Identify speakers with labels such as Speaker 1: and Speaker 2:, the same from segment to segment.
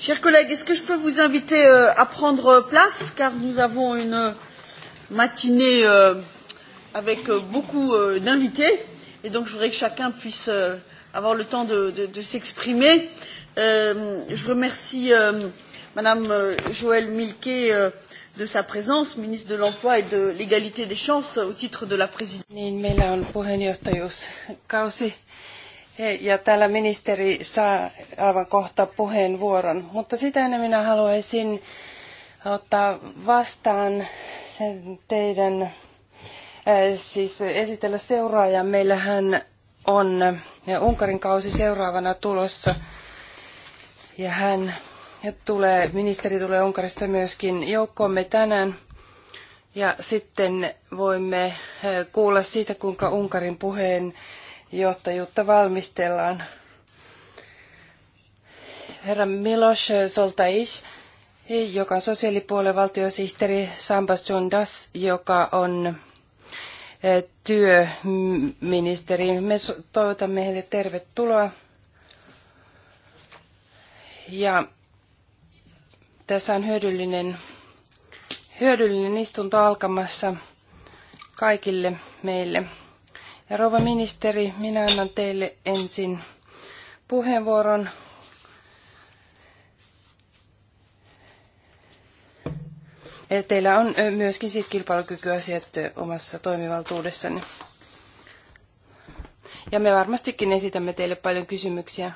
Speaker 1: Chers collègues, est-ce que je peux vous inviter euh, à prendre place car nous avons une euh, matinée euh, avec euh, beaucoup euh, d'invités et donc je voudrais que chacun puisse euh, avoir le temps de, de, de s'exprimer. Euh, je remercie euh, Madame euh, Joëlle Milquet euh, de sa présence, ministre de l'Emploi et de l'égalité des chances
Speaker 2: au titre de la présidence. Niin, Hei, ja täällä ministeri saa aivan kohta puheenvuoron, mutta sitä ennen minä haluaisin ottaa vastaan teidän, äh, siis esitellä seuraajan. Meillähän on Unkarin kausi seuraavana tulossa ja hän ja tulee, ministeri tulee Unkarista myöskin joukkoomme tänään. Ja sitten voimme äh, kuulla siitä, kuinka Unkarin puheen johtajuutta valmistellaan. Herra Milos Soltais, joka on sosiaalipuolen valtiosihteeri, Sambas Jundas, joka on eh, työministeri. Me toivotamme heille tervetuloa. Ja tässä on hyödyllinen, hyödyllinen istunto alkamassa kaikille meille. Rouva ministeri, minä annan teille ensin puheenvuoron. Eh, teillä on eh, myöskin siis kilpailukykyasiat eh, omassa toimivaltuudessanne. Ja me varmastikin esitämme teille paljon kysymyksiä.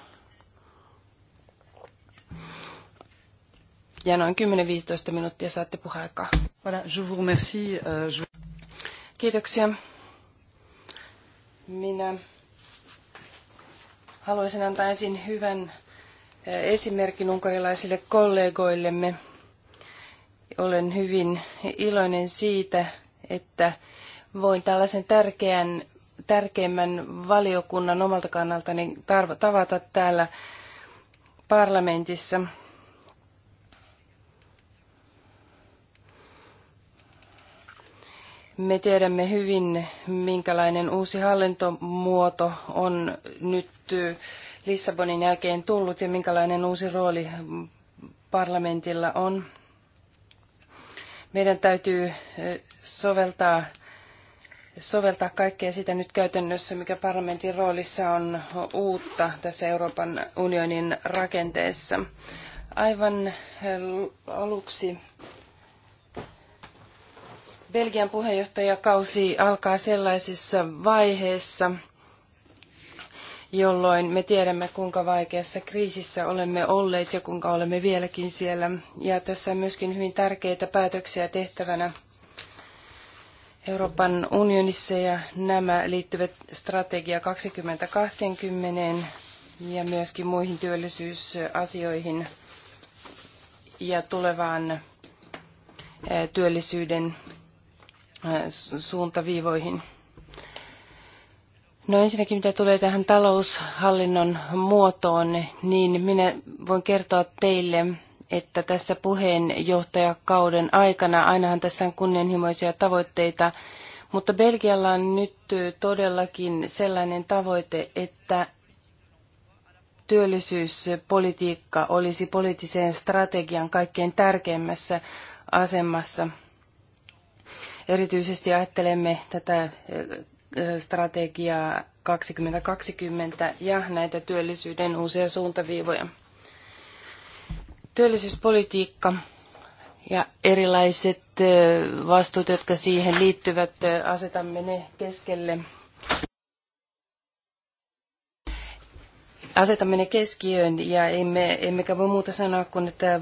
Speaker 2: Ja noin 10-15 minuuttia saatte puheaikaa. Voilà, je vous remercie. Euh, Kiitoksia. Minä haluaisin antaa ensin hyvän eh, esimerkin unkarilaisille kollegoillemme. Olen hyvin iloinen siitä, että voin tällaisen tärkeän, tärkeimmän valiokunnan omalta kannaltani tavata täällä parlamentissa. Me tiedämme hyvin, minkälainen uusi hallintomuoto on nyt eh, Lissabonin jälkeen tullut ja minkälainen uusi rooli parlamentilla on. Meidän täytyy eh, soveltaa, soveltaa kaikkea sitä nyt käytännössä, mikä parlamentin roolissa on uutta tässä Euroopan unionin rakenteessa. Aivan eh, aluksi Belgian puheenjohtajakausi alkaa sellaisessa vaiheessa, jolloin me tiedämme, kuinka vaikeassa kriisissä olemme olleet ja kuinka olemme vieläkin siellä. Ja tässä on myöskin hyvin tärkeitä päätöksiä tehtävänä Euroopan unionissa ja nämä liittyvät strategia 2020 ja myöskin muihin työllisyysasioihin ja tulevaan työllisyyden Äh, suuntaviivoihin. No ensinnäkin mitä tulee tähän taloushallinnon muotoon, niin minä voin kertoa teille, että tässä puheenjohtajakauden aikana, ainahan tässä on kunnianhimoisia tavoitteita, mutta Belgialla on nyt todellakin sellainen tavoite, että työllisyyspolitiikka olisi poliittisen strategian kaikkein tärkeimmässä asemassa – Erityisesti ajattelemme tätä eh, eh, strategiaa 2020 ja näitä työllisyyden uusia suuntaviivoja. Työllisyyspolitiikka ja erilaiset eh, vastuut, jotka siihen liittyvät, asetamme ne keskelle asetaminen keskiöön ja emme, emmekä voi muuta sanoa kuin, että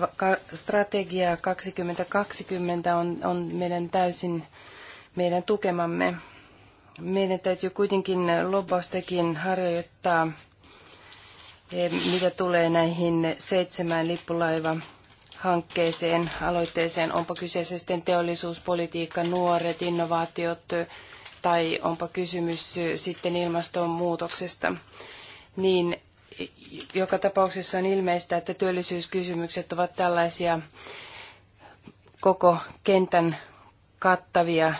Speaker 2: strategia 2020 on, on meidän täysin meidän tukemamme. Meidän täytyy kuitenkin lobbaustakin harjoittaa, eh, mitä tulee näihin seitsemään lippulaiva hankkeeseen, aloitteeseen, onpa kyseessä sitten teollisuuspolitiikka, nuoret, innovaatiot tai onpa kysymys sitten ilmastonmuutoksesta, niin joka tapauksessa on ilmeistä, että työllisyyskysymykset ovat tällaisia koko kentän kattavia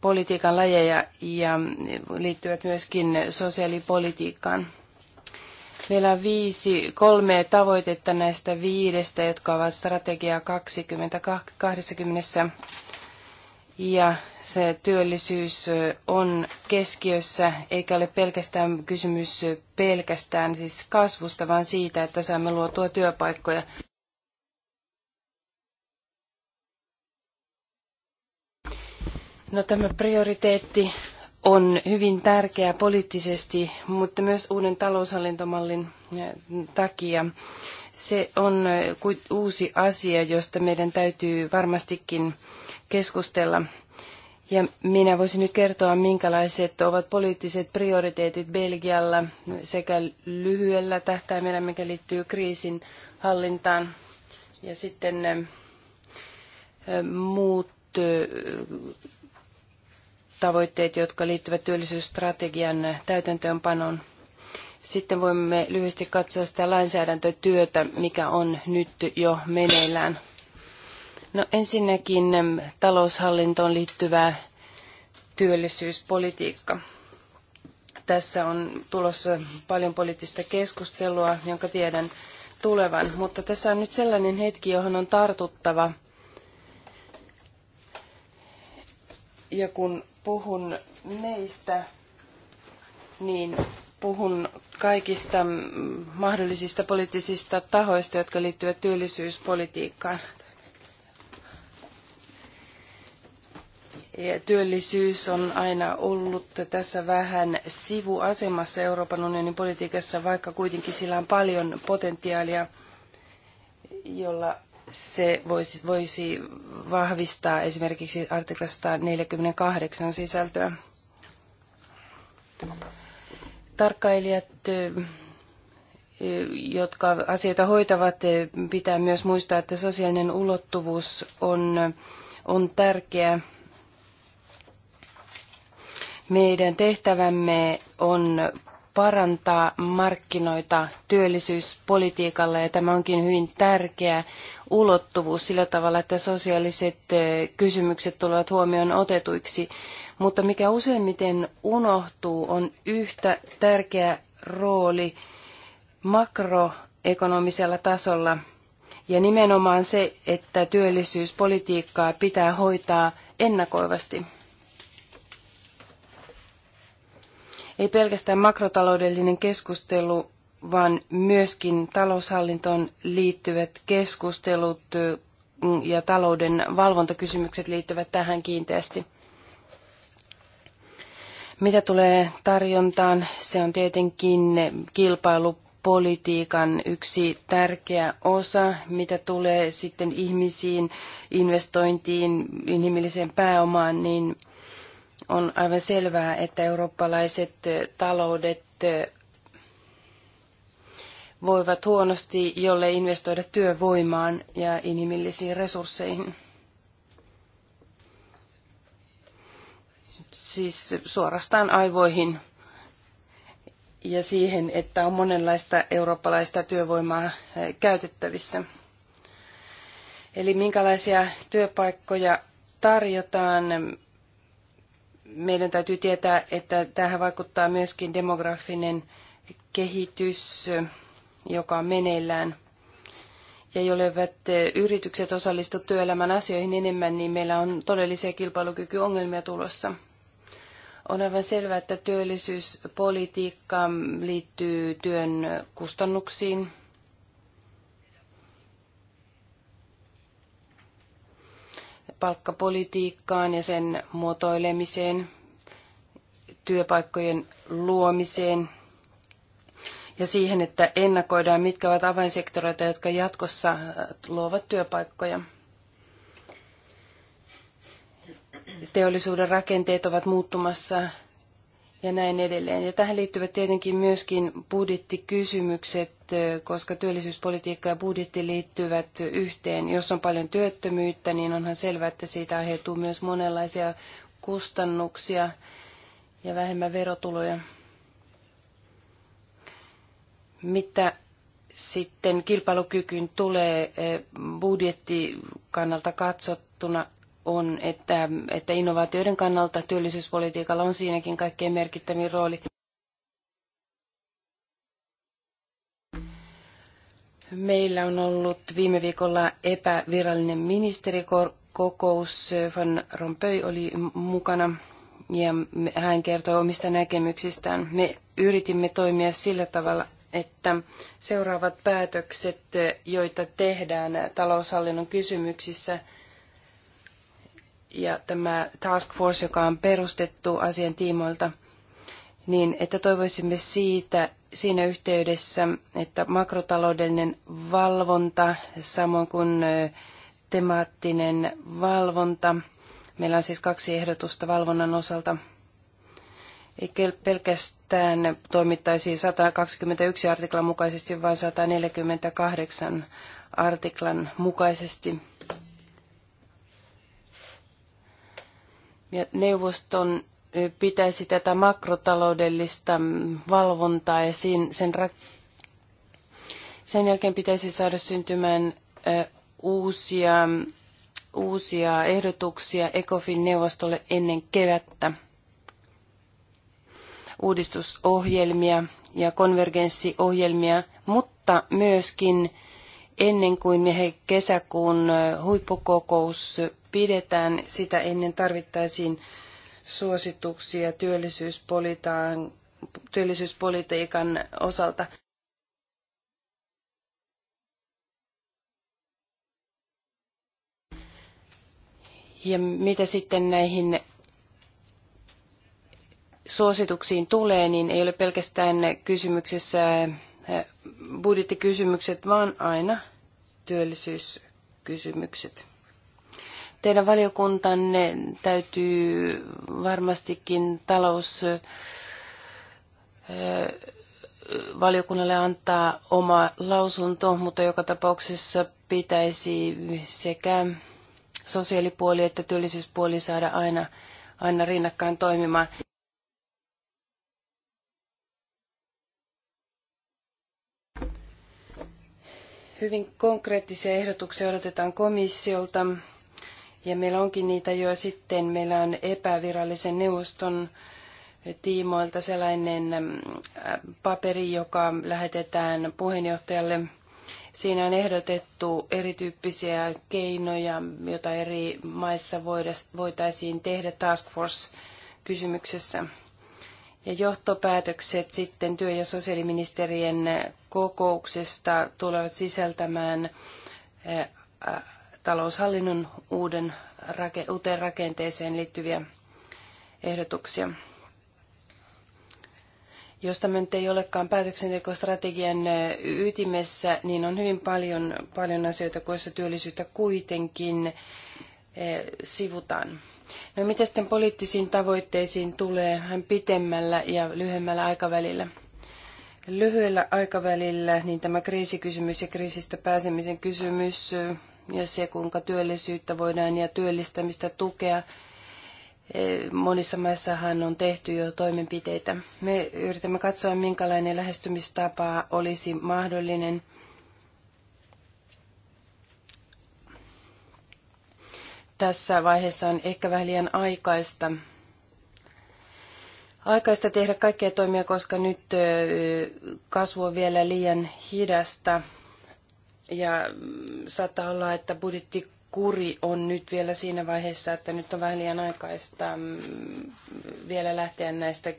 Speaker 2: politiikan lajeja ja liittyvät myöskin sosiaalipolitiikkaan. Meillä on viisi, kolme tavoitetta näistä viidestä, jotka ovat strategia 2020 ja se työllisyys on keskiössä, eikä ole pelkästään kysymys pelkästään siis kasvusta, vaan siitä, että saamme luotua työpaikkoja. No tämä prioriteetti on hyvin tärkeä poliittisesti, mutta myös uuden taloushallintomallin takia. Se on uusi asia, josta meidän täytyy varmastikin keskustella. Ja minä voisin nyt kertoa, minkälaiset ovat poliittiset prioriteetit Belgialla sekä lyhyellä tähtäimellä, mikä liittyy kriisin hallintaan, ja sitten eh, muut eh, tavoitteet, jotka liittyvät työllisyysstrategian täytäntöönpanoon. Sitten voimme lyhyesti katsoa sitä lainsäädäntötyötä, mikä on nyt jo meneillään. No ensinnäkin taloushallintoon liittyvä työllisyyspolitiikka. Tässä on tulossa paljon poliittista keskustelua, jonka tiedän tulevan, mutta tässä on nyt sellainen hetki, johon on tartuttava. Ja kun puhun meistä, niin puhun kaikista mm, mahdollisista poliittisista tahoista, jotka liittyvät työllisyyspolitiikkaan. työllisyys on aina ollut tässä vähän sivuasemassa Euroopan unionin politiikassa, vaikka kuitenkin sillä on paljon potentiaalia, jolla se voisi, voisi vahvistaa esimerkiksi artiklasta 48 sisältöä. Tarkkailijat, jotka asioita hoitavat, pitää myös muistaa, että sosiaalinen ulottuvuus on, on tärkeä meidän tehtävämme on parantaa markkinoita työllisyyspolitiikalla ja tämä onkin hyvin tärkeä ulottuvuus sillä tavalla, että sosiaaliset kysymykset tulevat huomioon otetuiksi. Mutta mikä useimmiten unohtuu, on yhtä tärkeä rooli makroekonomisella tasolla ja nimenomaan se, että työllisyyspolitiikkaa pitää hoitaa ennakoivasti. ei pelkästään makrotaloudellinen keskustelu, vaan myöskin taloushallintoon liittyvät keskustelut mm, ja talouden valvontakysymykset liittyvät tähän kiinteästi. Mitä tulee tarjontaan, se on tietenkin kilpailupolitiikan yksi tärkeä osa, mitä tulee sitten ihmisiin, investointiin, inhimilliseen pääomaan, niin – on aivan selvää, että eurooppalaiset eh, taloudet eh, voivat huonosti, jolle investoida työvoimaan ja inhimillisiin resursseihin. Siis suorastaan aivoihin ja siihen, että on monenlaista eurooppalaista työvoimaa eh, käytettävissä. Eli minkälaisia työpaikkoja tarjotaan meidän täytyy tietää, että tähän vaikuttaa myöskin demografinen kehitys, joka on meneillään. Ja jolleivät e, yritykset osallistu työelämän asioihin enemmän, niin meillä on todellisia kilpailukykyongelmia tulossa. On aivan selvää, että työllisyyspolitiikka liittyy työn kustannuksiin, palkkapolitiikkaan ja sen muotoilemiseen, työpaikkojen luomiseen ja siihen, että ennakoidaan, mitkä ovat avainsektoreita, jotka jatkossa äh, luovat työpaikkoja. Teollisuuden rakenteet ovat muuttumassa ja näin edelleen. Ja tähän liittyvät tietenkin myöskin budjettikysymykset, koska työllisyyspolitiikka ja budjetti liittyvät yhteen. Jos on paljon työttömyyttä, niin onhan selvää, että siitä aiheutuu myös monenlaisia kustannuksia ja vähemmän verotuloja. Mitä sitten kilpailukykyyn tulee budjetti kannalta katsottuna, on, että, että innovaatioiden kannalta työllisyyspolitiikalla on siinäkin kaikkein merkittävin rooli. Meillä on ollut viime viikolla epävirallinen ministerikokous. Van Rompuy oli mukana ja hän kertoi omista näkemyksistään. Me yritimme toimia sillä tavalla, että seuraavat päätökset, joita tehdään taloushallinnon kysymyksissä – ja tämä task force, joka on perustettu asian tiimoilta, niin että toivoisimme siitä siinä yhteydessä, että makrotaloudellinen valvonta, samoin kuin temaattinen valvonta, meillä on siis kaksi ehdotusta valvonnan osalta, ei pelkästään toimittaisi 121 artiklan mukaisesti, vaan 148 artiklan mukaisesti. Ja neuvoston pitäisi tätä makrotaloudellista mm, valvontaa ja sen, sen jälkeen pitäisi saada syntymään uusia, mm, uusia ehdotuksia ECOFIN neuvostolle ennen kevättä. Uudistusohjelmia ja konvergenssiohjelmia, mutta myöskin ennen kuin he kesäkuun huippukokous pidetään. Sitä ennen tarvittaisiin suosituksia työllisyyspolitiikan osalta. Ja mitä sitten näihin suosituksiin tulee, niin ei ole pelkästään kysymyksessä budjettikysymykset, vaan aina työllisyyskysymykset. Teidän valiokuntanne täytyy varmastikin talous valiokunnalle antaa oma lausunto, mutta joka tapauksessa pitäisi sekä sosiaalipuoli että työllisyyspuoli saada aina, aina rinnakkain toimimaan. Hyvin konkreettisia ehdotuksia odotetaan komissiolta. Ja meillä onkin niitä jo sitten, meillä on epävirallisen neuvoston tiimoilta sellainen paperi, joka lähetetään puheenjohtajalle. Siinä on ehdotettu erityyppisiä keinoja, joita eri maissa voitaisiin tehdä task force kysymyksessä. Ja johtopäätökset sitten työ- ja sosiaaliministerien kokouksesta tulevat sisältämään taloushallinnon uuden, uuteen rakenteeseen liittyviä ehdotuksia. Jos tämä nyt ei olekaan päätöksentekostrategian ytimessä, niin on hyvin paljon, paljon asioita, joissa työllisyyttä kuitenkin sivutaan. No mitä sitten poliittisiin tavoitteisiin tulee hän pitemmällä ja lyhyemmällä aikavälillä? Lyhyellä aikavälillä niin tämä kriisikysymys ja kriisistä pääsemisen kysymys ja se, kuinka työllisyyttä voidaan ja työllistämistä tukea. Monissa maissahan on tehty jo toimenpiteitä. Me yritämme katsoa, minkälainen lähestymistapa olisi mahdollinen. Tässä vaiheessa on ehkä vähän liian aikaista aikaista tehdä kaikkea toimia, koska nyt kasvu on vielä liian hidasta. Ja mm, saattaa olla, että budjettikuri on nyt vielä siinä vaiheessa, että nyt on vähän liian aikaista mm, vielä lähteä näistä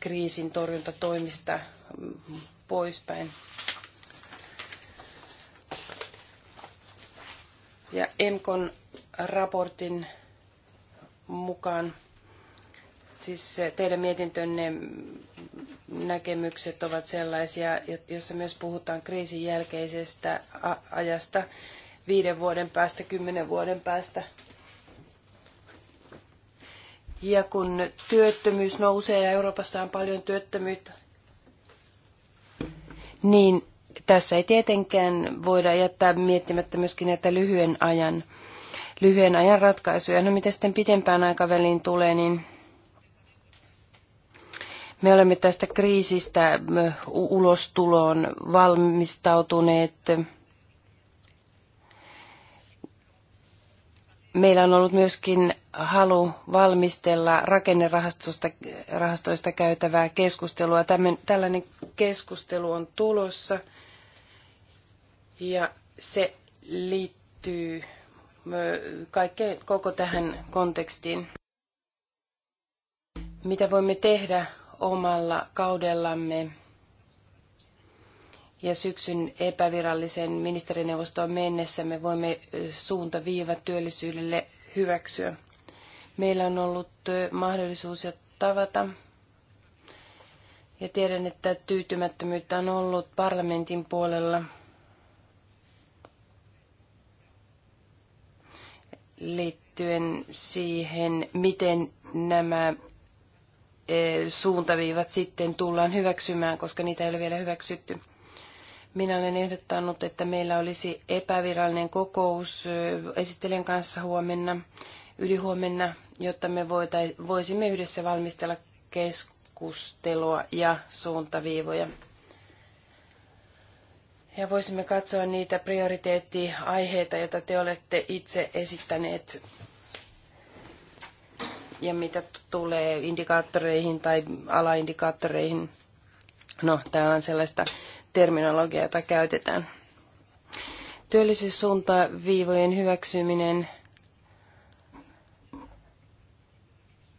Speaker 2: kriisin torjuntatoimista mm, poispäin. Ja EMKon raportin mukaan siis eh, teidän mietintönne näkemykset ovat sellaisia, jossa myös puhutaan kriisin jälkeisestä ajasta viiden vuoden päästä, kymmenen vuoden päästä. Ja kun työttömyys nousee ja Euroopassa on paljon työttömyyttä, niin tässä ei tietenkään voida jättää miettimättä myöskin näitä lyhyen ajan, lyhyen ajan ratkaisuja. No mitä sitten pitempään aikaväliin tulee, niin me olemme tästä kriisistä ulostuloon valmistautuneet. Meillä on ollut myöskin halu valmistella rakennerahastoista käytävää keskustelua. tällainen keskustelu on tulossa ja se liittyy kaikkeen koko tähän kontekstiin. Mitä voimme tehdä omalla kaudellamme ja syksyn epävirallisen ministerineuvostoon mennessä me voimme suuntaviivat työllisyydelle hyväksyä. Meillä on ollut mahdollisuus jo tavata ja tiedän, että tyytymättömyyttä on ollut parlamentin puolella liittyen siihen, miten nämä Eh, suuntaviivat sitten tullaan hyväksymään, koska niitä ei ole vielä hyväksytty. Minä olen ehdottanut, että meillä olisi epävirallinen kokous eh, esittelijän kanssa huomenna, ylihuomenna, jotta me voisimme yhdessä valmistella keskustelua ja suuntaviivoja. Ja voisimme katsoa niitä prioriteettiaiheita, joita te olette itse esittäneet ja mitä tulee indikaattoreihin tai alaindikaattoreihin, no tämä on sellaista terminologiaa, jota käytetään. Työllisyyssuuntaviivojen hyväksyminen,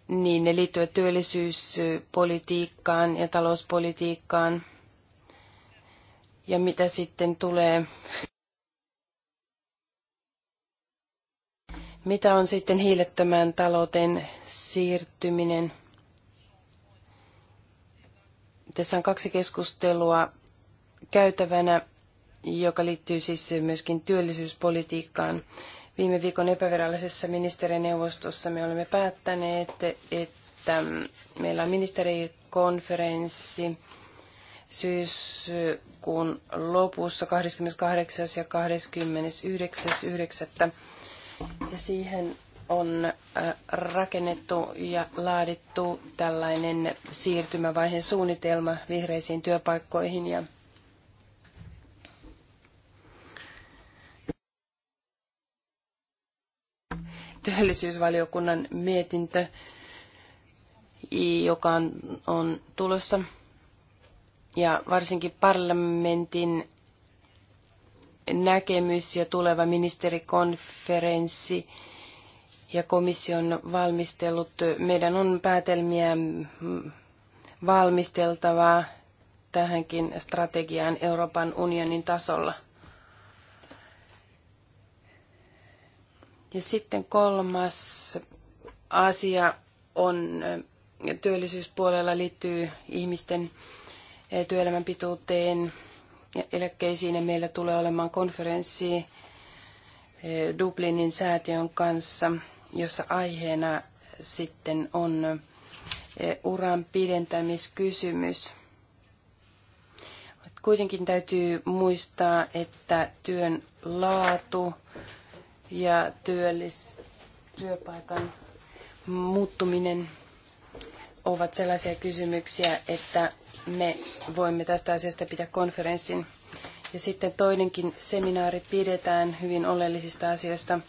Speaker 2: niin ne liittyvät työllisyyspolitiikkaan ja talouspolitiikkaan. Ja mitä sitten tulee Mitä on sitten hiilettömään talouteen siirtyminen? Tässä on kaksi keskustelua käytävänä, joka liittyy siis myöskin työllisyyspolitiikkaan. Viime viikon epävirallisessa ministerineuvostossa me olemme päättäneet, että meillä on ministerikonferenssi syyskuun lopussa 28. ja 9. Ja siihen on rakennettu ja laadittu tällainen siirtymävaiheen suunnitelma vihreisiin työpaikkoihin ja työllisyysvaliokunnan mietintö, joka on, on tulossa. Ja varsinkin parlamentin näkemys ja tuleva ministerikonferenssi ja komission valmistelut. Meidän on päätelmiä valmisteltavaa tähänkin strategiaan Euroopan unionin tasolla. Ja sitten kolmas asia on työllisyyspuolella liittyy ihmisten eh, työelämän pituuteen eläkkeisiin ja meillä tulee olemaan konferenssi eh, Dublinin säätiön kanssa, jossa aiheena sitten on eh, uran pidentämiskysymys. Kuitenkin täytyy muistaa, että työn laatu ja työllis, työpaikan muuttuminen ovat sellaisia kysymyksiä, että me voimme tästä asiasta pitää konferenssin. Ja sitten toinenkin seminaari pidetään hyvin oleellisista asioista.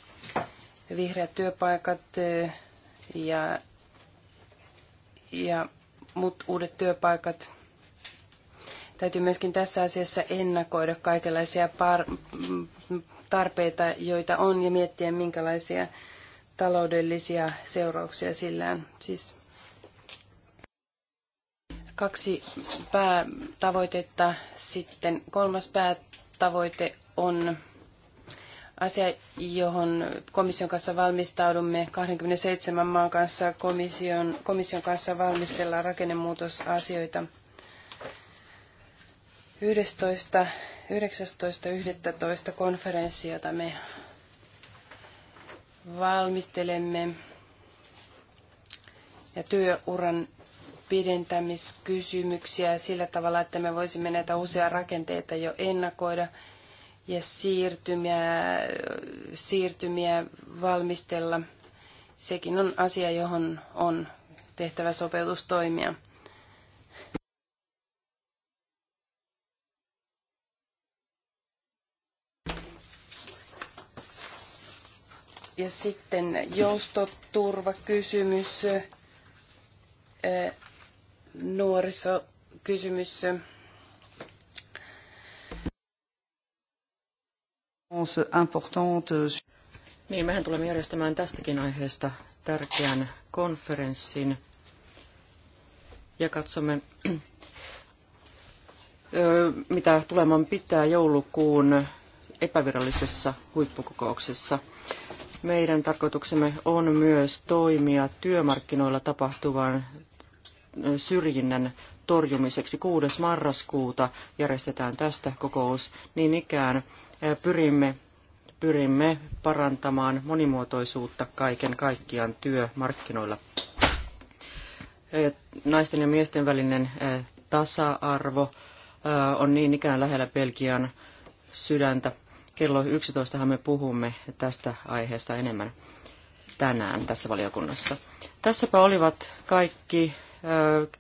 Speaker 2: Vihreät työpaikat eh, ja, ja muut uudet työpaikat. Täytyy myöskin tässä asiassa ennakoida kaikenlaisia par- tarpeita, joita on, ja miettiä, minkälaisia taloudellisia seurauksia sillä on. Siis kaksi päätavoitetta. Sitten kolmas päätavoite on asia, johon komission kanssa valmistaudumme. 27 maan kanssa komission, komission kanssa valmistellaan rakennemuutosasioita. 11. 19.11. konferenssi, jota me valmistelemme ja työuran pidentämiskysymyksiä sillä tavalla, että me voisimme näitä uusia rakenteita jo ennakoida ja siirtymiä, siirtymiä valmistella. Sekin on asia, johon on tehtävä sopeutustoimia. Ja sitten joustoturvakysymys nuorisokysymys.
Speaker 3: Niin, mehän tulemme järjestämään tästäkin aiheesta tärkeän konferenssin ja katsomme, mitä tuleman pitää joulukuun epävirallisessa huippukokouksessa. Meidän tarkoituksemme on myös toimia työmarkkinoilla tapahtuvan syrjinnän torjumiseksi 6. marraskuuta järjestetään tästä kokous. Niin ikään pyrimme, pyrimme parantamaan monimuotoisuutta kaiken kaikkiaan työmarkkinoilla. Naisten ja miesten välinen tasa-arvo on niin ikään lähellä Belgian sydäntä. Kello 11 me puhumme tästä aiheesta enemmän tänään tässä valiokunnassa. Tässäpä olivat kaikki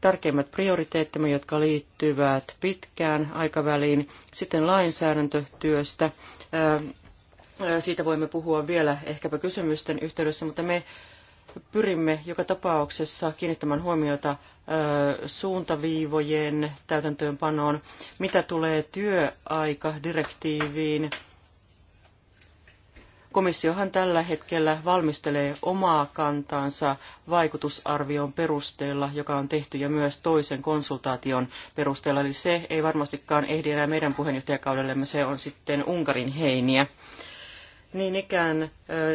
Speaker 3: tärkeimmät prioriteettimme, jotka liittyvät pitkään aikaväliin. Sitten lainsäädäntötyöstä. Siitä voimme puhua vielä ehkäpä kysymysten yhteydessä, mutta me pyrimme joka tapauksessa kiinnittämään huomiota suuntaviivojen täytäntöönpanoon, mitä tulee työaikadirektiiviin. direktiiviin Komissiohan tällä hetkellä valmistelee omaa kantaansa vaikutusarvion perusteella, joka on tehty ja myös toisen konsultaation perusteella. Eli se ei varmastikaan ehdi enää meidän puheenjohtajakaudellemme, se on sitten Unkarin heiniä. Niin ikään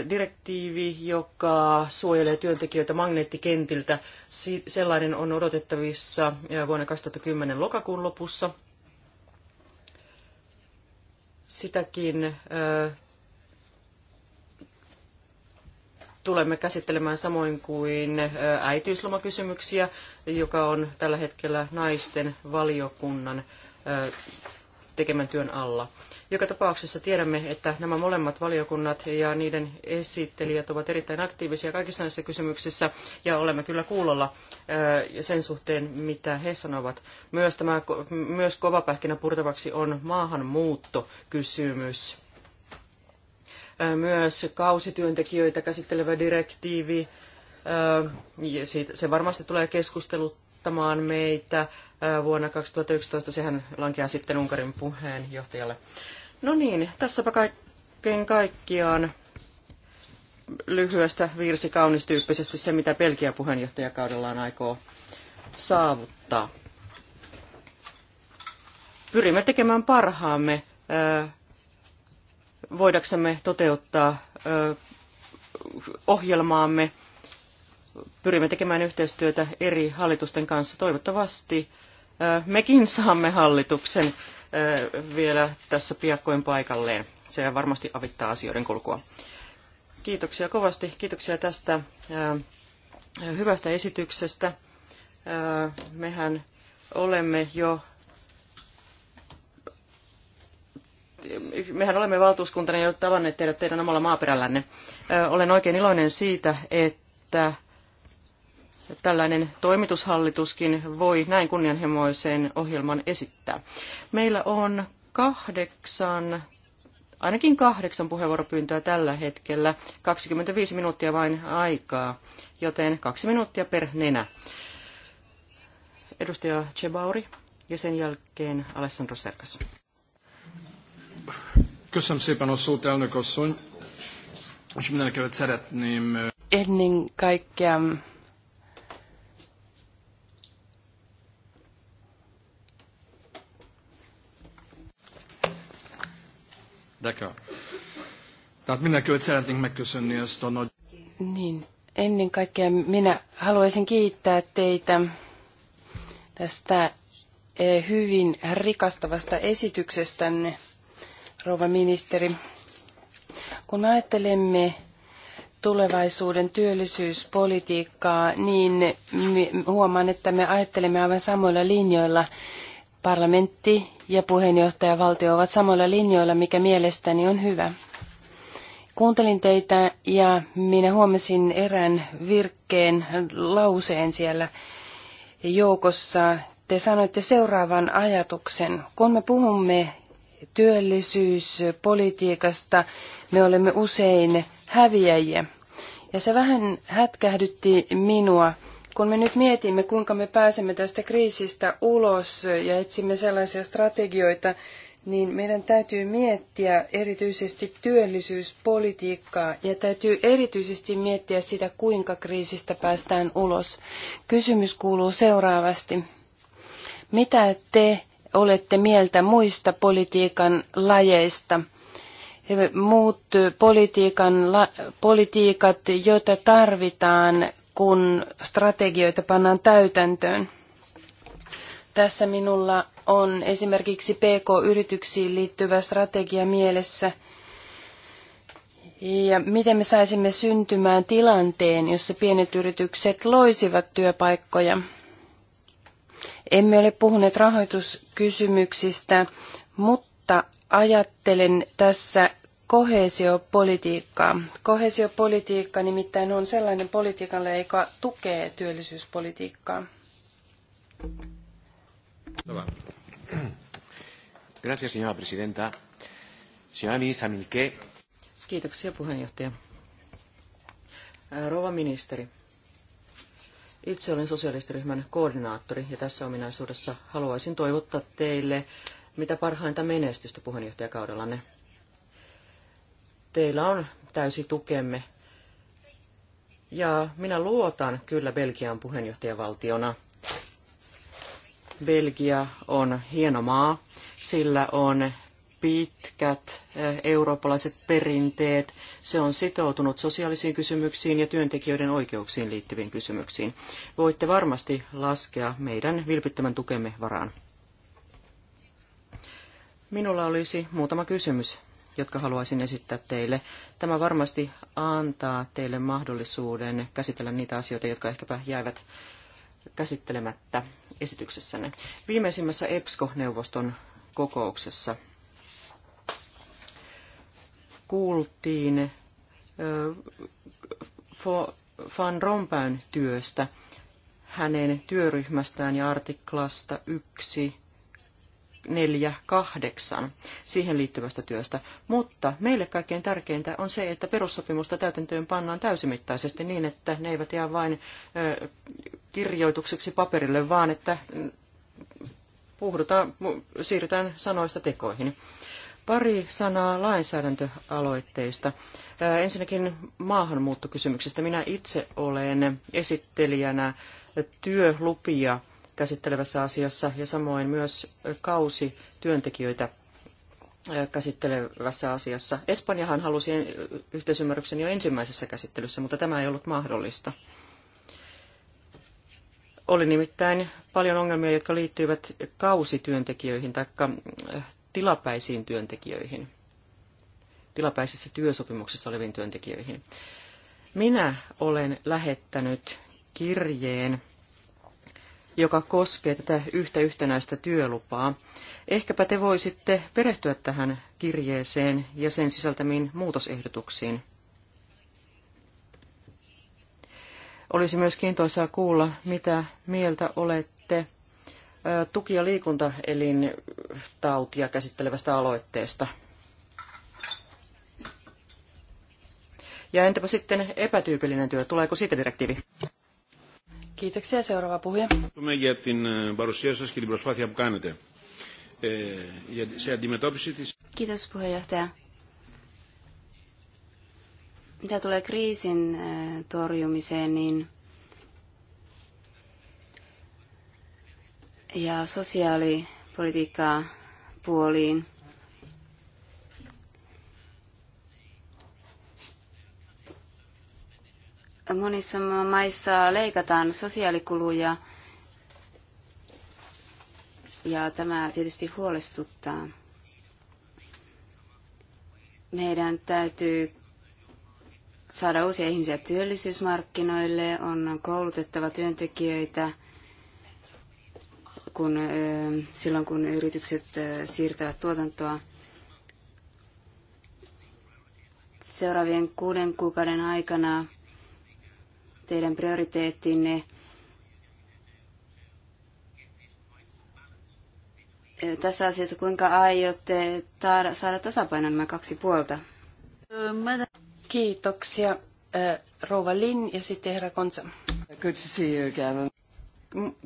Speaker 3: direktiivi, joka suojelee työntekijöitä magneettikentiltä, sellainen on odotettavissa vuonna 2010 lokakuun lopussa. Sitäkin tulemme käsittelemään samoin kuin äitiyslomakysymyksiä, joka on tällä hetkellä naisten valiokunnan tekemän työn alla. Joka tapauksessa tiedämme, että nämä molemmat valiokunnat ja niiden esittelijät ovat erittäin aktiivisia kaikissa näissä kysymyksissä ja olemme kyllä kuulolla sen suhteen, mitä he sanovat. Myös, tämä, myös pähkinä purtavaksi on maahanmuuttokysymys myös kausityöntekijöitä käsittelevä direktiivi. Se varmasti tulee keskusteluttamaan meitä vuonna 2011. Sehän lankeaa sitten Unkarin puheenjohtajalle. No niin, tässäpä kaiken kaikkiaan lyhyestä virsi kaunis tyyppisesti se, mitä Belgia puheenjohtajakaudellaan aikoo saavuttaa. Pyrimme tekemään parhaamme voidaksemme toteuttaa ohjelmaamme. Pyrimme tekemään yhteistyötä eri hallitusten kanssa. Toivottavasti mekin saamme hallituksen vielä tässä piakkoin paikalleen. Se varmasti avittaa asioiden kulkua. Kiitoksia kovasti. Kiitoksia tästä hyvästä esityksestä. Mehän olemme jo mehän olemme valtuuskuntana jo tavanneet teidät teidän omalla maaperällänne. Olen oikein iloinen siitä, että tällainen toimitushallituskin voi näin kunnianhimoisen ohjelman esittää. Meillä on kahdeksan, ainakin kahdeksan puheenvuoropyyntöä tällä hetkellä, 25 minuuttia vain aikaa, joten kaksi minuuttia per nenä. Edustaja Chebauri ja sen jälkeen Alessandro Serkas.
Speaker 4: Köszönöm szépen a szót, elnök asszony,
Speaker 5: és mindenekelőtt szeretném...
Speaker 2: Ennen kaikkea
Speaker 3: D'accord. Tehát mindenkövät szeretnénk megköszönni ezt a nagy...
Speaker 2: Niin, ennen kaikkea minä haluaisin kiittää teitä tästä hyvin rikastavasta esityksestänne rouva ministeri. Kun ajattelemme tulevaisuuden työllisyyspolitiikkaa, niin huomaan, että me ajattelemme aivan samoilla linjoilla. Parlamentti ja puheenjohtajavaltio ovat samoilla linjoilla, mikä mielestäni on hyvä. Kuuntelin teitä ja minä huomasin erään virkkeen lauseen siellä joukossa. Te sanoitte seuraavan ajatuksen. Kun me puhumme työllisyyspolitiikasta me olemme usein häviäjiä. Ja se vähän hätkähdytti minua, kun me nyt mietimme, kuinka me pääsemme tästä kriisistä ulos ja etsimme sellaisia strategioita, niin meidän täytyy miettiä erityisesti työllisyyspolitiikkaa ja täytyy erityisesti miettiä sitä, kuinka kriisistä päästään ulos. Kysymys kuuluu seuraavasti. Mitä te olette mieltä muista politiikan lajeista? Muut politiikan, la, politiikat, joita tarvitaan, kun strategioita pannaan täytäntöön. Tässä minulla on esimerkiksi PK-yrityksiin liittyvä strategia mielessä. Ja miten me saisimme syntymään tilanteen, jossa pienet yritykset loisivat työpaikkoja? Emme ole puhuneet rahoituskysymyksistä, mutta ajattelen tässä kohesiopolitiikkaa. Kohesiopolitiikka nimittäin on sellainen politiikalle, joka tukee työllisyyspolitiikkaa.
Speaker 3: Hyvä. Gracias, señora presidenta. Señora ministra Milke. Kiitoksia, puheenjohtaja. Rova ministeri, itse olen sosialistiryhmän koordinaattori ja tässä ominaisuudessa haluaisin toivottaa teille mitä parhainta menestystä puheenjohtajakaudellanne. Teillä on täysi tukemme ja minä luotan kyllä Belgian puheenjohtajavaltiona. Belgia on hieno maa. Sillä on pitkät eurooppalaiset perinteet. Se on sitoutunut sosiaalisiin kysymyksiin ja työntekijöiden oikeuksiin liittyviin kysymyksiin. Voitte varmasti laskea meidän vilpittömän tukemme varaan. Minulla olisi muutama kysymys, jotka haluaisin esittää teille. Tämä varmasti antaa teille mahdollisuuden käsitellä niitä asioita, jotka ehkäpä jäävät käsittelemättä esityksessänne. Viimeisimmässä EPSCO-neuvoston kokouksessa kuultiin Van Rompäyn työstä, hänen työryhmästään ja artiklasta 1, 4, 8, siihen liittyvästä työstä. Mutta meille kaikkein tärkeintä on se, että perussopimusta täytäntöön pannaan täysimittaisesti niin, että ne eivät jää vain kirjoitukseksi paperille, vaan että puhdutaan, siirrytään sanoista tekoihin. Pari sanaa lainsäädäntöaloitteista. Äh, ensinnäkin maahanmuuttokysymyksestä. Minä itse olen esittelijänä työlupia käsittelevässä asiassa ja samoin myös kausityöntekijöitä äh, käsittelevässä asiassa. Espanjahan halusi yhteisymmärryksen jo ensimmäisessä käsittelyssä, mutta tämä ei ollut mahdollista. Oli nimittäin paljon ongelmia, jotka liittyivät kausityöntekijöihin tai tilapäisiin työntekijöihin, tilapäisissä työsopimuksissa oleviin työntekijöihin. Minä olen lähettänyt kirjeen, joka koskee tätä yhtä yhtenäistä työlupaa. Ehkäpä te voisitte perehtyä tähän kirjeeseen ja sen sisältämiin muutosehdotuksiin. Olisi myös kiintoisaa kuulla, mitä mieltä olette tuki- ja liikuntaelintautia käsittelevästä aloitteesta. Ja entäpä sitten epätyypillinen työ? Tuleeko siitä direktiivi? Kiitoksia. Seuraava puhuja.
Speaker 1: για την παρουσία σας και την προσπάθεια που κάνετε
Speaker 4: Kiitos puheenjohtaja. Mitä tulee kriisin torjumiseen, niin ja sosiaalipolitiikkaa puoliin. Monissa maissa leikataan sosiaalikuluja ja tämä tietysti huolestuttaa. Meidän täytyy saada uusia ihmisiä työllisyysmarkkinoille, on koulutettava työntekijöitä – kun, silloin, kun yritykset siirtävät tuotantoa. Seuraavien kuuden kuukauden aikana teidän prioriteettinne tässä asiassa, kuinka aiotte saada tasapainon nämä kaksi puolta?
Speaker 2: Kiitoksia, rouva Lin ja sitten herra Konsa.
Speaker 3: Good to see you again.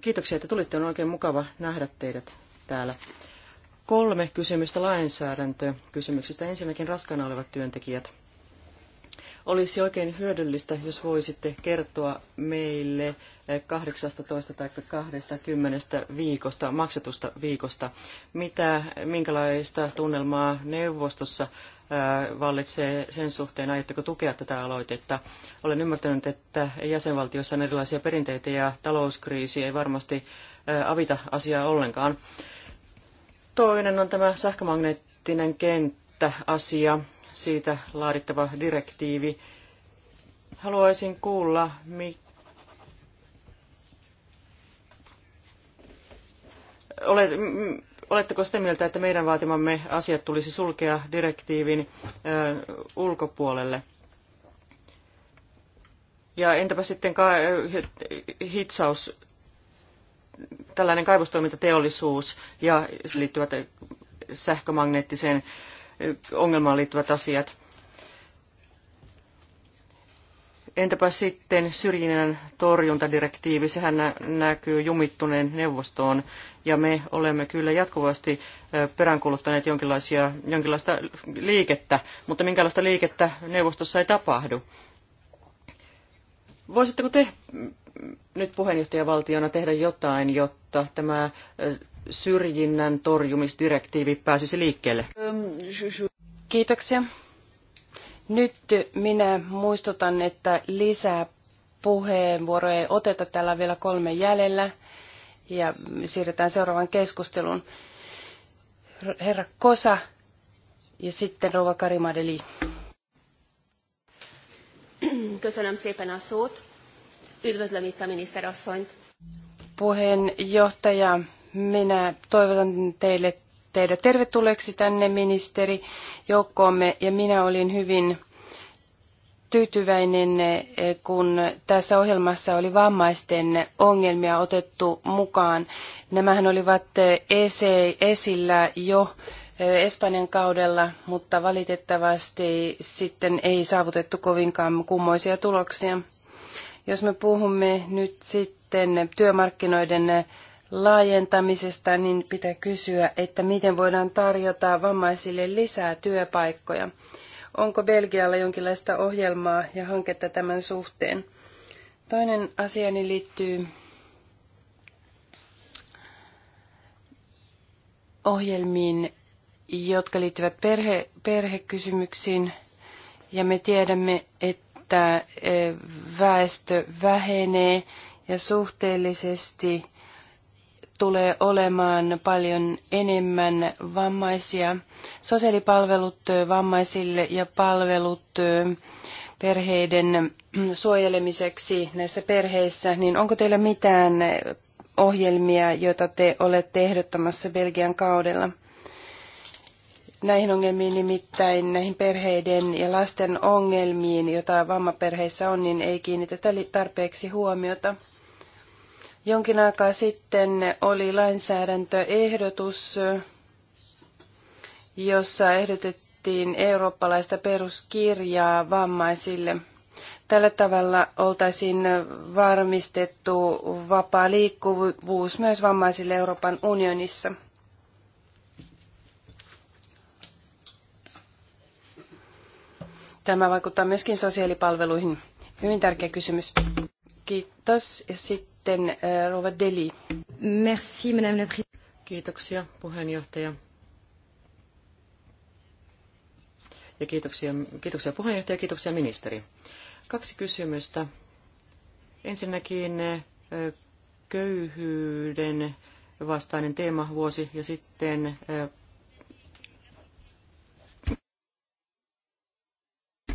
Speaker 3: Kiitoksia, että tulitte. On oikein mukava nähdä teidät täällä. Kolme kysymystä lainsäädäntökysymyksistä. Ensinnäkin raskaana olevat työntekijät. Olisi oikein hyödyllistä, jos voisitte kertoa meille 18 tai 20 viikosta, maksetusta viikosta, mitä, minkälaista tunnelmaa neuvostossa Äh, vallitsee sen suhteen, aiotteko tukea tätä aloitetta. Olen ymmärtänyt, että jäsenvaltiossa on erilaisia perinteitä ja talouskriisi ei varmasti äh, avita asiaa ollenkaan. Toinen on tämä sähkömagneettinen kenttäasia, siitä laadittava direktiivi. Haluaisin kuulla, mikä olet, Oletteko sitä mieltä, että meidän vaatimamme asiat tulisi sulkea direktiivin ulkopuolelle? Ja entäpä sitten ka- hitsaus, tällainen kaivostoimintateollisuus ja liittyvät sähkömagneettiseen ongelmaan liittyvät asiat. Entäpä sitten syrjinnän torjuntadirektiivi, sehän nä- näkyy jumittuneen neuvostoon ja me olemme kyllä jatkuvasti peräänkuuluttaneet jonkinlaisia, jonkinlaista liikettä, mutta minkälaista liikettä neuvostossa ei tapahdu. Voisitteko te nyt puheenjohtajavaltiona tehdä jotain, jotta tämä syrjinnän torjumisdirektiivi pääsisi liikkeelle?
Speaker 2: Kiitoksia. Nyt minä muistutan, että lisää puheenvuoroja ei oteta. Täällä on vielä kolme jäljellä ja siirretään seuraavaan keskusteluun. Herra Kosa ja sitten Rova Karimadeli.
Speaker 1: Köszönöm szépen a szót. Üdvözlöm itt a miniszterasszonyt.
Speaker 2: Puheenjohtaja, minä toivotan teille teidät tervetulleeksi tänne ministeri joukkoomme ja minä olin hyvin tyytyväinen, kun tässä ohjelmassa oli vammaisten ongelmia otettu mukaan. Nämähän olivat esillä jo eh, Espanjan kaudella, mutta valitettavasti sitten ei saavutettu kovinkaan kummoisia tuloksia. Jos me puhumme nyt sitten työmarkkinoiden laajentamisesta, niin pitää kysyä, että miten voidaan tarjota vammaisille lisää työpaikkoja. Onko Belgialla jonkinlaista ohjelmaa ja hanketta tämän suhteen? Toinen asiani liittyy ohjelmiin, jotka liittyvät perhe, perhekysymyksiin. Ja me tiedämme, että eh, väestö vähenee ja suhteellisesti tulee olemaan paljon enemmän vammaisia. Sosiaalipalvelut vammaisille ja palvelut perheiden suojelemiseksi näissä perheissä, niin onko teillä mitään ohjelmia, joita te olette ehdottamassa Belgian kaudella? Näihin ongelmiin nimittäin, näihin perheiden ja lasten ongelmiin, joita vammaperheissä on, niin ei kiinnitetä tarpeeksi huomiota. Jonkin aikaa sitten oli lainsäädäntöehdotus, jossa ehdotettiin eurooppalaista peruskirjaa vammaisille. Tällä tavalla oltaisiin varmistettu vapaa liikkuvuus myös vammaisille Euroopan unionissa. Tämä vaikuttaa myöskin sosiaalipalveluihin. Hyvin tärkeä kysymys. Kiitos. Ja sitten sitten eh, Rova Deli. Merci, madame la Kiitoksia, puheenjohtaja.
Speaker 3: Ja kiitoksia, kiitoksia puheenjohtaja ja kiitoksia ministeri. Kaksi kysymystä. Ensinnäkin eh, köyhyyden vastainen teemavuosi ja sitten eh,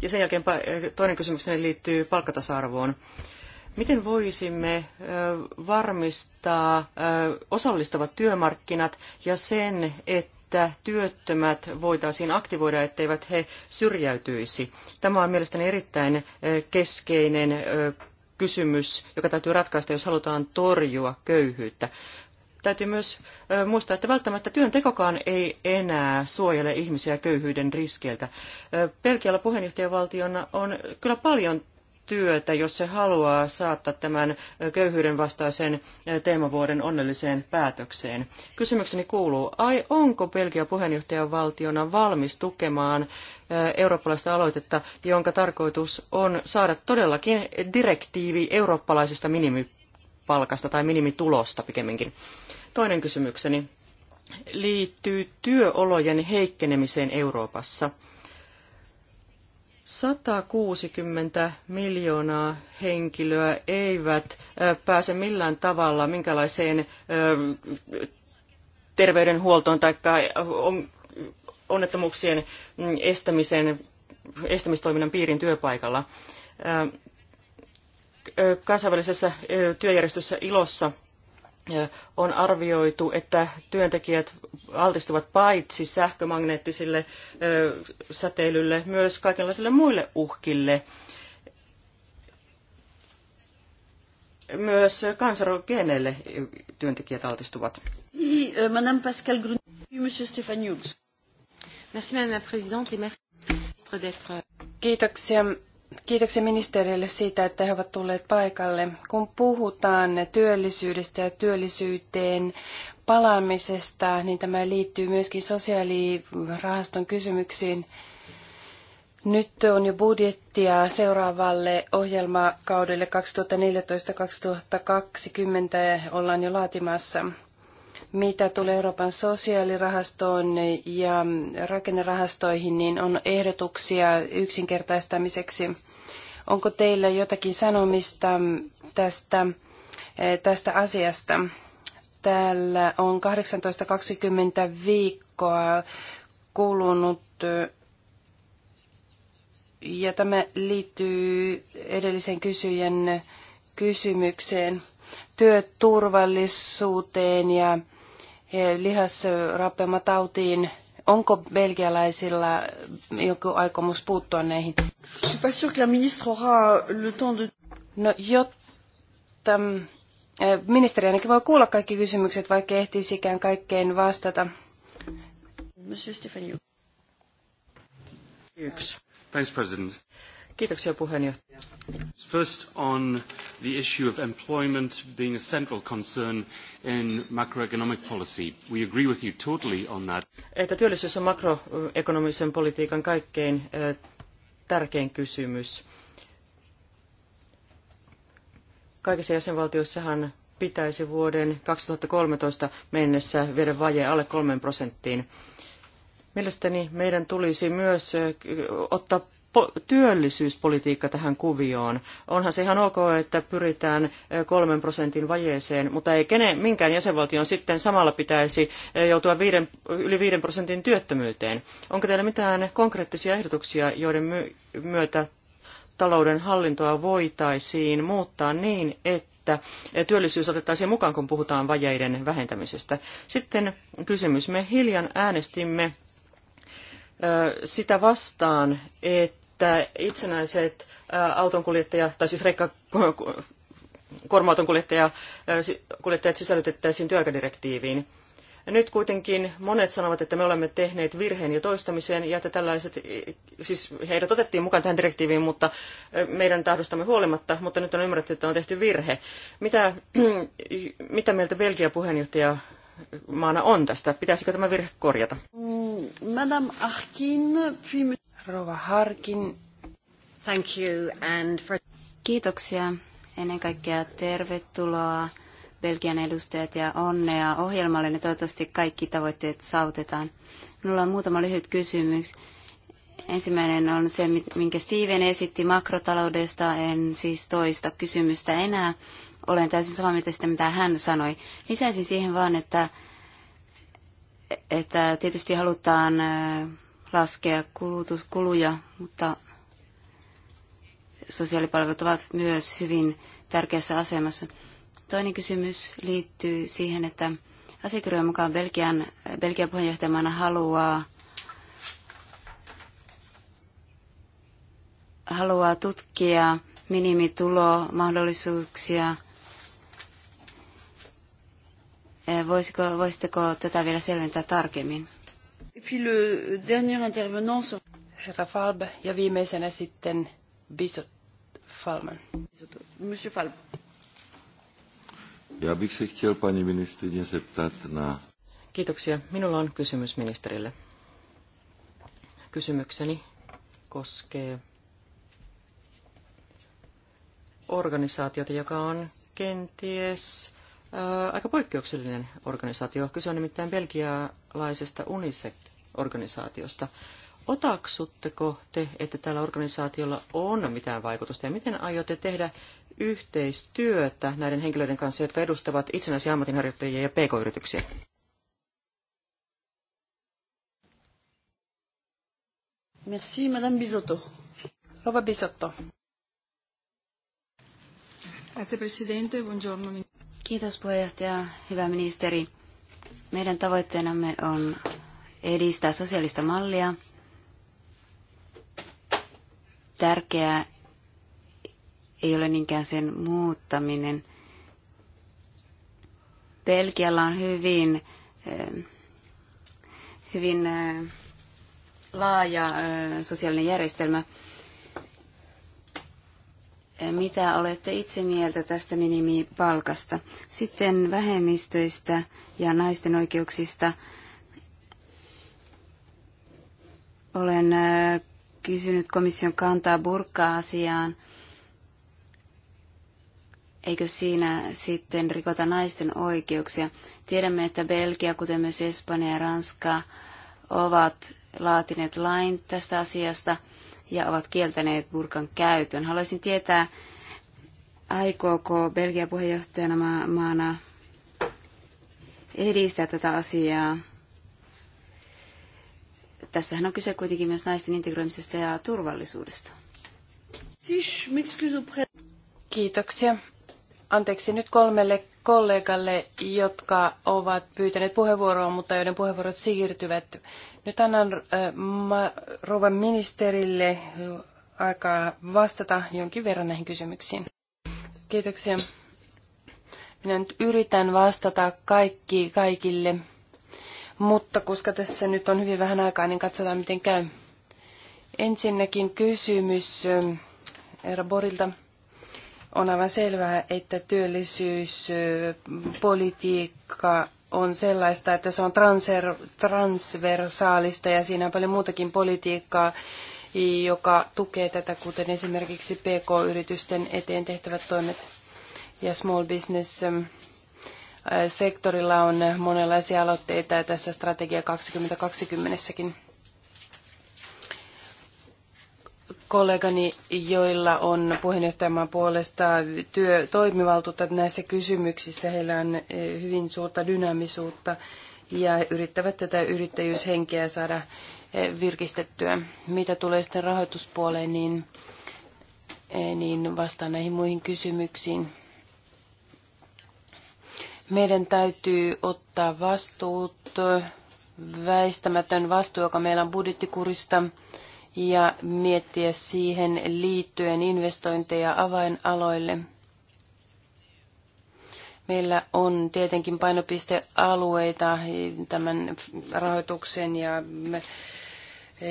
Speaker 3: ja sen jälkeen toinen kysymykseni liittyy palkkatasa-arvoon. Miten voisimme varmistaa osallistavat työmarkkinat ja sen, että työttömät voitaisiin aktivoida, etteivät he syrjäytyisi? Tämä on mielestäni erittäin keskeinen kysymys, joka täytyy ratkaista, jos halutaan torjua köyhyyttä. Täytyy myös muistaa, että välttämättä työntekokaan ei enää suojele ihmisiä köyhyyden riskeiltä. Pelkialla puheenjohtajavaltiona on kyllä paljon työtä, jos se haluaa saattaa tämän köyhyyden vastaisen teemavuoden onnelliseen päätökseen. Kysymykseni kuuluu, ai onko Belgia puheenjohtajavaltiona valmis tukemaan eh, eurooppalaista aloitetta, jonka tarkoitus on saada todellakin direktiivi eurooppalaisesta minimipalkasta tai minimitulosta pikemminkin. Toinen kysymykseni liittyy työolojen heikkenemiseen Euroopassa – 160 miljoonaa henkilöä eivät pääse millään tavalla minkälaiseen terveydenhuoltoon tai onnettomuuksien mm, estämisen, estämistoiminnan piirin työpaikalla. Kansainvälisessä työjärjestössä ilossa on arvioitu, että työntekijät altistuvat paitsi sähkömagneettisille säteilylle, myös kaikenlaisille muille uhkille. Myös kanserogeeneille työntekijät altistuvat.
Speaker 1: E, Madame Pascal Grun, Monsieur Stéphane Hughes.
Speaker 2: Merci Madame la Présidente et merci d'être... Kiitoksia Kiitoksia ministerille siitä, että he ovat tulleet paikalle. Kun puhutaan työllisyydestä ja työllisyyteen palaamisesta, niin tämä liittyy myöskin sosiaalirahaston kysymyksiin. Nyt on jo budjettia seuraavalle ohjelmakaudelle 2014-2020 ollaan jo laatimassa. Mitä tulee Euroopan sosiaalirahastoon ja rakennerahastoihin, niin on ehdotuksia yksinkertaistamiseksi. Onko teillä jotakin sanomista tästä, eh, tästä asiasta? Täällä on 18-20 viikkoa kulunut eh, ja tämä liittyy edellisen kysyjän kysymykseen työturvallisuuteen ja lihasrappeumatautiin. Onko belgialaisilla joku aikomus puuttua näihin? No, jotta mm, ministeri ainakin voi kuulla kaikki kysymykset, vaikka ikään kaikkeen vastata. Monsieur
Speaker 3: Yksi. Thanks, President. Kiitoksia puheenjohtaja. First on the issue of employment being a central concern in macroeconomic policy. We agree with you totally on that. Että työllisyys on makroekonomisen politiikan kaikkein tärkein kysymys. Kaikissa jäsenvaltioissahan pitäisi vuoden 2013 mennessä viedä vaje alle 3 prosenttiin. Mielestäni meidän tulisi myös ottaa työllisyyspolitiikka tähän kuvioon? Onhan se ihan ok, että pyritään kolmen prosentin vajeeseen, mutta ei kenen, minkään jäsenvaltion sitten samalla pitäisi joutua viiden, yli viiden prosentin työttömyyteen. Onko teillä mitään konkreettisia ehdotuksia, joiden myötä talouden hallintoa voitaisiin muuttaa niin, että työllisyys otettaisiin mukaan, kun puhutaan vajeiden vähentämisestä. Sitten kysymys. Me hiljan äänestimme sitä vastaan, että että itsenäiset autonkuljettaja, tai siis rekka kuorma-auton kuljettajat sisällytettäisiin työaikadirektiiviin. Nyt kuitenkin monet sanovat, että me olemme tehneet virheen jo toistamiseen ja että tällaiset, siis heidät otettiin mukaan tähän direktiiviin, mutta meidän tahdostamme huolimatta, mutta nyt on ymmärretty, että on tehty virhe. Mitä, mitä mieltä Belgia puheenjohtaja maana on tästä? Pitäisikö tämä virhe korjata?
Speaker 1: Mm, Madame Arkin, puis... Rova Harkin. Thank you
Speaker 4: and for... Kiitoksia. Ennen kaikkea tervetuloa Belgian edustajat ja onnea ohjelmalle. Ne toivottavasti kaikki tavoitteet saavutetaan. Minulla on muutama lyhyt kysymys. Ensimmäinen on se, minkä Steven esitti makrotaloudesta. En siis toista kysymystä enää. Olen täysin samaa mieltä sitä, mitä hän sanoi. Lisäisin siihen vaan, että, että tietysti halutaan laskea kulutuskuluja, mutta sosiaalipalvelut ovat myös hyvin tärkeässä asemassa. Toinen kysymys liittyy siihen, että asiakirjojen mukaan Belgian, Belgian puheenjohtajamaana haluaa, haluaa tutkia minimitulomahdollisuuksia. Voisiko, voisitteko tätä vielä selventää tarkemmin?
Speaker 2: puis le dernier intervenant... Herra Falbe ja viimeisenä sitten Bisot Falman. Monsieur Falbe.
Speaker 6: ja bych se chtěl paní ministrině zeptat na...
Speaker 3: Kiitoksia. Minulla on kysymys ministerille. Kysymykseni koskee organisaatiota, joka on kenties ää, aika poikkeuksellinen organisaatio. Kyse on nimittäin belgialaisesta unicef organisaatiosta. Otaksutteko te, että tällä organisaatiolla on mitään vaikutusta ja miten aiotte tehdä yhteistyötä näiden henkilöiden kanssa, jotka edustavat itsenäisiä ammatinharjoittajia ja pk-yrityksiä?
Speaker 2: Merci, Madame Bisotto. Rova Bisotto. Grazie, Presidente. Buongiorno. Kiitos puheenjohtaja,
Speaker 4: hyvä ministeri. Meidän tavoitteenamme on edistää sosiaalista mallia. Tärkeää ei ole niinkään sen muuttaminen. Pelkialla on hyvin, eh, hyvin eh, laaja eh, sosiaalinen järjestelmä. Mitä olette itse mieltä tästä minimipalkasta? Sitten vähemmistöistä ja naisten oikeuksista. Olen äh, kysynyt komission kantaa burkka-asiaan. Eikö siinä sitten rikota naisten oikeuksia? Tiedämme, että Belgia, kuten myös Espanja ja Ranska, ovat laatineet lain tästä asiasta ja ovat kieltäneet burkan käytön. Haluaisin tietää, aikooko Belgia puheenjohtajana maana edistää tätä asiaa Tässähän on kyse kuitenkin myös naisten integroimisesta ja turvallisuudesta.
Speaker 2: Kiitoksia. Anteeksi nyt kolmelle kollegalle, jotka ovat pyytäneet puheenvuoroa, mutta joiden puheenvuorot siirtyvät. Nyt annan äh, ministerille aikaa vastata jonkin verran näihin kysymyksiin. Kiitoksia. Minä nyt yritän vastata kaikki, kaikille mutta koska tässä nyt on hyvin vähän aikaa, niin katsotaan miten käy. Ensinnäkin kysymys ähm, Eera Borilta. On aivan selvää, että työllisyyspolitiikka on sellaista, että se on transver transversaalista ja siinä on paljon muutakin politiikkaa, joka tukee tätä, kuten esimerkiksi PK-yritysten eteen tehtävät toimet ja small business ähm, sektorilla on monenlaisia aloitteita tässä strategia 2020-kin. kollegani, joilla on puheenjohtajamaan puolesta työ, toimivaltuutta näissä kysymyksissä. Heillä on eh, hyvin suurta dynaamisuutta ja yrittävät tätä yrittäjyyshenkeä saada eh, virkistettyä. Mitä tulee sitten rahoituspuoleen, niin, eh, niin vastaan näihin muihin kysymyksiin. Meidän täytyy ottaa vastuut, väistämätön vastuu, joka meillä on budjettikurista, ja miettiä siihen liittyen investointeja avainaloille. Meillä on tietenkin painopistealueita tämän rahoituksen ja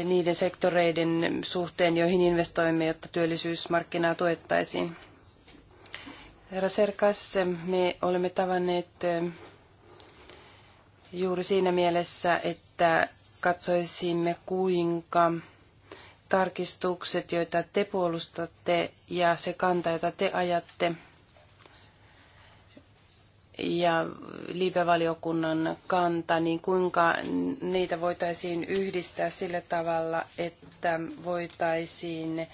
Speaker 2: niiden sektoreiden suhteen, joihin investoimme, jotta työllisyysmarkkinaa tuettaisiin. Herra Serkas, me olemme tavanneet eh, juuri siinä mielessä, että katsoisimme kuinka tarkistukset, joita te puolustatte ja se kanta, jota te ajatte, ja liipevaliokunnan kanta, niin kuinka niitä voitaisiin yhdistää sillä tavalla, että voitaisiin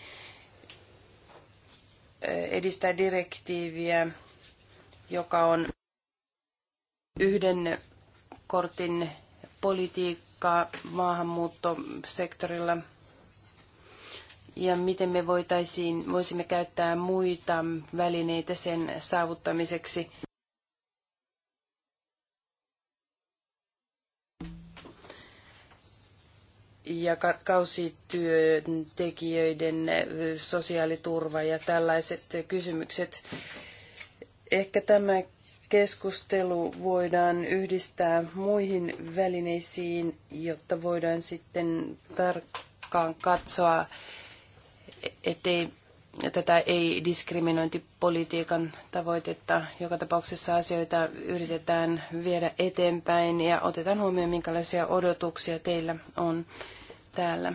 Speaker 2: edistää direktiiviä, joka on yhden kortin politiikka maahanmuuttosektorilla ja miten me voitaisiin, voisimme käyttää muita välineitä sen saavuttamiseksi – ja kausityöntekijöiden sosiaaliturva ja tällaiset kysymykset. Ehkä tämä keskustelu voidaan yhdistää muihin välineisiin, jotta voidaan sitten tarkkaan katsoa, ettei tätä ei-diskriminointipolitiikan tavoitetta. Joka tapauksessa asioita yritetään viedä eteenpäin ja otetaan huomioon, minkälaisia odotuksia teillä on täällä.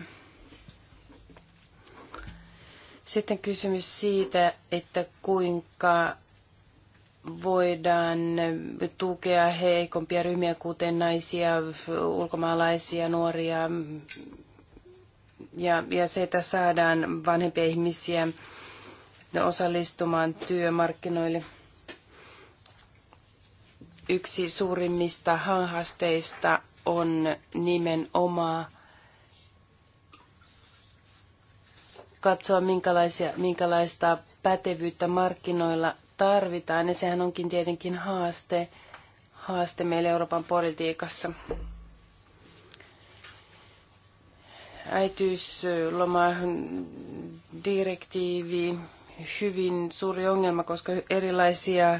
Speaker 2: Sitten kysymys siitä, että kuinka voidaan tukea heikompia ryhmiä, kuten naisia, ulkomaalaisia, nuoria, ja, ja se, että saadaan vanhempia ihmisiä osallistumaan työmarkkinoille. Yksi suurimmista haasteista on nimenomaan katsoa, minkälaisia, minkälaista pätevyyttä markkinoilla tarvitaan. Ja sehän onkin tietenkin haaste, haaste meille Euroopan politiikassa. äitiyslomadirektiivi hyvin suuri ongelma, koska erilaisia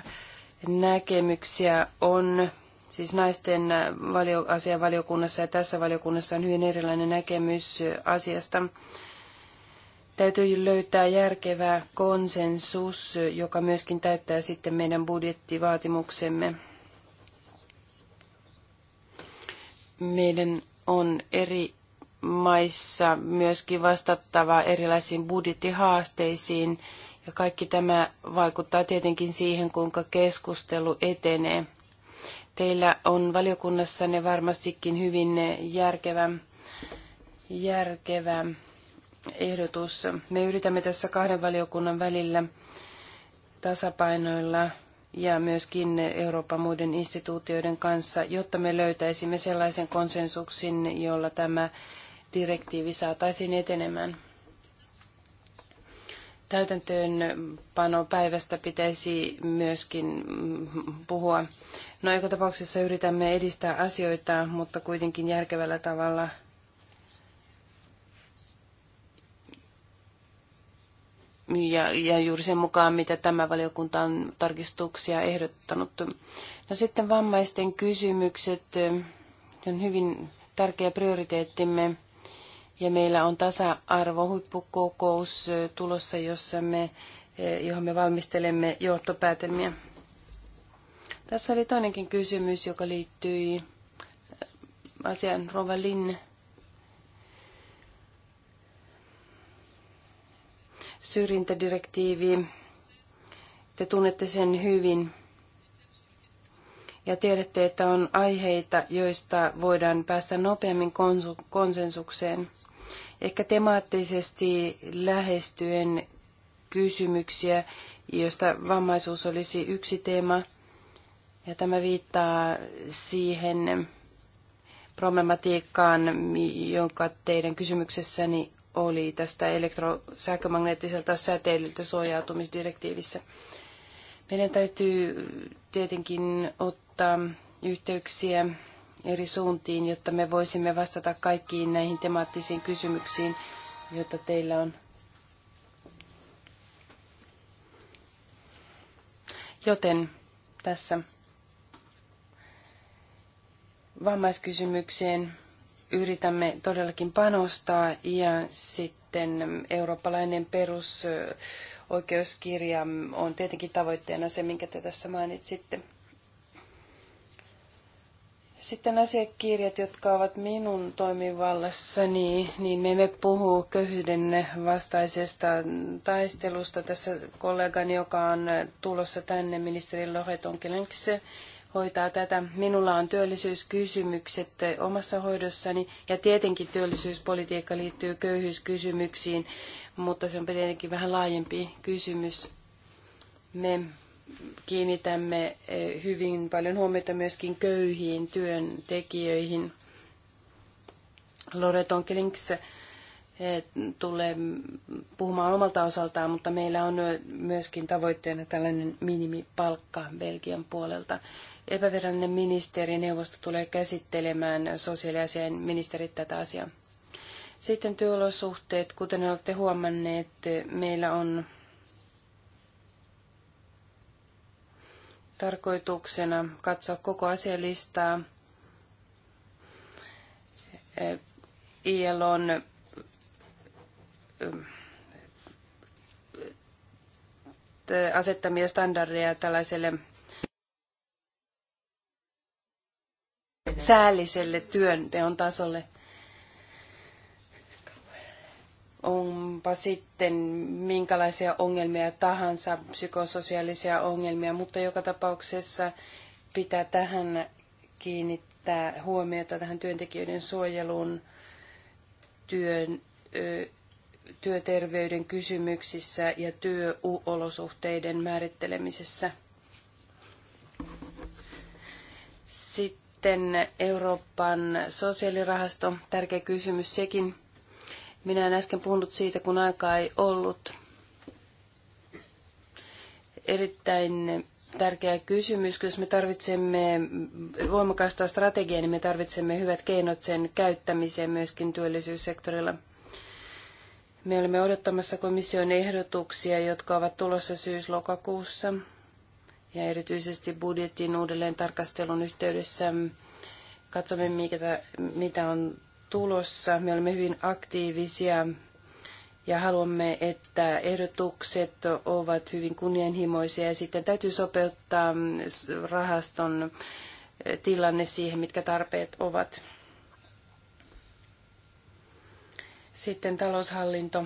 Speaker 2: näkemyksiä on. Siis naisten valio- asiavaliokunnassa ja tässä valiokunnassa on hyvin erilainen näkemys asiasta. Täytyy löytää järkevä konsensus, joka myöskin täyttää sitten meidän budjettivaatimuksemme. Meidän on eri maissa myöskin vastattava erilaisiin budjettihaasteisiin. Ja kaikki tämä vaikuttaa tietenkin siihen, kuinka keskustelu etenee. Teillä on valiokunnassanne varmastikin hyvin järkevä, järkevä ehdotus. Me yritämme tässä kahden valiokunnan välillä tasapainoilla ja myöskin Euroopan muiden instituutioiden kanssa, jotta me löytäisimme sellaisen konsensuksin, jolla tämä direktiivi saataisiin etenemään. Täytäntöönpanopäivästä pitäisi myöskin puhua. No joka tapauksessa yritämme edistää asioita, mutta kuitenkin järkevällä tavalla. Ja, ja juuri sen mukaan, mitä tämä valiokunta on tarkistuksia ehdottanut. No sitten vammaisten kysymykset. Se on hyvin tärkeä prioriteettimme ja meillä on tasa huippukokous tulossa, jossa me, johon me valmistelemme johtopäätelmiä. Tässä oli toinenkin kysymys, joka liittyi asian Rova Linne. syrjintädirektiivi. Te tunnette sen hyvin ja tiedätte, että on aiheita, joista voidaan päästä nopeammin konsensukseen ehkä temaattisesti lähestyen kysymyksiä, josta vammaisuus olisi yksi teema. Ja tämä viittaa siihen problematiikkaan, jonka teidän kysymyksessäni oli tästä elektrosähkömagneettiselta säteilyltä suojautumisdirektiivissä. Meidän täytyy tietenkin ottaa yhteyksiä eri suuntiin, jotta me voisimme vastata kaikkiin näihin temaattisiin kysymyksiin, joita teillä on. Joten tässä vammaiskysymykseen yritämme todellakin panostaa ja sitten eurooppalainen perusoikeuskirja on tietenkin tavoitteena se, minkä te tässä mainitsitte. Sitten asiakirjat, jotka ovat minun toimivallassani, niin me emme puhu köyhyyden vastaisesta taistelusta. Tässä kollegani, joka on tulossa tänne, ministeri Loreton Kelenkse, hoitaa tätä. Minulla on työllisyyskysymykset omassa hoidossani ja tietenkin työllisyyspolitiikka liittyy köyhyyskysymyksiin, mutta se on tietenkin vähän laajempi kysymys. Me kiinnitämme eh, hyvin paljon huomiota myöskin köyhiin työntekijöihin. Loreton Klinks eh, tulee puhumaan omalta osaltaan, mutta meillä on eh, myöskin tavoitteena tällainen minimipalkka Belgian puolelta. Epävirallinen ministerineuvosto tulee käsittelemään sosiaaliasian ministerit tätä asiaa. Sitten työolosuhteet, kuten olette huomanneet, meillä on tarkoituksena katsoa koko asialistaa ILOn asettamia standardeja tällaiselle säälliselle työnteon tasolle onpa sitten minkälaisia ongelmia tahansa, psykososiaalisia ongelmia, mutta joka tapauksessa pitää tähän kiinnittää huomiota tähän työntekijöiden suojeluun työn, työterveyden kysymyksissä ja työolosuhteiden määrittelemisessä. Sitten Euroopan sosiaalirahasto, tärkeä kysymys sekin. Minä en äsken puhunut siitä, kun aikaa ei ollut. Erittäin tärkeä kysymys. Jos me tarvitsemme voimakasta strategiaa, niin me tarvitsemme hyvät keinot sen käyttämiseen myöskin työllisyyssektorilla. Me olemme odottamassa komission ehdotuksia, jotka ovat tulossa syyslokakuussa ja erityisesti budjetin uudelleen tarkastelun yhteydessä katsomme, mikä, mitä on tulossa. Me olemme hyvin aktiivisia ja haluamme, että ehdotukset ovat hyvin kunnianhimoisia ja sitten täytyy sopeuttaa rahaston tilanne siihen, mitkä tarpeet ovat. Sitten taloushallinto.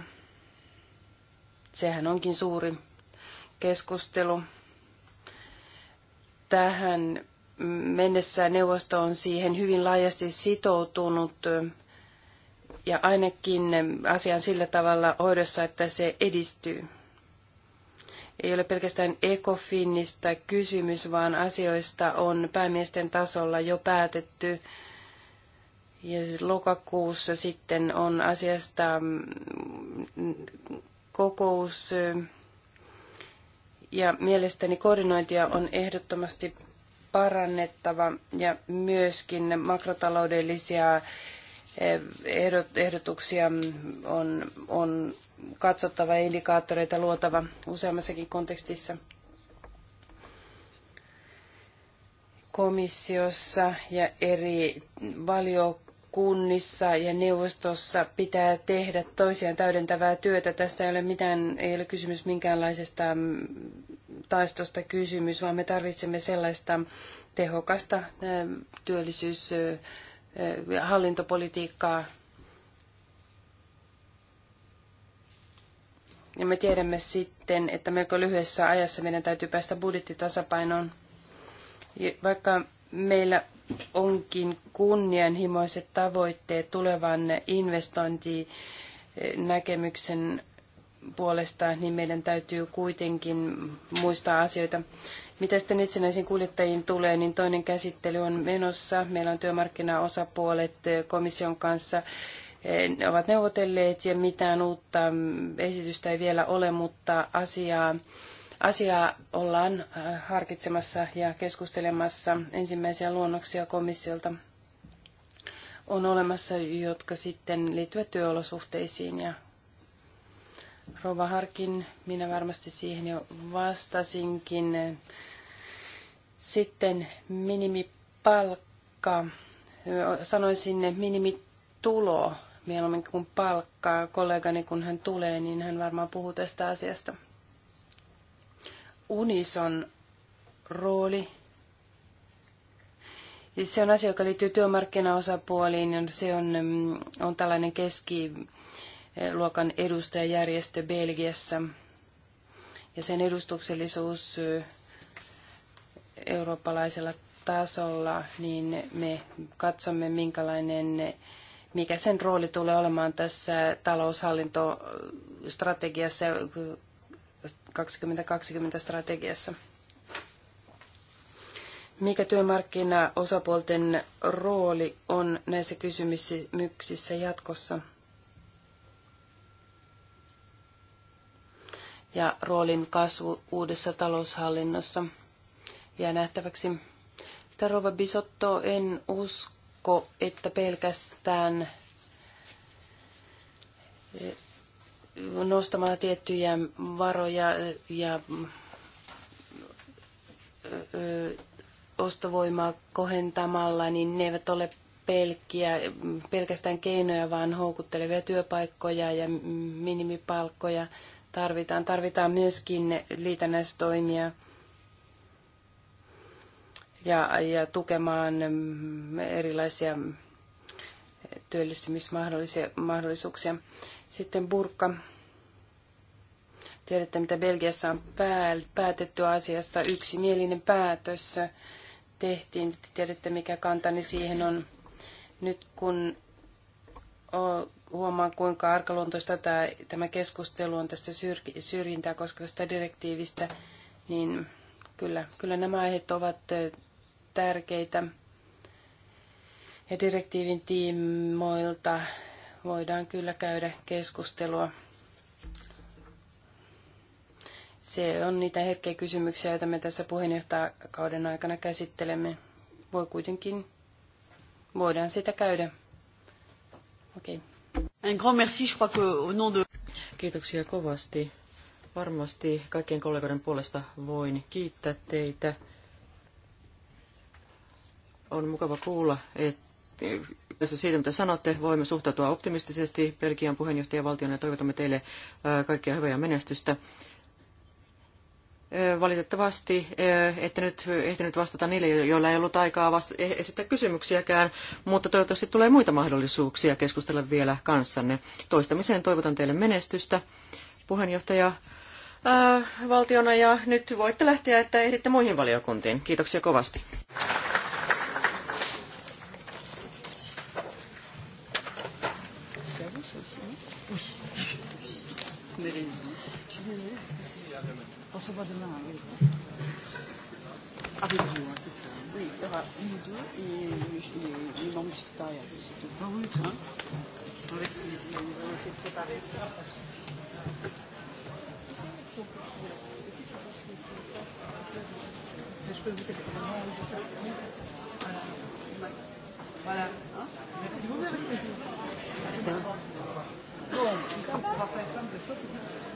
Speaker 2: Sehän onkin suuri keskustelu. Tähän mennessä neuvosto on siihen hyvin laajasti sitoutunut ja ainakin asian sillä tavalla hoidossa, että se edistyy. Ei ole pelkästään ekofinnistä kysymys, vaan asioista on päämiesten tasolla jo päätetty. Ja lokakuussa sitten on asiasta mm, kokous. Ja mielestäni koordinointia on ehdottomasti parannettava ja myöskin makrotaloudellisia eh, ehdotuksia on, on katsottava ja indikaattoreita luotava useammassakin kontekstissa. Komissiossa ja eri valiokunnissa ja neuvostossa pitää tehdä toisiaan täydentävää työtä. Tästä ei ole, mitään, ei ole kysymys minkäänlaisesta taistosta kysymys, vaan me tarvitsemme sellaista tehokasta työllisyys- ja hallintopolitiikkaa. Ja me tiedämme sitten, että melko lyhyessä ajassa meidän täytyy päästä budjettitasapainoon. Vaikka meillä onkin kunnianhimoiset tavoitteet tulevan investointinäkemyksen puolesta, niin meidän täytyy kuitenkin muistaa asioita. Mitä sitten itsenäisiin kuljettajiin tulee, niin toinen käsittely on menossa. Meillä on työmarkkinaosapuolet komission kanssa. Ne ovat neuvotelleet ja mitään uutta esitystä ei vielä ole, mutta asiaa, asiaa ollaan äh, harkitsemassa ja keskustelemassa. Ensimmäisiä luonnoksia komissiolta on olemassa, jotka sitten liittyvät työolosuhteisiin ja Rova Harkin, minä varmasti siihen jo vastasinkin. Sitten minimipalkka, sanoisin minimitulo mieluummin kuin palkkaa. Kollegani, kun hän tulee, niin hän varmaan puhuu tästä asiasta. Unison rooli. Se on asia, joka liittyy työmarkkinaosapuoliin. Se on, mm, on tällainen keski, luokan edustajajärjestö Belgiassa. Ja sen edustuksellisuus eurooppalaisella tasolla, niin me katsomme, minkälainen, mikä sen rooli tulee olemaan tässä taloushallintostrategiassa 2020 strategiassa. Mikä työmarkkinaosapuolten rooli on näissä kysymyksissä jatkossa? ja roolin kasvu uudessa taloushallinnossa jää nähtäväksi. Sitä Rova Bisotto en usko, että pelkästään eh, nostamalla tiettyjä varoja eh, ja eh, ostovoimaa kohentamalla, niin ne eivät ole pelkkiä, pelkästään keinoja, vaan houkuttelevia työpaikkoja ja minimipalkkoja tarvitaan. Tarvitaan myöskin liitännäistoimia ja, ja tukemaan erilaisia työllistymismahdollisuuksia. Sitten burkka. Tiedätte, mitä Belgiassa on päätetty asiasta. Yksimielinen päätös tehtiin. Tiedätte, mikä kantani siihen on. Nyt kun huomaan, kuinka arkaluontoista tämä keskustelu on tästä syrjintää koskevasta direktiivistä, niin kyllä, kyllä nämä aiheet ovat tärkeitä. Ja direktiivin tiimoilta voidaan kyllä käydä keskustelua. Se on niitä herkkiä kysymyksiä, joita me tässä puheenjohtajakauden aikana käsittelemme. Voi kuitenkin, voidaan sitä käydä. Okei. Okay.
Speaker 3: Un grand merci, je crois que au nom de... Kiitoksia kovasti. Varmasti kaikkien kollegoiden puolesta voin kiittää teitä. On mukava kuulla, että tässä siitä, mitä sanotte, voimme suhtautua optimistisesti Belgian puheenjohtajavaltiona ja toivotamme teille kaikkia hyvää ja menestystä valitettavasti ette nyt ehtinyt vastata niille, joilla ei ollut aikaa vasta- e- esittää kysymyksiäkään, mutta toivottavasti tulee muita mahdollisuuksia keskustella vielä kanssanne. Toistamiseen toivotan teille menestystä, puheenjohtaja ää, valtiona, ja nyt voitte lähteä, että ehditte muihin valiokuntiin. Kiitoksia kovasti.
Speaker 1: commencer par demain. Oui. Avec vous, hein, c'est ça. Oui, il y aura nous deux et les, les membres du secrétariat. Ah oui, très bien. Hein Avec plaisir, nous allons essayer de préparer ça. Je peux vous Voilà. Hein Merci beaucoup. Bon, on va faire comme de choses.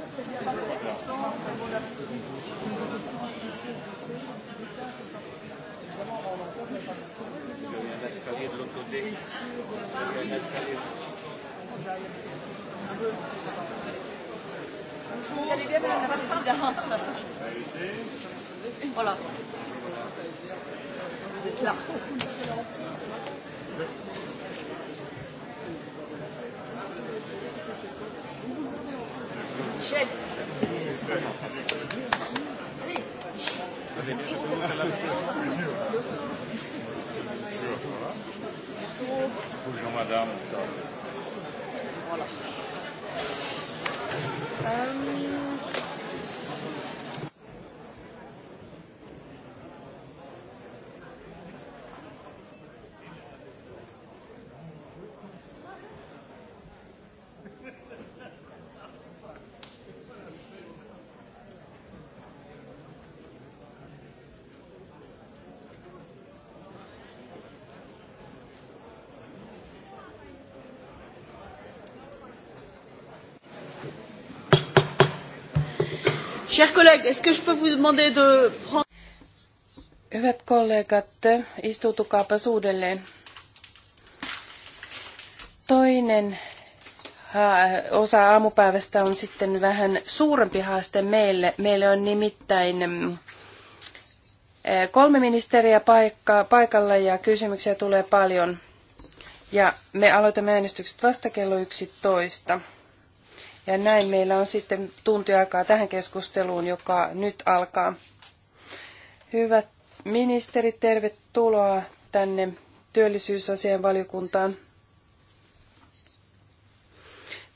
Speaker 1: Voilà. Vous êtes là. Michel. Allez,
Speaker 2: Bonjour madame. Voilà. Euh... Chers collègues, est-ce que je peux vous demander de prendre... Hyvät kollegat, istutukaapa suudelleen. Toinen äh, osa aamupäivästä on sitten vähän suurempi haaste meille. Meillä on nimittäin mm, äh, kolme ministeriä paikka, paikalla ja kysymyksiä tulee paljon. Ja me aloitamme äänestykset vasta kello 11. Ja näin meillä on sitten tunti aikaa tähän keskusteluun, joka nyt alkaa. Hyvät ministerit, tervetuloa tänne työllisyysasian valiokuntaan.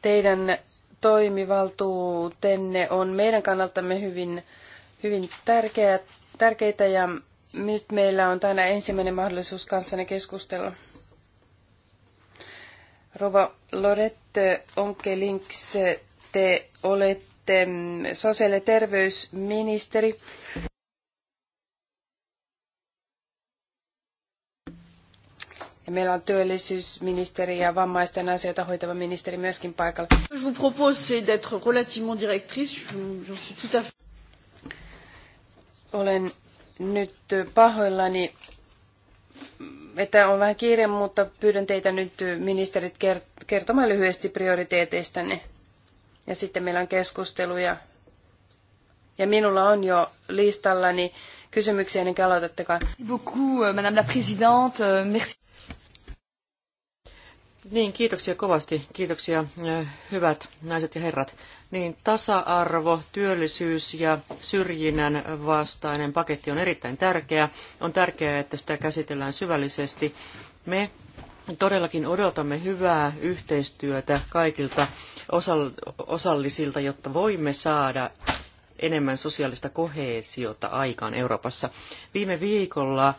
Speaker 2: Teidän toimivaltuutenne on meidän kannaltamme hyvin, hyvin tärkeä, tärkeitä ja nyt meillä on tänä ensimmäinen mahdollisuus kanssanne keskustella. Rova Lorette Onkelinks, te olette mm, sosiaali- ja terveysministeri. Ja meillä on työllisyysministeri ja vammaisten asioita hoitava ministeri myöskin paikalla.
Speaker 1: Je vous propose c'est d'être relativement directrice. J'en suis tout à fait...
Speaker 2: Olen nyt pahoillani että on vähän kiire, mutta pyydän teitä nyt ministerit kertomaan lyhyesti prioriteeteistanne. Ja sitten meillä on keskusteluja. Ja minulla on jo listallani kysymyksiä, niin aloitattekaan.
Speaker 1: Beaucoup, euh, madame la
Speaker 3: présidente. Euh, merci.
Speaker 2: Niin, kiitoksia kovasti.
Speaker 3: Kiitoksia hyvät naiset ja herrat. Niin, tasa-arvo, työllisyys ja syrjinnän vastainen paketti on erittäin tärkeä. On tärkeää, että sitä käsitellään syvällisesti. Me todellakin odotamme hyvää yhteistyötä kaikilta osallisilta, jotta voimme saada enemmän sosiaalista koheesiota aikaan Euroopassa. Viime viikolla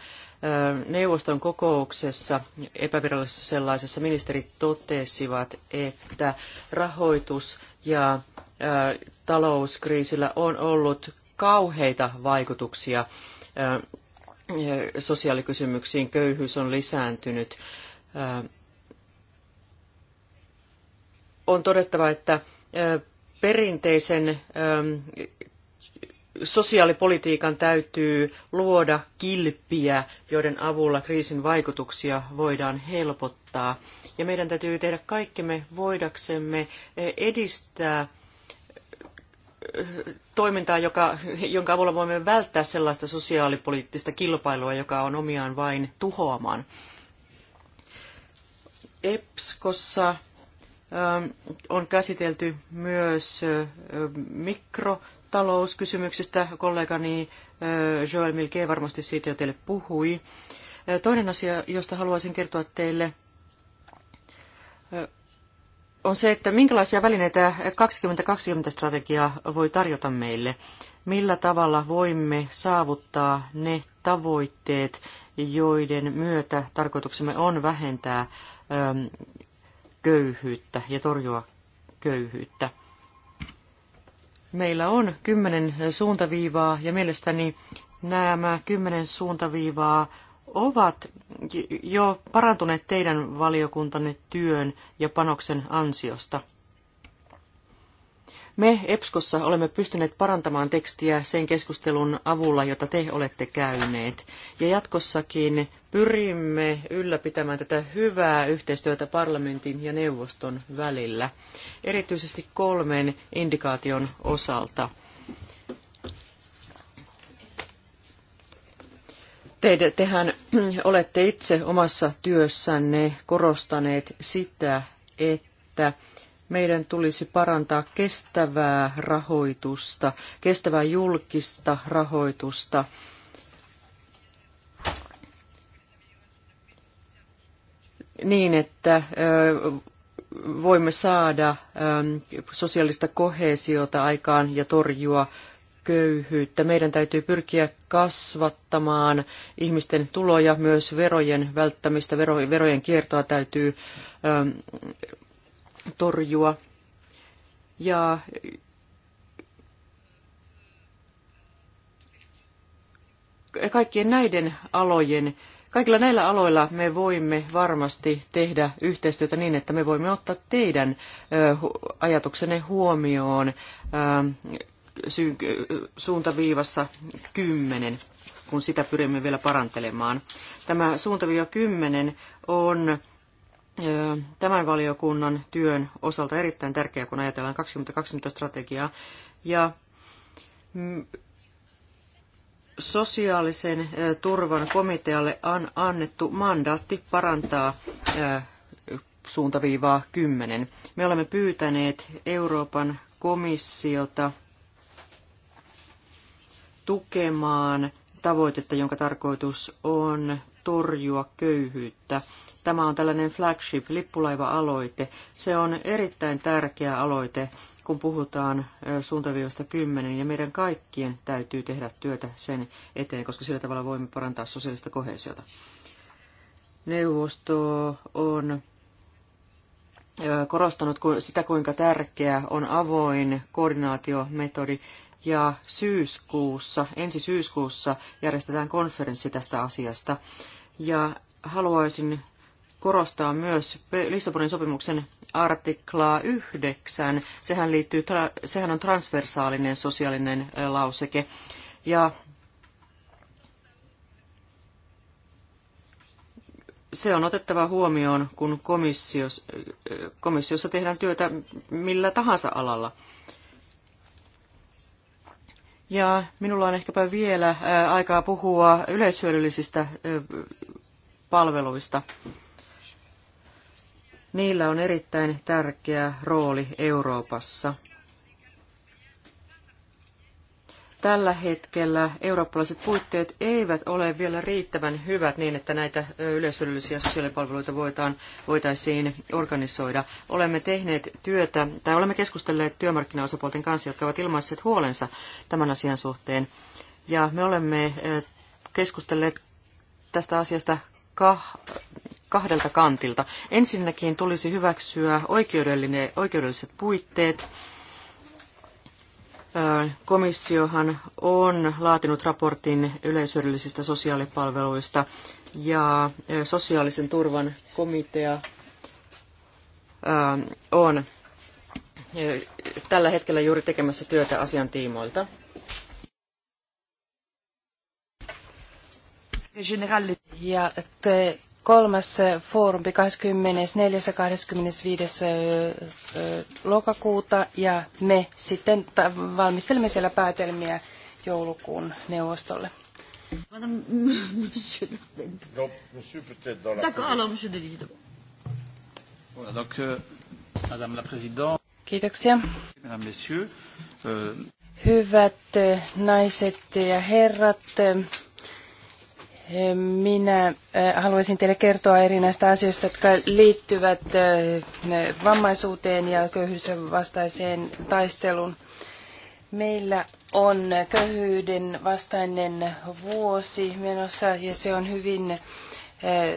Speaker 3: neuvoston kokouksessa, epävirallisessa sellaisessa, ministerit totesivat, että rahoitus ja talouskriisillä on ollut kauheita vaikutuksia sosiaalikysymyksiin. Köyhyys on lisääntynyt. On todettava, että perinteisen sosiaalipolitiikan täytyy luoda kilpiä, joiden avulla kriisin vaikutuksia voidaan helpottaa. Ja meidän täytyy tehdä kaikkemme voidaksemme eh, edistää eh, toimintaa, joka, jonka avulla voimme välttää sellaista sosiaalipoliittista kilpailua, joka on omiaan vain tuhoamaan. EPSKossa eh, on käsitelty myös mikro- talouskysymyksistä. Kollegani Joel Milke varmasti siitä jo teille puhui. Toinen asia, josta haluaisin kertoa teille, on se, että minkälaisia välineitä 2020-strategia voi tarjota meille. Millä tavalla voimme saavuttaa ne tavoitteet, joiden myötä tarkoituksemme on vähentää köyhyyttä ja torjua köyhyyttä. Meillä on kymmenen suuntaviivaa ja mielestäni nämä kymmenen suuntaviivaa ovat jo parantuneet teidän valiokuntanne työn ja panoksen ansiosta. Me EPSKossa olemme pystyneet parantamaan tekstiä sen keskustelun avulla, jota te olette käyneet. Ja jatkossakin pyrimme ylläpitämään tätä hyvää yhteistyötä parlamentin ja neuvoston välillä, erityisesti kolmen indikaation osalta. Te, tehän olette itse omassa työssänne korostaneet sitä, että meidän tulisi parantaa kestävää rahoitusta, kestävää julkista rahoitusta. Niin, että voimme saada sosiaalista kohesiota aikaan ja torjua köyhyyttä. Meidän täytyy pyrkiä kasvattamaan ihmisten tuloja, myös verojen välttämistä, verojen kiertoa täytyy torjua. Ja kaikkien näiden alojen, kaikilla näillä aloilla me voimme varmasti tehdä yhteistyötä niin, että me voimme ottaa teidän ajatuksenne huomioon suuntaviivassa 10, kun sitä pyrimme vielä parantelemaan. Tämä suuntaviiva 10 on tämän valiokunnan työn osalta erittäin tärkeä, kun ajatellaan 2020-strategiaa. Ja mm, sosiaalisen turvan komitealle on annettu mandaatti parantaa suuntaviivaa 10. Me olemme pyytäneet Euroopan komissiota tukemaan tavoitetta, jonka tarkoitus on torjua köyhyyttä. Tämä on tällainen flagship-lippulaiva-aloite. Se on erittäin tärkeä aloite, kun puhutaan suuntaviivasta 10, ja meidän kaikkien täytyy tehdä työtä sen eteen, koska sillä tavalla voimme parantaa sosiaalista kohesiota. Neuvosto on korostanut sitä, kuinka tärkeä on avoin koordinaatiometodi ja syyskuussa, ensi syyskuussa järjestetään konferenssi tästä asiasta. Ja haluaisin korostaa myös Lissabonin sopimuksen artiklaa 9. Sehän, liittyy, sehän on transversaalinen sosiaalinen lauseke. Ja se on otettava huomioon, kun komissiossa, komissiossa tehdään työtä millä tahansa alalla. Ja minulla on ehkäpä vielä aikaa puhua yleishyödyllisistä palveluista. Niillä on erittäin tärkeä rooli Euroopassa – Tällä hetkellä eurooppalaiset puitteet eivät ole vielä riittävän hyvät niin, että näitä yleishyödyllisiä sosiaalipalveluita voitaan, voitaisiin organisoida. Olemme tehneet työtä, tai olemme keskustelleet työmarkkinaosapuolten kanssa, jotka ovat ilmaisseet huolensa tämän asian suhteen. Ja me olemme keskustelleet tästä asiasta kah- kahdelta kantilta. Ensinnäkin tulisi hyväksyä oikeudelliset puitteet, Komissiohan on laatinut raportin yleishyödyllisistä sosiaalipalveluista ja sosiaalisen turvan komitea on tällä hetkellä juuri tekemässä työtä asian tiimoilta.
Speaker 2: Ja te kolmas eh, foorumpi 24. ja 25. Eh, eh, lokakuuta ja me sitten valmistelemme siellä päätelmiä joulukuun neuvostolle.
Speaker 4: Euh, Kiitoksia. Euh,
Speaker 2: Hyvät naiset ja herrat, minä haluaisin teille kertoa erinäistä asioista, jotka liittyvät vammaisuuteen ja köyhyyden vastaiseen taisteluun. Meillä on köyhyyden vastainen vuosi menossa ja se on hyvin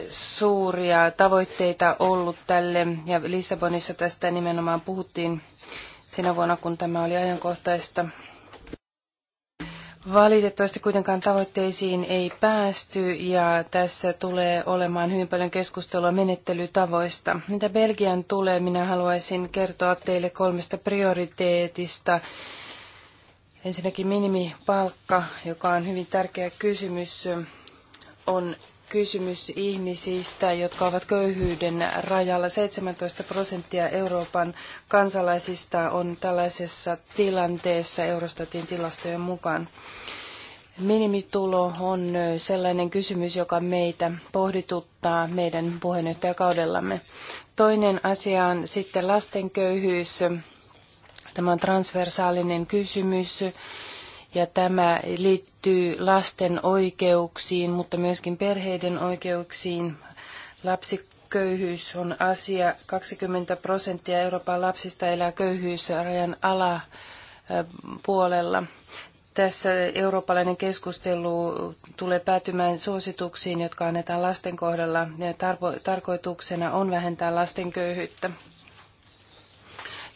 Speaker 2: suuria tavoitteita ollut tälle ja Lissabonissa tästä nimenomaan puhuttiin sinä vuonna, kun tämä oli ajankohtaista. Valitettavasti kuitenkaan tavoitteisiin ei päästy ja tässä tulee olemaan hyvin paljon keskustelua menettelytavoista. Mitä Belgian tulee, minä haluaisin kertoa teille kolmesta prioriteetista. Ensinnäkin minimipalkka, joka on hyvin tärkeä kysymys, on kysymys ihmisistä, jotka ovat köyhyyden rajalla. 17 prosenttia Euroopan kansalaisista on tällaisessa tilanteessa Eurostatin tilastojen mukaan. Minimitulo on sellainen kysymys, joka meitä pohdituttaa meidän puheenjohtajakaudellamme. Toinen asia on sitten lasten köyhyys. Tämä on transversaalinen kysymys ja tämä liittyy lasten oikeuksiin, mutta myöskin perheiden oikeuksiin. Lapsiköyhyys on asia. 20 prosenttia Euroopan lapsista elää köyhyysrajan alapuolella. puolella tässä eurooppalainen keskustelu tulee päätymään suosituksiin, jotka annetaan lasten kohdalla ja tarpo- tarkoituksena on vähentää lasten köyhyyttä.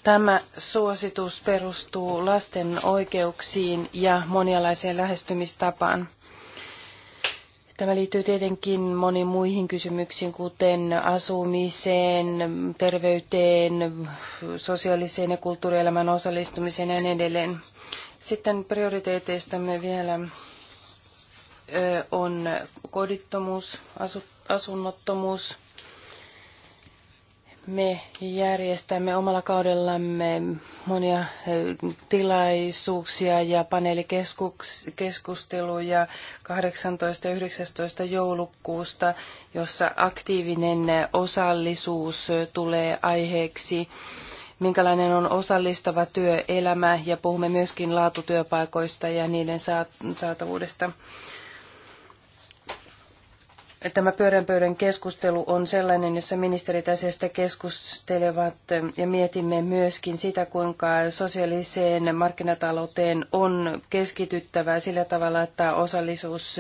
Speaker 2: Tämä suositus perustuu lasten oikeuksiin ja monialaiseen lähestymistapaan. Tämä liittyy tietenkin moniin muihin kysymyksiin, kuten asumiseen, terveyteen, sosiaaliseen ja kulttuurielämän osallistumiseen ja niin edelleen. Sitten prioriteeteistamme vielä on kodittomuus, asunnottomuus. Me järjestämme omalla kaudellamme monia tilaisuuksia ja paneelikeskusteluja 18. ja 19. joulukuusta, jossa aktiivinen osallisuus tulee aiheeksi minkälainen on osallistava työelämä ja puhumme myöskin laatutyöpaikoista ja niiden saatavuudesta. Tämä pyörän pöydän keskustelu on sellainen, jossa ministerit asiasta keskustelevat ja mietimme myöskin sitä, kuinka sosiaaliseen markkinatalouteen on keskityttävää sillä tavalla, että osallisuus,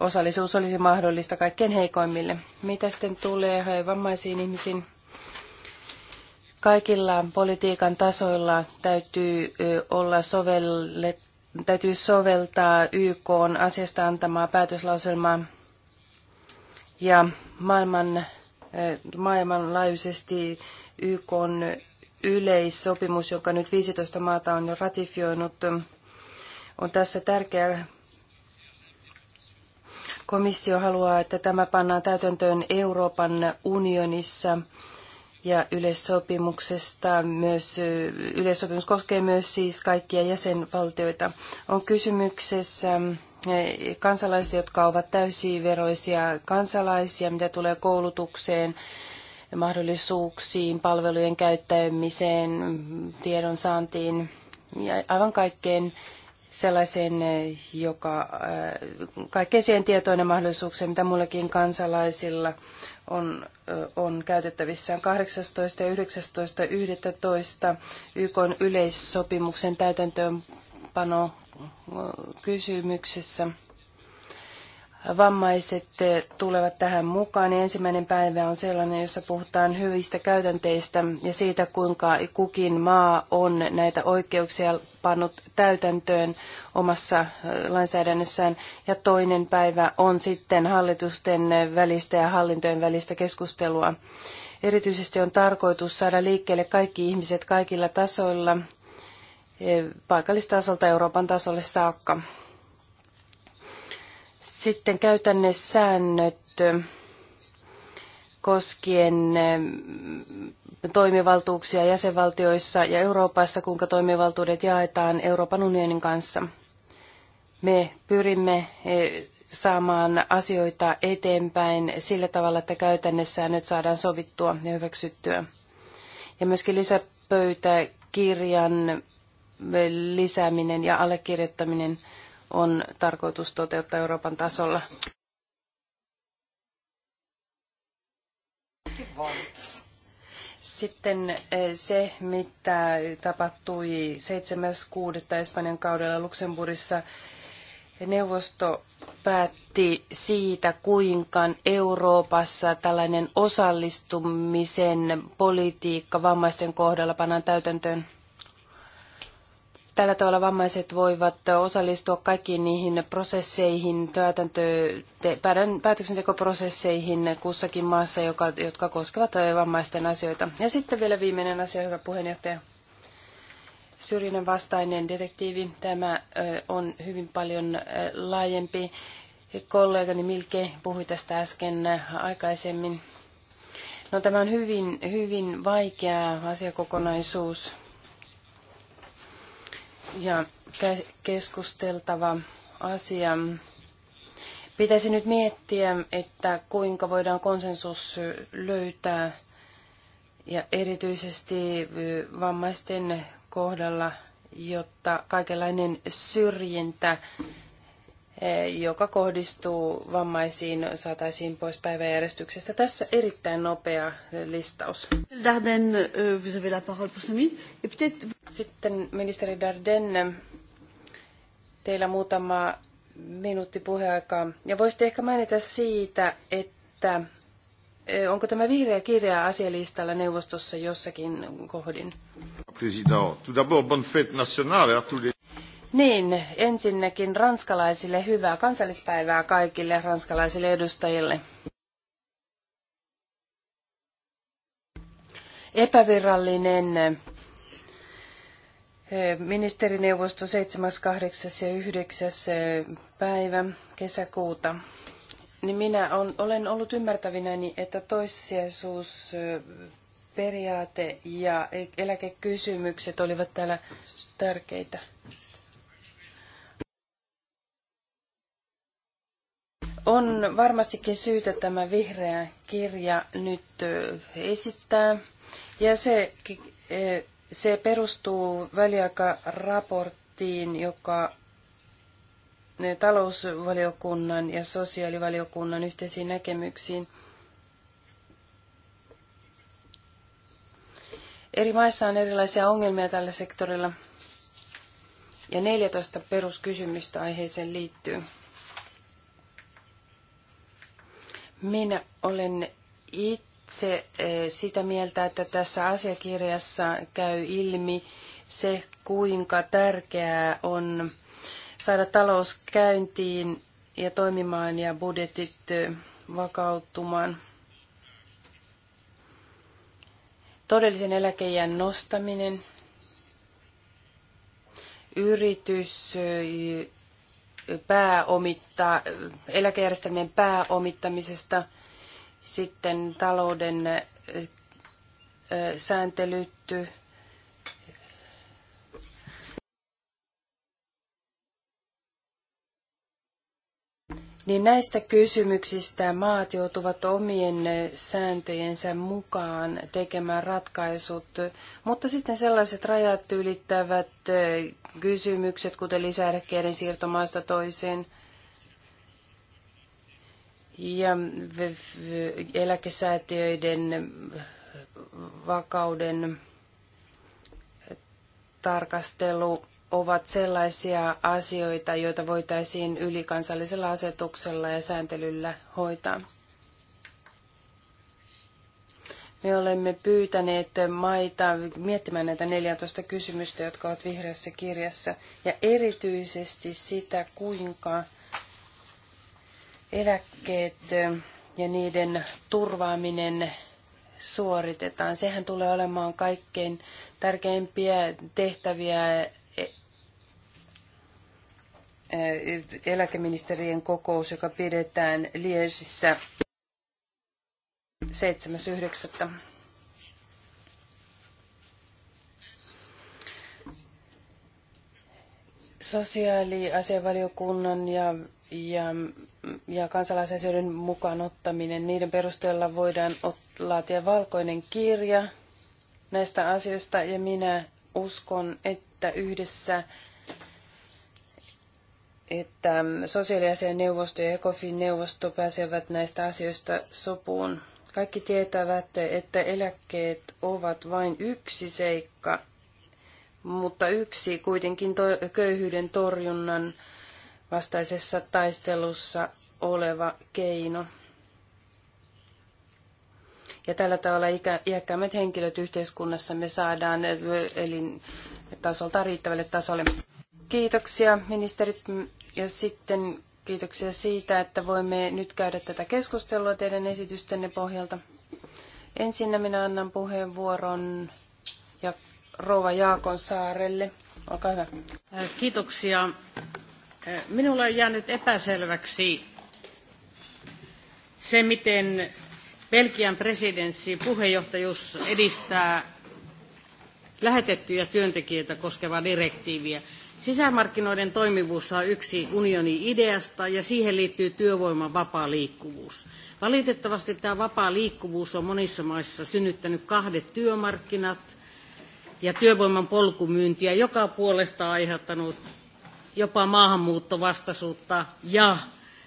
Speaker 2: osallisuus olisi mahdollista kaikkein heikoimmille. Mitä sitten tulee vammaisiin ihmisiin? Kaikilla politiikan tasoilla täytyy olla sovelle, täytyy soveltaa YK on asiasta antamaa päätöslauselmaa ja maailman, maailmanlaajuisesti YK on yleissopimus, joka nyt 15 maata on jo ratifioinut, on tässä tärkeä. Komissio haluaa, että tämä pannaan täytäntöön Euroopan unionissa ja yleissopimuksesta myös, yleissopimus koskee myös siis kaikkia jäsenvaltioita. On kysymyksessä e, kansalaisia, jotka ovat täysiveroisia kansalaisia, mitä tulee koulutukseen, mahdollisuuksiin, palvelujen käyttämiseen, tiedon saantiin ja aivan kaikkeen sellaisen, e, joka, e, kaikkeen siihen tietoinen mahdollisuuksien, mitä muillakin kansalaisilla on, on käytettävissään 18. ja 19.11. YK yleissopimuksen täytäntöönpano kysymyksessä – vammaiset tulevat tähän mukaan. Ensimmäinen päivä on sellainen, jossa puhutaan hyvistä käytänteistä ja siitä, kuinka kukin maa on näitä oikeuksia pannut täytäntöön omassa äh, lainsäädännössään. Ja toinen päivä on sitten hallitusten välistä ja hallintojen välistä keskustelua. Erityisesti on tarkoitus saada liikkeelle kaikki ihmiset kaikilla tasoilla, eh, paikallistasolta Euroopan tasolle saakka. Sitten käytännössäännöt äh, koskien äh, toimivaltuuksia jäsenvaltioissa ja Euroopassa, kuinka toimivaltuudet jaetaan Euroopan unionin kanssa. Me pyrimme äh, saamaan asioita eteenpäin sillä tavalla, että käytännössä nyt saadaan sovittua ja hyväksyttyä. Ja myöskin lisäpöytäkirjan lisääminen ja allekirjoittaminen – on tarkoitus toteuttaa Euroopan tasolla. Sitten eh, se, mitä tapahtui 7.6. Espanjan kaudella Luxemburgissa, neuvosto päätti siitä, kuinka Euroopassa tällainen osallistumisen politiikka vammaisten kohdalla pannaan täytäntöön. Tällä tavalla vammaiset voivat osallistua kaikkiin niihin prosesseihin, päätöksentekoprosesseihin kussakin maassa, joka, jotka koskevat vammaisten asioita. Ja sitten vielä viimeinen asia, hyvä puheenjohtaja. Syrjinnän vastainen direktiivi. Tämä on hyvin paljon laajempi. Kollegani Milke puhui tästä äsken aikaisemmin. No, tämä on hyvin, hyvin vaikea asiakokonaisuus ja keskusteltava asia. Pitäisi nyt miettiä, että kuinka voidaan konsensus löytää ja erityisesti vammaisten kohdalla, jotta kaikenlainen syrjintä Eh, joka kohdistuu vammaisiin, saataisiin pois päiväjärjestyksestä. Tässä erittäin nopea listaus. Darden, eh, vous avez la parole pour Sitten ministeri Darden, teillä muutama minuutti puheaikaa. Ja voisitte ehkä mainita siitä, että eh, onko tämä vihreä kirja asialistalla neuvostossa jossakin kohdin?
Speaker 1: tout d'abord bonne fête nationale à tous les...
Speaker 2: Niin, ensinnäkin ranskalaisille hyvää kansallispäivää kaikille ranskalaisille edustajille. Epävirallinen eh, ministerineuvosto 7., 8. ja 9. Eh, päivä kesäkuuta. Niin minä on, olen ollut ymmärtävinäni, että toissijaisuus eh, periaate ja e-, eläkekysymykset olivat täällä tärkeitä. On varmastikin syytä tämä vihreä kirja nyt esittää. Ja se, se perustuu väliaikaraporttiin, joka talousvaliokunnan ja sosiaalivaliokunnan yhteisiin näkemyksiin. Eri maissa on erilaisia ongelmia tällä sektorilla ja 14 peruskysymystä aiheeseen liittyy. Minä olen itse eh, sitä mieltä, että tässä asiakirjassa käy ilmi se, kuinka tärkeää on saada talous käyntiin ja toimimaan ja budjetit eh, vakauttumaan. Todellisen eläkeijän nostaminen, yritys eh, pääomittaa, eläkejärjestelmien pääomittamisesta, sitten talouden sääntelytty niin näistä kysymyksistä maat joutuvat omien sääntöjensä mukaan tekemään ratkaisut, mutta sitten sellaiset rajat ylittävät eh, kysymykset, kuten lisäärkkeiden siirtomaasta toiseen ja eläkesäätiöiden vakauden tarkastelu ovat sellaisia asioita, joita voitaisiin ylikansallisella asetuksella ja sääntelyllä hoitaa. Me olemme pyytäneet maita miettimään näitä 14 kysymystä, jotka ovat vihreässä kirjassa, ja erityisesti sitä, kuinka eläkkeet ja niiden turvaaminen suoritetaan. Sehän tulee olemaan kaikkein tärkeimpiä tehtäviä Eh, eläkeministerien kokous, joka pidetään Liesissä 7.9. Sosiaaliasianvaliokunnan ja, ja, ja kansalaisasioiden mukaan ottaminen, niiden perusteella voidaan ot, laatia valkoinen kirja näistä asioista ja minä uskon, että yhdessä että sosiaaliasian neuvosto ja ECOFIN neuvosto pääsevät näistä asioista
Speaker 6: sopuun.
Speaker 2: Kaikki tietävät, että eläkkeet ovat vain yksi seikka, mutta yksi kuitenkin to- köyhyyden torjunnan vastaisessa taistelussa oleva keino. Ja tällä tavalla ikä, iäkkäämmät henkilöt me saadaan elintasolta riittävälle tasolle. Kiitoksia ministerit ja sitten kiitoksia siitä, että voimme nyt käydä tätä keskustelua teidän esitystenne pohjalta. Ensinnä minä annan puheenvuoron ja Rouva Jaakon saarelle. Olkaa hyvä.
Speaker 6: Kiitoksia. Minulle on jäänyt epäselväksi se, miten Belgian presidenssi puheenjohtajuus edistää lähetettyjä työntekijöitä koskevaa direktiiviä. Sisämarkkinoiden toimivuus on yksi unionin ideasta ja siihen liittyy työvoiman vapaa liikkuvuus. Valitettavasti tämä vapaa liikkuvuus on monissa maissa synnyttänyt kahdet työmarkkinat ja työvoiman polkumyyntiä, joka on aiheuttanut jopa maahanmuuttovastaisuutta ja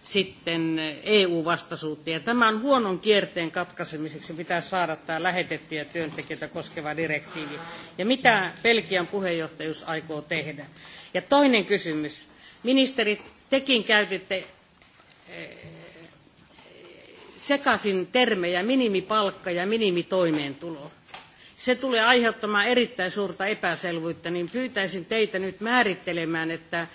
Speaker 6: sitten EU-vastaisuutta. Ja tämän huonon kierteen katkaisemiseksi pitää saada tämä lähetettyjä työntekijöitä koskeva direktiivi. Ja mitä Belgian puheenjohtajuus aikoo tehdä? Ja toinen kysymys. Ministerit, tekin käytitte eh, sekaisin termejä minimipalkka ja minimitoimeentulo. Se tulee aiheuttamaan erittäin suurta epäselvyyttä, niin pyytäisin teitä nyt määrittelemään, että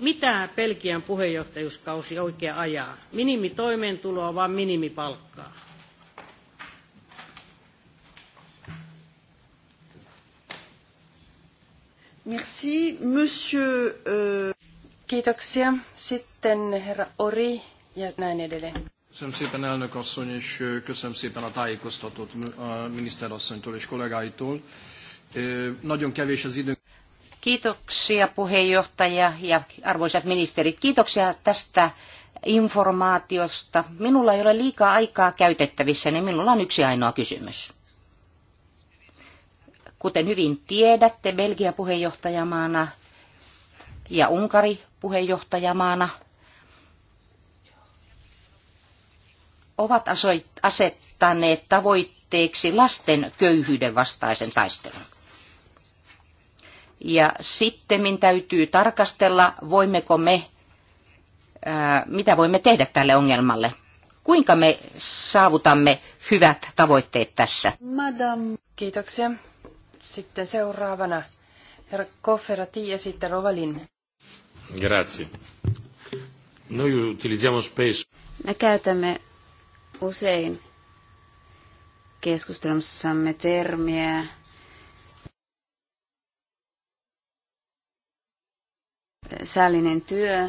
Speaker 6: mitä Belgian puheenjohtajuuskausi oikein ajaa. Minimitoimeentuloa vai minimipalkkaa?
Speaker 2: Merci, monsieur... Euh... Kiitoksia. Sitten herra Ori ja näin edelleen.
Speaker 5: Köszönöm szépen, elnök asszony, és köszönöm szépen a tájékoztatót a miniszterasszonytól és kollégáitól.
Speaker 1: Nagyon kevés az időnk.
Speaker 5: Kiitoksia puheenjohtaja ja arvoisat ministerit. Kiitoksia tästä informaatiosta. Minulla ei ole liikaa aikaa käytettävissä, niin minulla on yksi ainoa kysymys. Kuten hyvin tiedätte, Belgia puheenjohtajamaana ja Unkari puheenjohtajamaana ovat asettaneet tavoitteeksi lasten köyhyyden vastaisen taistelun. Ja sitten täytyy tarkastella, voimmeko me, ää, mitä voimme tehdä tälle ongelmalle. Kuinka me saavutamme hyvät tavoitteet tässä?
Speaker 2: Madame. Kiitoksia. Sitten seuraavana herra Kofferati ja sitten Rovalin.
Speaker 1: Grazie.
Speaker 4: Noi utilizziamo spesso.
Speaker 2: Me käytämme usein
Speaker 4: keskustelussamme termiä säällinen työ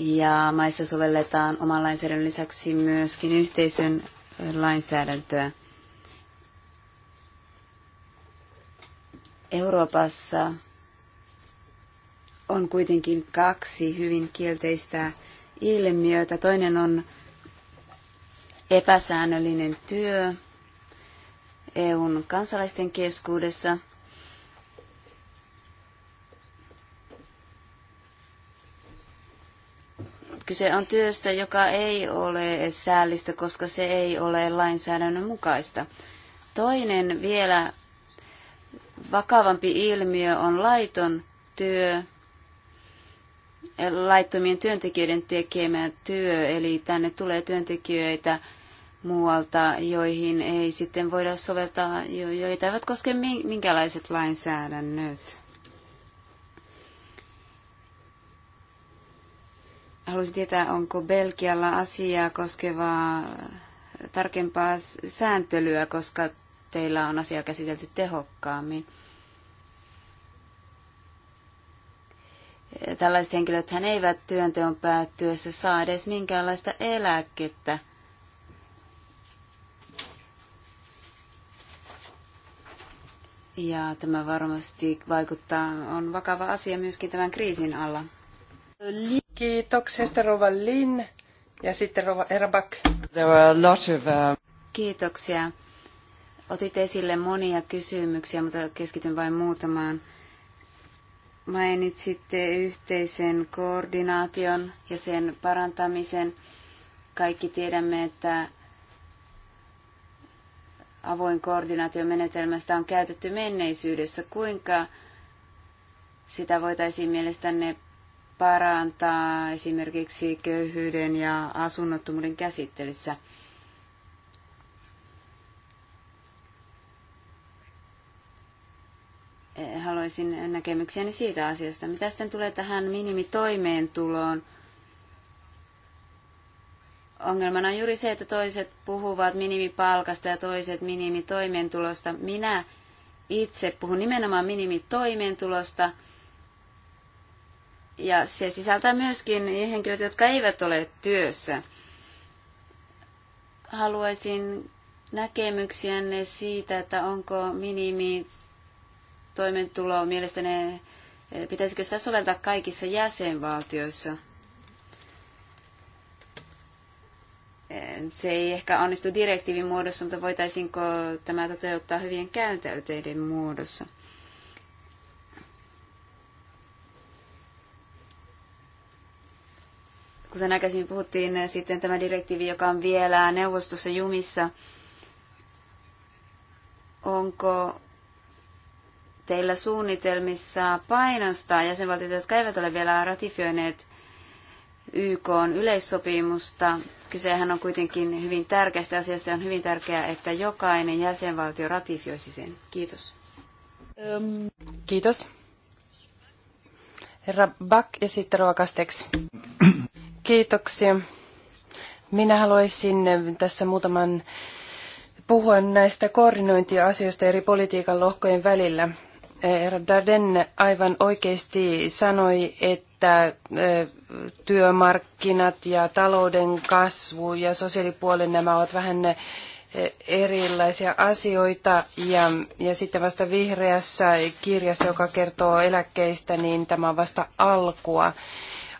Speaker 4: ja maissa sovelletaan oman lainsäädännön lisäksi myöskin yhteisön lainsäädäntöä. Euroopassa on kuitenkin kaksi hyvin kielteistä ilmiötä. Toinen on epäsäännöllinen työ EUn kansalaisten keskuudessa – Kyse on työstä, joka ei ole säällistä, koska se ei ole lainsäädännön mukaista. Toinen vielä vakavampi ilmiö on laiton työ, laittomien työntekijöiden tekemä työ, eli tänne tulee työntekijöitä muualta, joihin ei sitten voida soveltaa, joita eivät koske minkälaiset lainsäädännöt. Haluaisin tietää, onko Belgialla asiaa koskevaa tarkempaa sääntelyä, koska teillä on asia käsitelty tehokkaammin. Tällaiset henkilöt hän eivät työnteon päättyessä saa edes minkäänlaista eläkettä. Ja tämä varmasti vaikuttaa, on vakava asia myöskin tämän kriisin alla. Kiitoksia, sitten Rova Lin ja sitten Rova Erbak.
Speaker 3: There were a lot of, uh...
Speaker 4: Kiitoksia. Otit esille monia kysymyksiä, mutta keskityn vain muutamaan. Mainitsitte yhteisen koordinaation ja sen parantamisen. Kaikki tiedämme, että avoin koordinaatiomenetelmästä on käytetty menneisyydessä. Kuinka sitä voitaisiin mielestänne parantaa esimerkiksi köyhyyden ja asunnottomuuden käsittelyssä. Haluaisin näkemyksiäni siitä asiasta. Mitä sitten tulee tähän minimitoimeentuloon? Ongelmana on juuri se, että toiset puhuvat minimipalkasta ja toiset minimitoimeentulosta. Minä itse puhun nimenomaan minimitoimeentulosta – ja se sisältää myöskin henkilöt, jotka eivät ole työssä. Haluaisin näkemyksiänne siitä, että onko minimi toimeentulo mielestäni, pitäisikö sitä soveltaa kaikissa jäsenvaltioissa? Se ei ehkä onnistu direktiivin muodossa, mutta voitaisiinko tämä toteuttaa hyvien käyntäyteiden muodossa? Kuten aikaisemmin puhuttiin, eh, sitten tämä direktiivi, joka on vielä neuvostossa jumissa, onko teillä suunnitelmissa painostaa jäsenvaltioita, jotka eivät ole vielä ratifioineet YK on yleissopimusta. Kysehän on kuitenkin hyvin tärkeästä asiasta ja on hyvin tärkeää, että jokainen jäsenvaltio ratifioisi sen. Kiitos.
Speaker 2: Kiitos. Herra Back ja sitten Ruokastex. Kiitoksia. Minä haluaisin tässä muutaman puhua näistä koordinointiasioista eri politiikan lohkojen välillä. Darden aivan oikeasti sanoi, että työmarkkinat ja talouden kasvu ja sosiaalipuolen nämä ovat vähän erilaisia asioita. Ja, ja sitten vasta vihreässä kirjassa, joka kertoo eläkkeistä, niin tämä on vasta alkua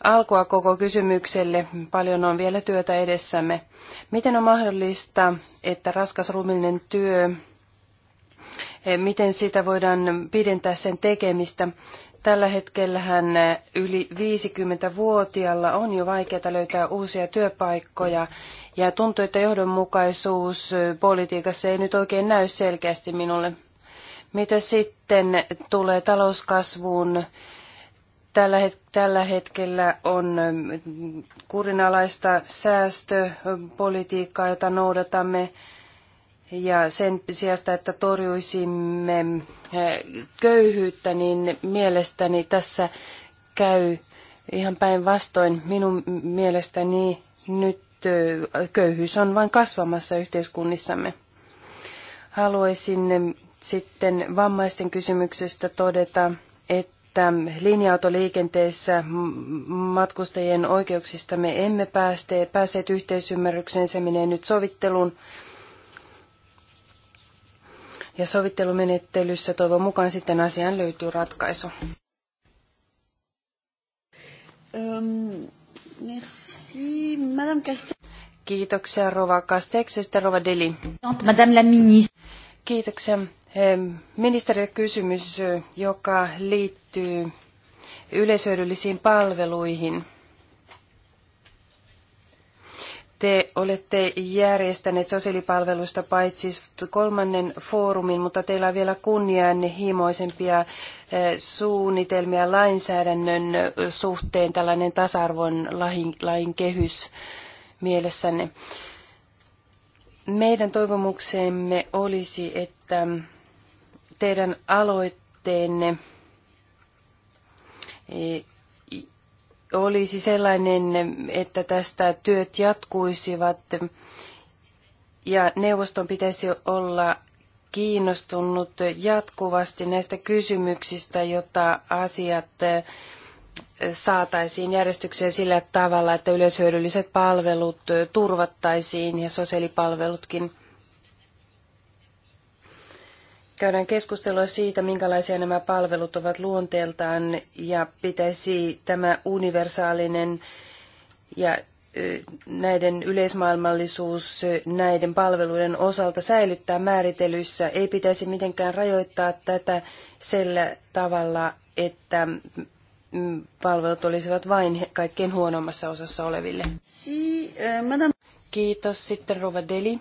Speaker 2: alkua koko kysymykselle. Paljon on vielä työtä edessämme. Miten on mahdollista, että raskas ruumillinen työ, eh, miten sitä voidaan pidentää sen tekemistä? Tällä hetkellähän eh, yli 50-vuotiaalla on jo vaikeaa löytää uusia työpaikkoja ja tuntuu, että johdonmukaisuus eh, politiikassa ei nyt oikein näy selkeästi minulle. Mitä sitten tulee talouskasvuun Tällä, het- tällä hetkellä on mm, kurinalaista säästöpolitiikkaa, jota noudatamme. Ja sen sijasta, että torjuisimme eh, köyhyyttä, niin mielestäni tässä käy ihan päinvastoin. Minun mielestäni nyt eh, köyhyys on vain kasvamassa yhteiskunnissamme. Haluaisin eh, sitten vammaisten kysymyksestä todeta, että että linja-autoliikenteessä matkustajien oikeuksista me emme pääste, pääseet yhteisymmärrykseen, se menee nyt sovitteluun. Ja sovittelumenettelyssä toivon mukaan sitten asiaan löytyy ratkaisu. Um, merci, Madame Castex. Kiitoksia Rova Castex ja Rova Deli. Madame la Ministre. Kiitoksia Ministerille kysymys, joka liittyy yleisöydellisiin palveluihin. Te olette järjestäneet sosiaalipalveluista paitsi kolmannen foorumin, mutta teillä on vielä kunnianhimoisempia eh, suunnitelmia lainsäädännön suhteen, tällainen tasa-arvon lain, lain kehys mielessänne. Meidän toivomuksemme olisi, että teidän aloitteenne e, olisi sellainen, että tästä työt jatkuisivat ja neuvoston pitäisi olla kiinnostunut jatkuvasti näistä kysymyksistä, jotta asiat e, saataisiin järjestykseen sillä tavalla, että yleishyödylliset palvelut e, turvattaisiin ja sosiaalipalvelutkin käydään keskustelua siitä, minkälaisia nämä palvelut ovat luonteeltaan ja pitäisi tämä universaalinen ja näiden yleismaailmallisuus näiden palveluiden osalta säilyttää määritelyssä. Ei pitäisi mitenkään rajoittaa tätä sillä tavalla, että palvelut olisivat vain kaikkein huonommassa osassa oleville. Kiitos. Sitten Rova Deli.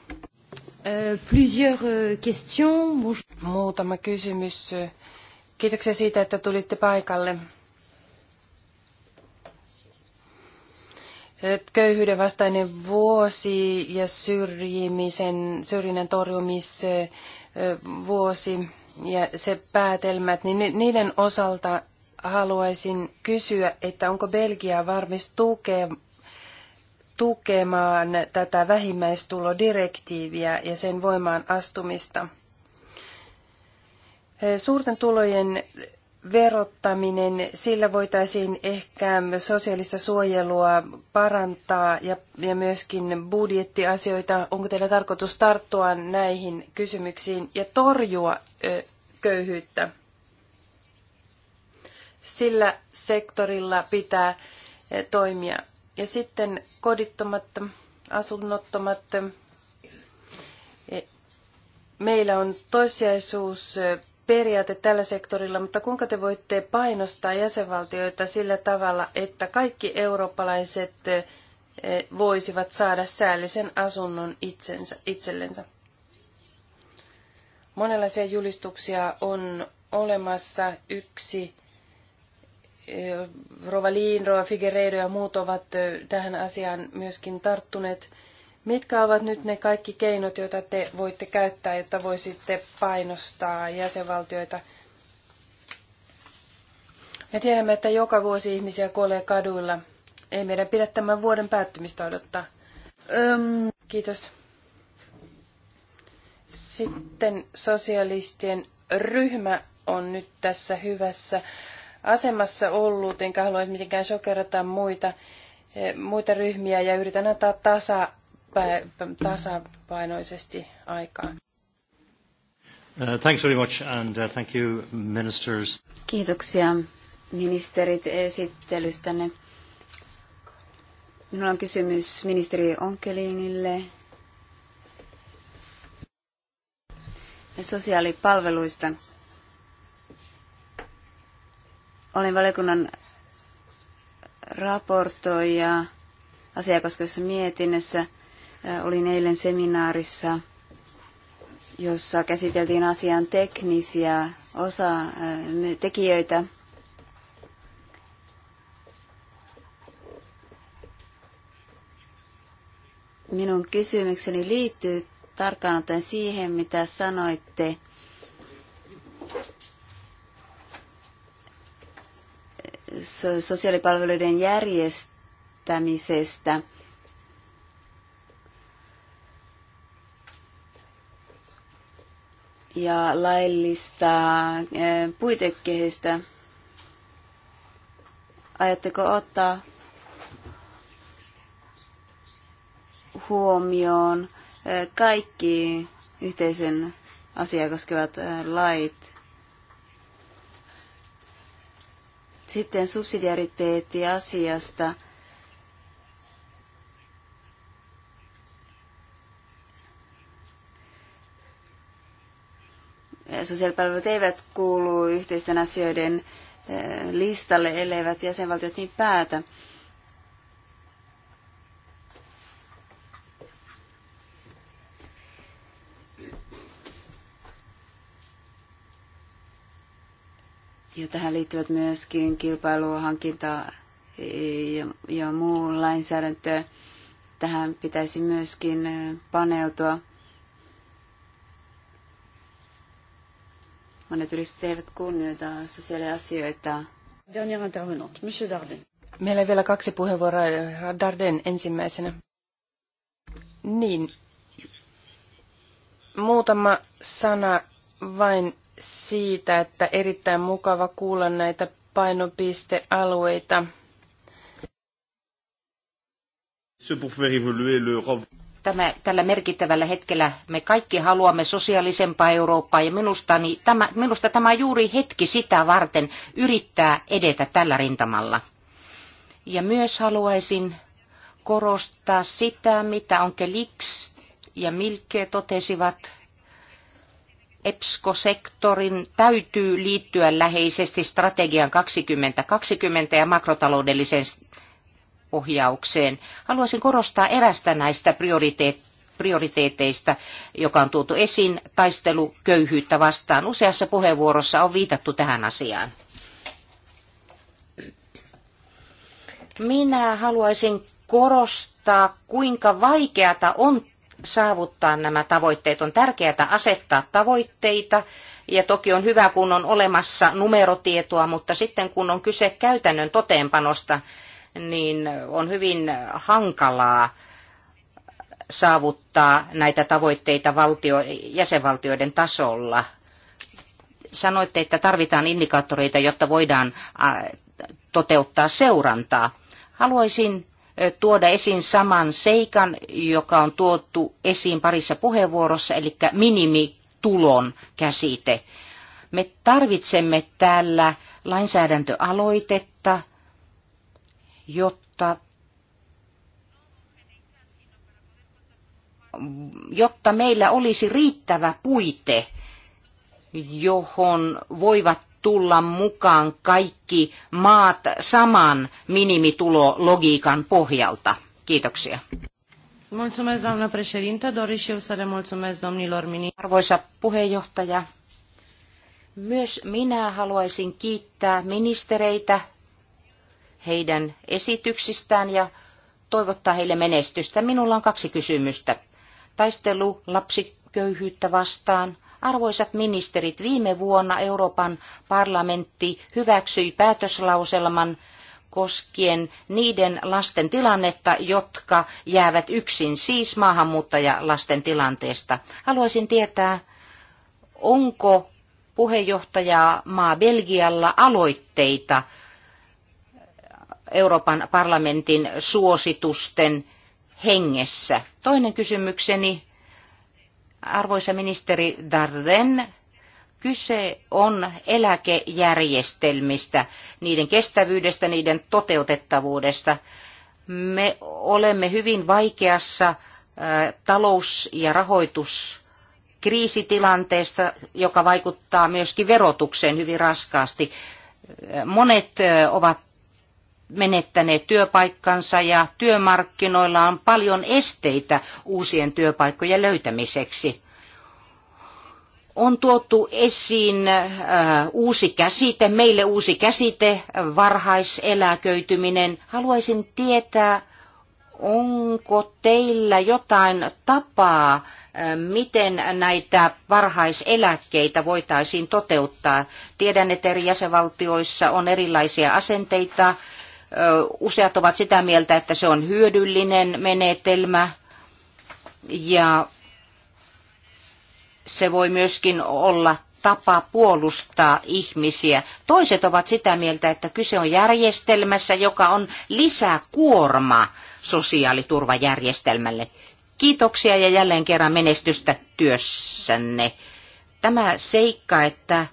Speaker 2: Euh, plusieurs euh, questions. Muutama kysymys. Kiitoksia siitä, että tulitte paikalle. Köyhyyden vastainen vuosi ja syrjimisen, syrjinnän torjumisvuosi ja se päätelmät, niin niiden osalta haluaisin kysyä, että onko Belgia varmis tukea tukemaan tätä vähimmäistulodirektiiviä ja sen voimaan astumista. Suurten tulojen verottaminen, sillä voitaisiin ehkä sosiaalista suojelua parantaa ja, ja myöskin budjettiasioita. Onko teillä tarkoitus tarttua näihin kysymyksiin ja torjua ö, köyhyyttä? Sillä sektorilla pitää toimia. Ja sitten kodittomat, asunnottomat. E, meillä on toissijaisuusperiaate tällä sektorilla, mutta kuinka te voitte painostaa jäsenvaltioita sillä tavalla, että kaikki eurooppalaiset e, voisivat saada säällisen asunnon itsensä, itsellensä? Monenlaisia julistuksia on olemassa. Yksi Rova Liinroa, Figereido ja muut ovat tähän asiaan myöskin tarttuneet. Mitkä ovat nyt ne kaikki keinot, joita te voitte käyttää, jotta voisitte painostaa jäsenvaltioita? Me tiedämme, että joka vuosi ihmisiä kuolee kaduilla. Ei meidän pidä tämän vuoden päättymistä odottaa. Öm. Kiitos. Sitten sosialistien ryhmä on nyt tässä hyvässä asemassa ollut, enkä halua mitenkään sokerata muita, eh, muita ryhmiä ja yritän antaa tasa, tasapainoisesti aikaa.
Speaker 6: Uh, thanks very much and uh, thank you ministers.
Speaker 4: Kiitoksia ministerit esittelystänne. Minulla on kysymys ministeri Onkelinille sosiaalipalveluista. Olin valiokunnan raportoija asiakaskoisessa mietinnössä. Olin eilen seminaarissa, jossa käsiteltiin asian teknisiä osa tekijöitä. Minun kysymykseni liittyy tarkkaan ottaen siihen, mitä sanoitte sosiaalipalveluiden järjestämisestä. ja laillista puitekehistä. Ajatteko ottaa huomioon kaikki yhteisen asiaa koskevat lait? Sitten subsidiariteetti asiasta. Sosiaalipalvelut eivät kuulu yhteisten asioiden eh, listalle, elleivät jäsenvaltiot niin päätä. Ja tähän liittyvät myöskin kilpailu, hankinta ja, e, ja muu lainsäädäntö. Tähän pitäisi myöskin e, paneutua. Monet yritykset eivät kunnioita
Speaker 1: sosiaaliasioita. Dernière Monsieur Darden.
Speaker 2: Meillä on vielä kaksi puheenvuoroa. Darden ensimmäisenä. Niin. Muutama sana vain siitä, että erittäin mukava kuulla näitä painopistealueita. Tämä, tällä merkittävällä hetkellä me
Speaker 5: kaikki haluamme sosiaalisempaa Eurooppaa ja minusta, niin tämä, minusta tämä juuri hetki sitä varten yrittää edetä tällä rintamalla. Ja myös haluaisin korostaa sitä, mitä Onke Lix ja Milke totesivat EPSCO-sektorin täytyy liittyä läheisesti strategian 2020 ja makrotaloudelliseen ohjaukseen. Haluaisin korostaa erästä näistä prioriteetteista prioriteeteista, joka on tuotu esiin, taistelu köyhyyttä vastaan. Useassa puheenvuorossa on viitattu tähän asiaan. Minä haluaisin korostaa, kuinka vaikeata on saavuttaa nämä tavoitteet. On tärkeää asettaa tavoitteita ja toki on hyvä, kun on olemassa numerotietoa, mutta sitten kun on kyse käytännön toteenpanosta, niin on hyvin hankalaa saavuttaa näitä tavoitteita valtio, jäsenvaltioiden tasolla. Sanoitte, että tarvitaan indikaattoreita, jotta voidaan toteuttaa seurantaa. Haluaisin tuoda esiin saman seikan, joka on tuotu esiin parissa puheenvuorossa, eli minimitulon käsite. Me tarvitsemme täällä lainsäädäntöaloitetta, jotta jotta meillä olisi riittävä puite, johon voivat tulla mukaan kaikki maat saman minimitulologiikan pohjalta? Kiitoksia. Arvoisa puheenjohtaja, myös minä haluaisin kiittää ministereitä heidän esityksistään ja toivottaa heille menestystä. Minulla on kaksi kysymystä. Taistelu lapsiköyhyyttä vastaan – Arvoisat ministerit, viime vuonna Euroopan parlamentti hyväksyi päätöslauselman koskien niiden lasten tilannetta, jotka jäävät yksin, siis maahanmuuttajalasten tilanteesta. Haluaisin tietää, onko puheenjohtajamaa Belgialla aloitteita Euroopan parlamentin suositusten hengessä. Toinen kysymykseni Arvoisa ministeri Darden, kyse on eläkejärjestelmistä, niiden kestävyydestä, niiden toteutettavuudesta. Me olemme hyvin vaikeassa talous- ja rahoituskriisitilanteesta, joka vaikuttaa myöskin verotukseen hyvin raskaasti. Monet ovat menettäneet työpaikkansa ja työmarkkinoilla on paljon esteitä uusien työpaikkojen löytämiseksi on tuotu esiin äh, uusi käsite, meille uusi käsite, varhaiseläköityminen. Haluaisin tietää, onko teillä jotain tapaa, äh, miten näitä varhaiseläkkeitä voitaisiin toteuttaa. Tiedän, että eri jäsenvaltioissa on erilaisia asenteita Useat ovat sitä mieltä, että se on hyödyllinen menetelmä ja se voi myöskin olla tapa puolustaa ihmisiä. Toiset ovat sitä mieltä, että kyse on järjestelmässä, joka on lisäkuorma sosiaaliturvajärjestelmälle. Kiitoksia ja jälleen kerran menestystä työssänne. Tämä seikka, että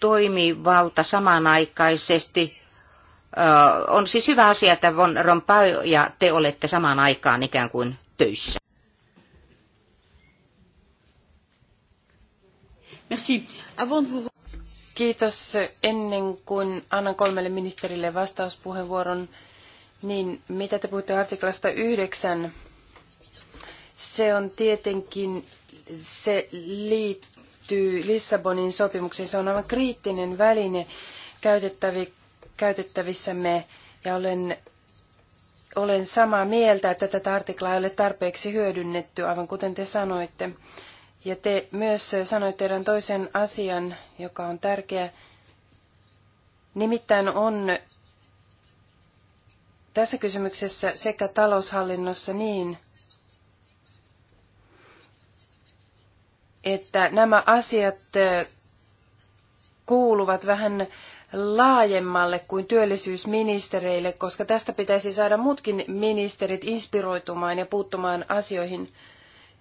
Speaker 5: toimivalta samanaikaisesti on siis hyvä asia, että Von Rompuy ja te olette samaan aikaan ikään kuin töissä.
Speaker 2: Merci. Avant vous... Kiitos. Ennen kuin annan kolmelle ministerille vastauspuheenvuoron, niin mitä te puhutte artiklasta 9? Se on tietenkin, se liittyy Lissabonin sopimukseen. Se on aivan kriittinen väline käytettävi, käytettävissämme ja olen, olen samaa mieltä, että tätä artiklaa ei ole tarpeeksi hyödynnetty, aivan kuten te sanoitte. Ja te myös sanoitte teidän toisen asian, joka on tärkeä. Nimittäin on tässä kysymyksessä sekä taloushallinnossa niin, että nämä asiat eh, kuuluvat vähän laajemmalle kuin työllisyysministereille, koska tästä pitäisi saada muutkin ministerit inspiroitumaan ja puuttumaan asioihin.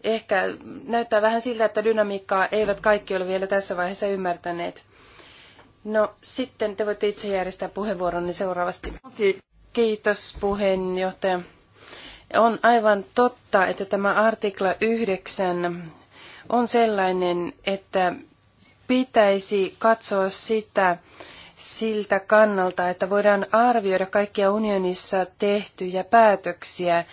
Speaker 2: Ehkä näyttää vähän siltä, että dynamiikkaa eivät kaikki ole vielä tässä vaiheessa ymmärtäneet. No sitten te voitte itse järjestää puheenvuoronne seuraavasti. Kiitos puheenjohtaja. On aivan totta, että tämä artikla 9 on sellainen, että pitäisi katsoa sitä, siltä kannalta, että voidaan arvioida kaikkia unionissa tehtyjä päätöksiä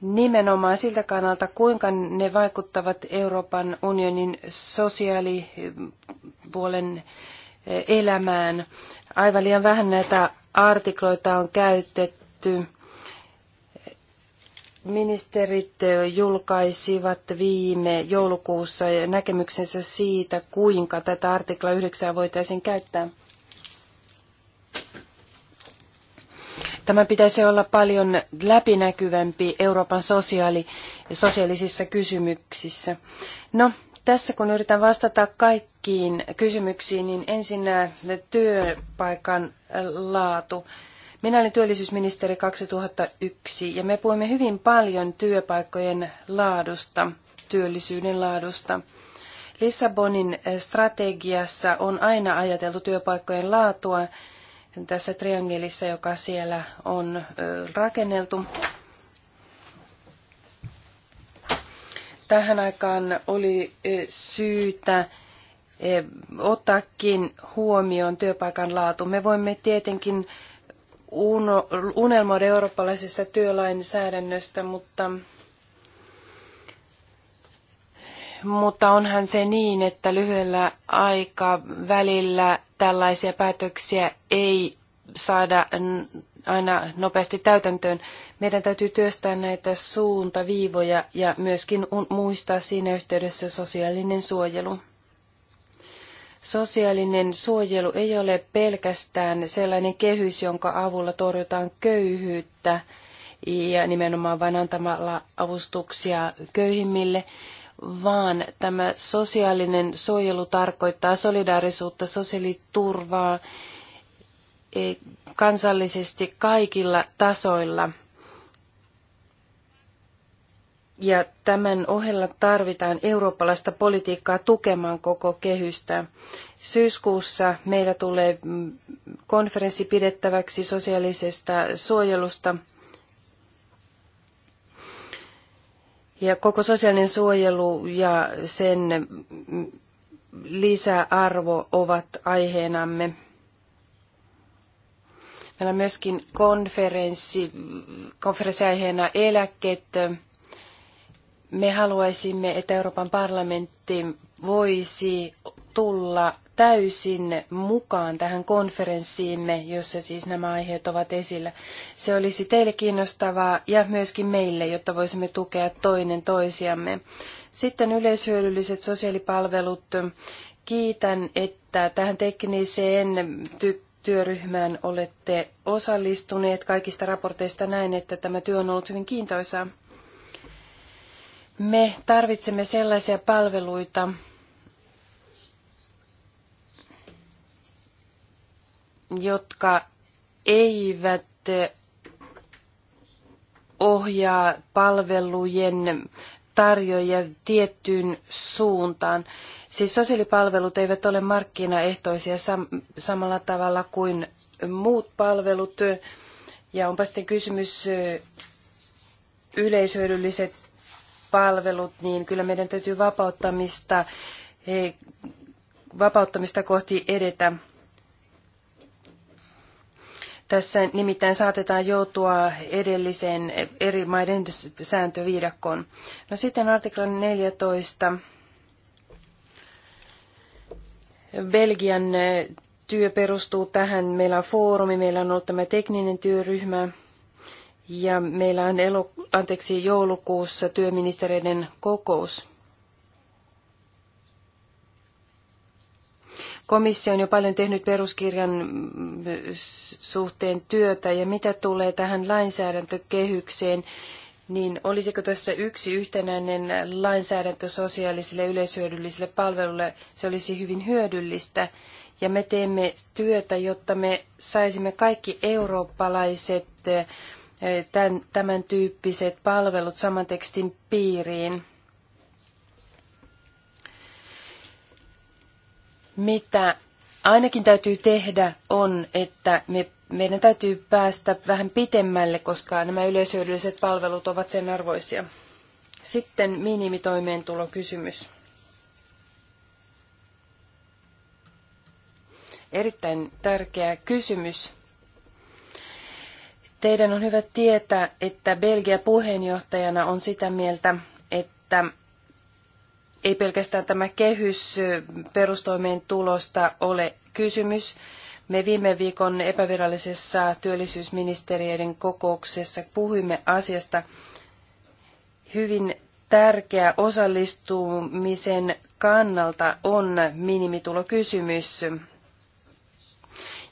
Speaker 2: nimenomaan siltä kannalta, kuinka ne vaikuttavat Euroopan unionin sosiaalipuolen eh, elämään. Aivan liian vähän näitä artikloita on käytetty. Ministerit eh, julkaisivat viime joulukuussa näkemyksensä siitä, kuinka tätä artikla 9 voitaisiin käyttää. Tämän pitäisi olla paljon läpinäkyvämpi Euroopan sosiaali, sosiaalisissa kysymyksissä. No, tässä kun yritän vastata kaikkiin kysymyksiin, niin ensin työpaikan äh, laatu. Minä olin työllisyysministeri 2001 ja me puhumme hyvin paljon työpaikkojen laadusta, työllisyyden laadusta. Lissabonin äh, strategiassa on aina ajateltu työpaikkojen laatua tässä triangelissa, joka siellä on rakenneltu. Tähän aikaan oli syytä ottaakin huomioon työpaikan laatu. Me voimme tietenkin unelmoida eurooppalaisesta työlainsäädännöstä, mutta mutta onhan se niin, että lyhyellä aikavälillä tällaisia päätöksiä ei saada aina nopeasti täytäntöön. Meidän täytyy työstää näitä suuntaviivoja ja myöskin muistaa siinä yhteydessä sosiaalinen suojelu. Sosiaalinen suojelu ei ole pelkästään sellainen kehys, jonka avulla torjutaan köyhyyttä ja nimenomaan vain antamalla avustuksia köyhimmille, vaan tämä sosiaalinen suojelu tarkoittaa solidaarisuutta, sosiaaliturvaa e, kansallisesti kaikilla tasoilla. Ja tämän ohella tarvitaan eurooppalaista politiikkaa tukemaan koko kehystä. Syyskuussa meillä tulee konferenssi pidettäväksi sosiaalisesta suojelusta – Ja koko sosiaalinen suojelu ja sen lisäarvo ovat aiheenamme. Meillä on myöskin konferenssi, konferenssiaiheena eläkkeet. Me haluaisimme, että Euroopan parlamentti voisi tulla täysin mukaan tähän konferenssiimme, jossa siis nämä aiheet ovat esillä. Se olisi teille kiinnostavaa ja myöskin meille, jotta voisimme tukea toinen toisiamme. Sitten yleishyödylliset sosiaalipalvelut. Kiitän, että tähän tekniseen ty- työryhmään olette osallistuneet. Kaikista raporteista näin, että tämä työ on ollut hyvin kiintoisaa. Me tarvitsemme sellaisia palveluita, jotka eivät ohjaa palvelujen tarjoja tiettyyn suuntaan. Siis sosiaalipalvelut eivät ole markkinaehtoisia sam- samalla tavalla kuin muut palvelut. Ja onpa sitten kysymys yleishyödylliset palvelut, niin kyllä meidän täytyy vapauttamista, vapauttamista kohti edetä. Tässä nimittäin saatetaan joutua edelliseen eri maiden sääntöviidakkoon. No sitten artiklan 14. Belgian eh, työ perustuu tähän. Meillä on foorumi, meillä on ollut tämä tekninen työryhmä ja meillä on elo, anteeksi, joulukuussa työministereiden kokous. Komissio on jo paljon tehnyt peruskirjan suhteen työtä ja mitä tulee tähän lainsäädäntökehykseen, niin olisiko tässä yksi yhtenäinen lainsäädäntö sosiaalisille yleishyödyllisille palveluille, se olisi hyvin hyödyllistä. Ja me teemme työtä, jotta me saisimme kaikki eurooppalaiset eh, tämän tyyppiset palvelut saman tekstin piiriin. Mitä ainakin täytyy tehdä on, että me, meidän täytyy päästä vähän pitemmälle, koska nämä yleishyödylliset palvelut ovat sen arvoisia. Sitten minimitoimeentulokysymys. Erittäin tärkeä kysymys. Teidän on hyvä tietää, että Belgia puheenjohtajana on sitä mieltä, että ei pelkästään tämä kehys tulosta ole kysymys. Me viime viikon epävirallisessa työllisyysministeriöiden kokouksessa puhuimme asiasta. Hyvin tärkeä osallistumisen kannalta on minimitulokysymys.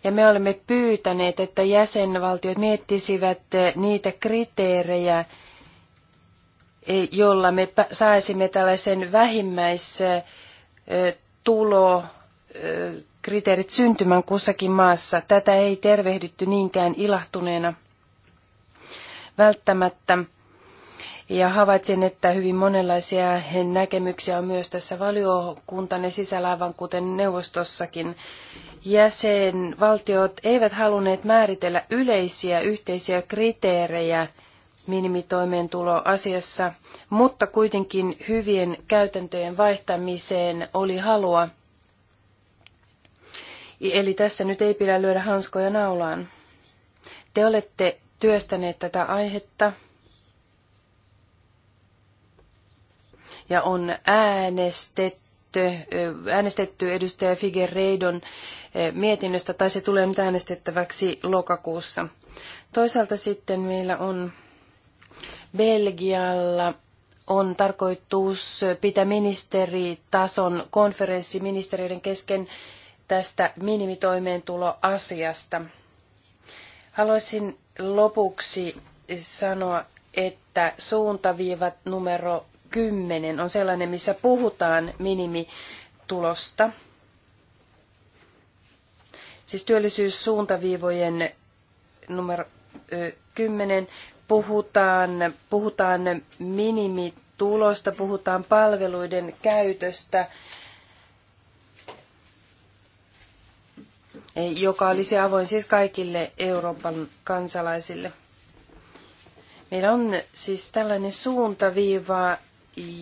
Speaker 2: Ja me olemme pyytäneet, että jäsenvaltiot miettisivät niitä kriteerejä, E, jolla me saisimme tällaisen vähimmäistulo e, e, kriteerit syntymän kussakin maassa. Tätä ei tervehditty niinkään ilahtuneena välttämättä. Ja havaitsin, että hyvin monenlaisia näkemyksiä on myös tässä valiokuntanne sisällä, aivan kuten neuvostossakin. Jäsenvaltiot eivät halunneet määritellä yleisiä yhteisiä kriteerejä minimitoimeentuloasiassa, mutta kuitenkin hyvien käytäntöjen vaihtamiseen oli halua. Eli tässä nyt ei pidä lyödä hanskoja naulaan. Te olette työstäneet tätä aihetta ja on äänestetty, äänestetty edustaja Figueiredon mietinnöstä, tai se tulee nyt äänestettäväksi lokakuussa. Toisaalta sitten meillä on Belgialla on tarkoitus pitää ministeritason konferenssi ministeriöiden kesken tästä minimitoimeentuloasiasta. Haluaisin lopuksi sanoa, että suuntaviivat numero 10 on sellainen, missä puhutaan minimitulosta. Siis työllisyyssuuntaviivojen numero 10 puhutaan, puhutaan minimitulosta, puhutaan palveluiden käytöstä, joka olisi avoin siis kaikille Euroopan kansalaisille. Meillä on siis tällainen suuntaviiva,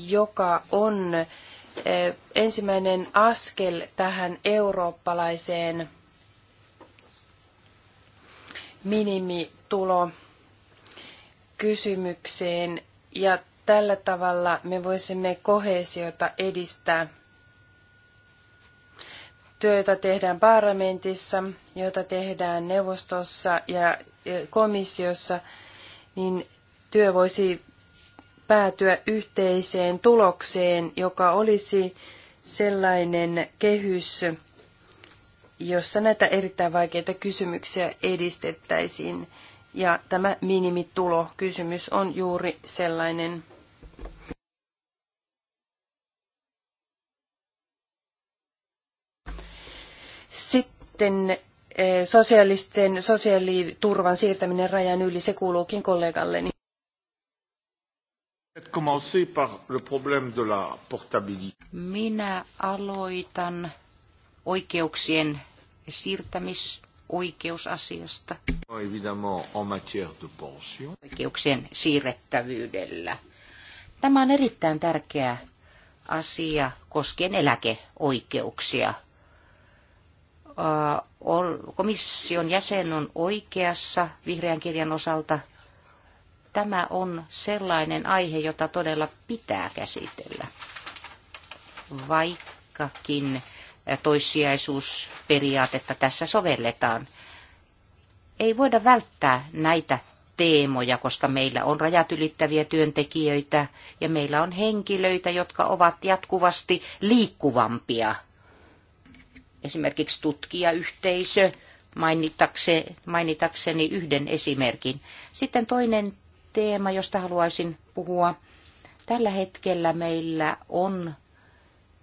Speaker 2: joka on eh, ensimmäinen askel tähän eurooppalaiseen minimituloon kysymykseen ja tällä tavalla me voisimme kohesiota edistää. Työtä tehdään parlamentissa, jota tehdään neuvostossa ja komissiossa, niin työ voisi päätyä yhteiseen tulokseen, joka olisi sellainen kehys, jossa näitä erittäin vaikeita kysymyksiä edistettäisiin. Ja tämä minimitulokysymys on juuri sellainen. Sitten eh, sosiaalisten, sosiaaliturvan siirtäminen rajan yli, se kuuluukin kollegalleni.
Speaker 5: Minä aloitan oikeuksien siirtämis oikeusasiasta. Oikeuksien siirrettävyydellä. Tämä on erittäin tärkeä asia koskien eläkeoikeuksia. Komission jäsen on oikeassa vihreän kirjan osalta. Tämä on sellainen aihe, jota todella pitää käsitellä. Vaikkakin toissijaisuusperiaatetta tässä sovelletaan. Ei voida välttää näitä teemoja, koska meillä on rajat ylittäviä työntekijöitä ja meillä on henkilöitä, jotka ovat jatkuvasti liikkuvampia. Esimerkiksi tutkijayhteisö, mainitakseni yhden esimerkin. Sitten toinen teema, josta haluaisin puhua. Tällä hetkellä meillä on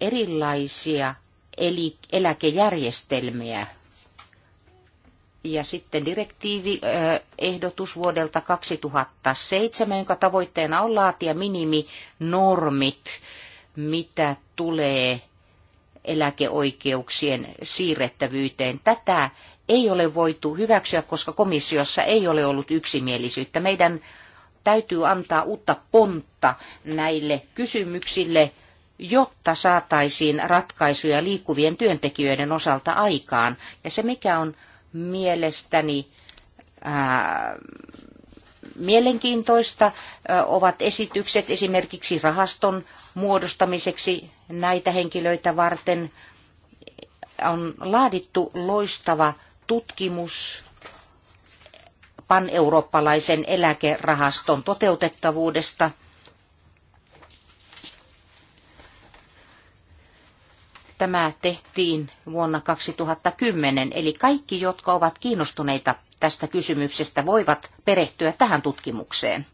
Speaker 5: erilaisia eli eläkejärjestelmiä. Ja sitten direktiiviehdotus vuodelta 2007, jonka tavoitteena on laatia miniminormit, mitä tulee eläkeoikeuksien siirrettävyyteen. Tätä ei ole voitu hyväksyä, koska komissiossa ei ole ollut yksimielisyyttä. Meidän täytyy antaa uutta pontta näille kysymyksille jotta saataisiin ratkaisuja liikkuvien työntekijöiden osalta aikaan. Ja se, mikä on mielestäni ää, mielenkiintoista, ää, ovat esitykset esimerkiksi rahaston muodostamiseksi näitä henkilöitä varten. On laadittu loistava tutkimus pan-eurooppalaisen eläkerahaston toteutettavuudesta – Tämä tehtiin vuonna 2010, eli kaikki, jotka ovat kiinnostuneita tästä kysymyksestä, voivat perehtyä tähän tutkimukseen.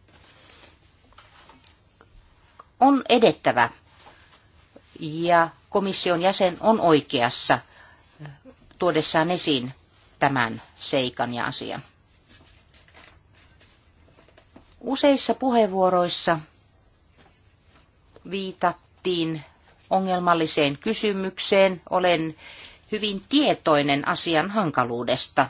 Speaker 5: On edettävä, ja komission jäsen on oikeassa tuodessaan esiin tämän seikan ja asian. Useissa puheenvuoroissa viitattiin ongelmalliseen kysymykseen. Olen hyvin tietoinen asian hankaluudesta,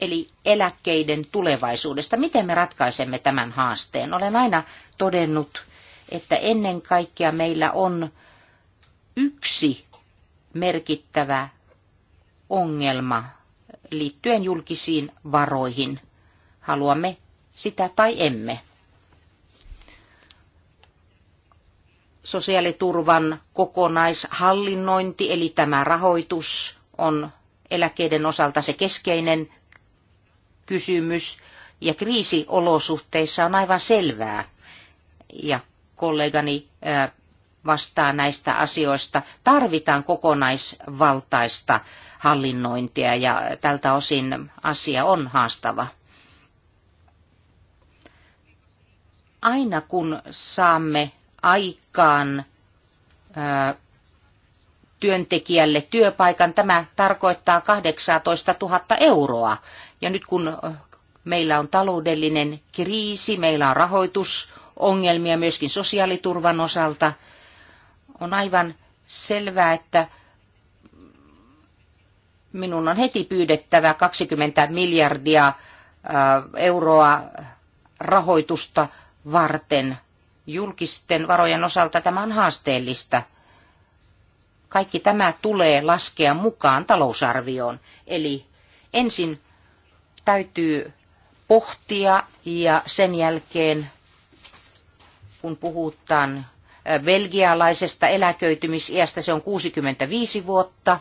Speaker 5: eli eläkkeiden tulevaisuudesta. Miten me ratkaisemme tämän haasteen? Olen aina todennut, että ennen kaikkea meillä on yksi merkittävä ongelma liittyen julkisiin varoihin. Haluamme sitä tai emme. sosiaaliturvan kokonaishallinnointi, eli tämä rahoitus on eläkkeiden osalta se keskeinen kysymys. Ja kriisiolosuhteissa on aivan selvää, ja kollegani vastaa näistä asioista, tarvitaan kokonaisvaltaista hallinnointia ja tältä osin asia on haastava. Aina kun saamme aikaan työntekijälle työpaikan. Tämä tarkoittaa 18 000 euroa. Ja nyt kun meillä on taloudellinen kriisi, meillä on rahoitusongelmia myöskin sosiaaliturvan osalta, on aivan selvää, että minun on heti pyydettävä 20 miljardia euroa rahoitusta varten julkisten varojen osalta tämä on haasteellista. Kaikki tämä tulee laskea mukaan talousarvioon. Eli ensin täytyy pohtia ja sen jälkeen, kun puhutaan belgialaisesta eläköitymisiästä, se on 65 vuotta,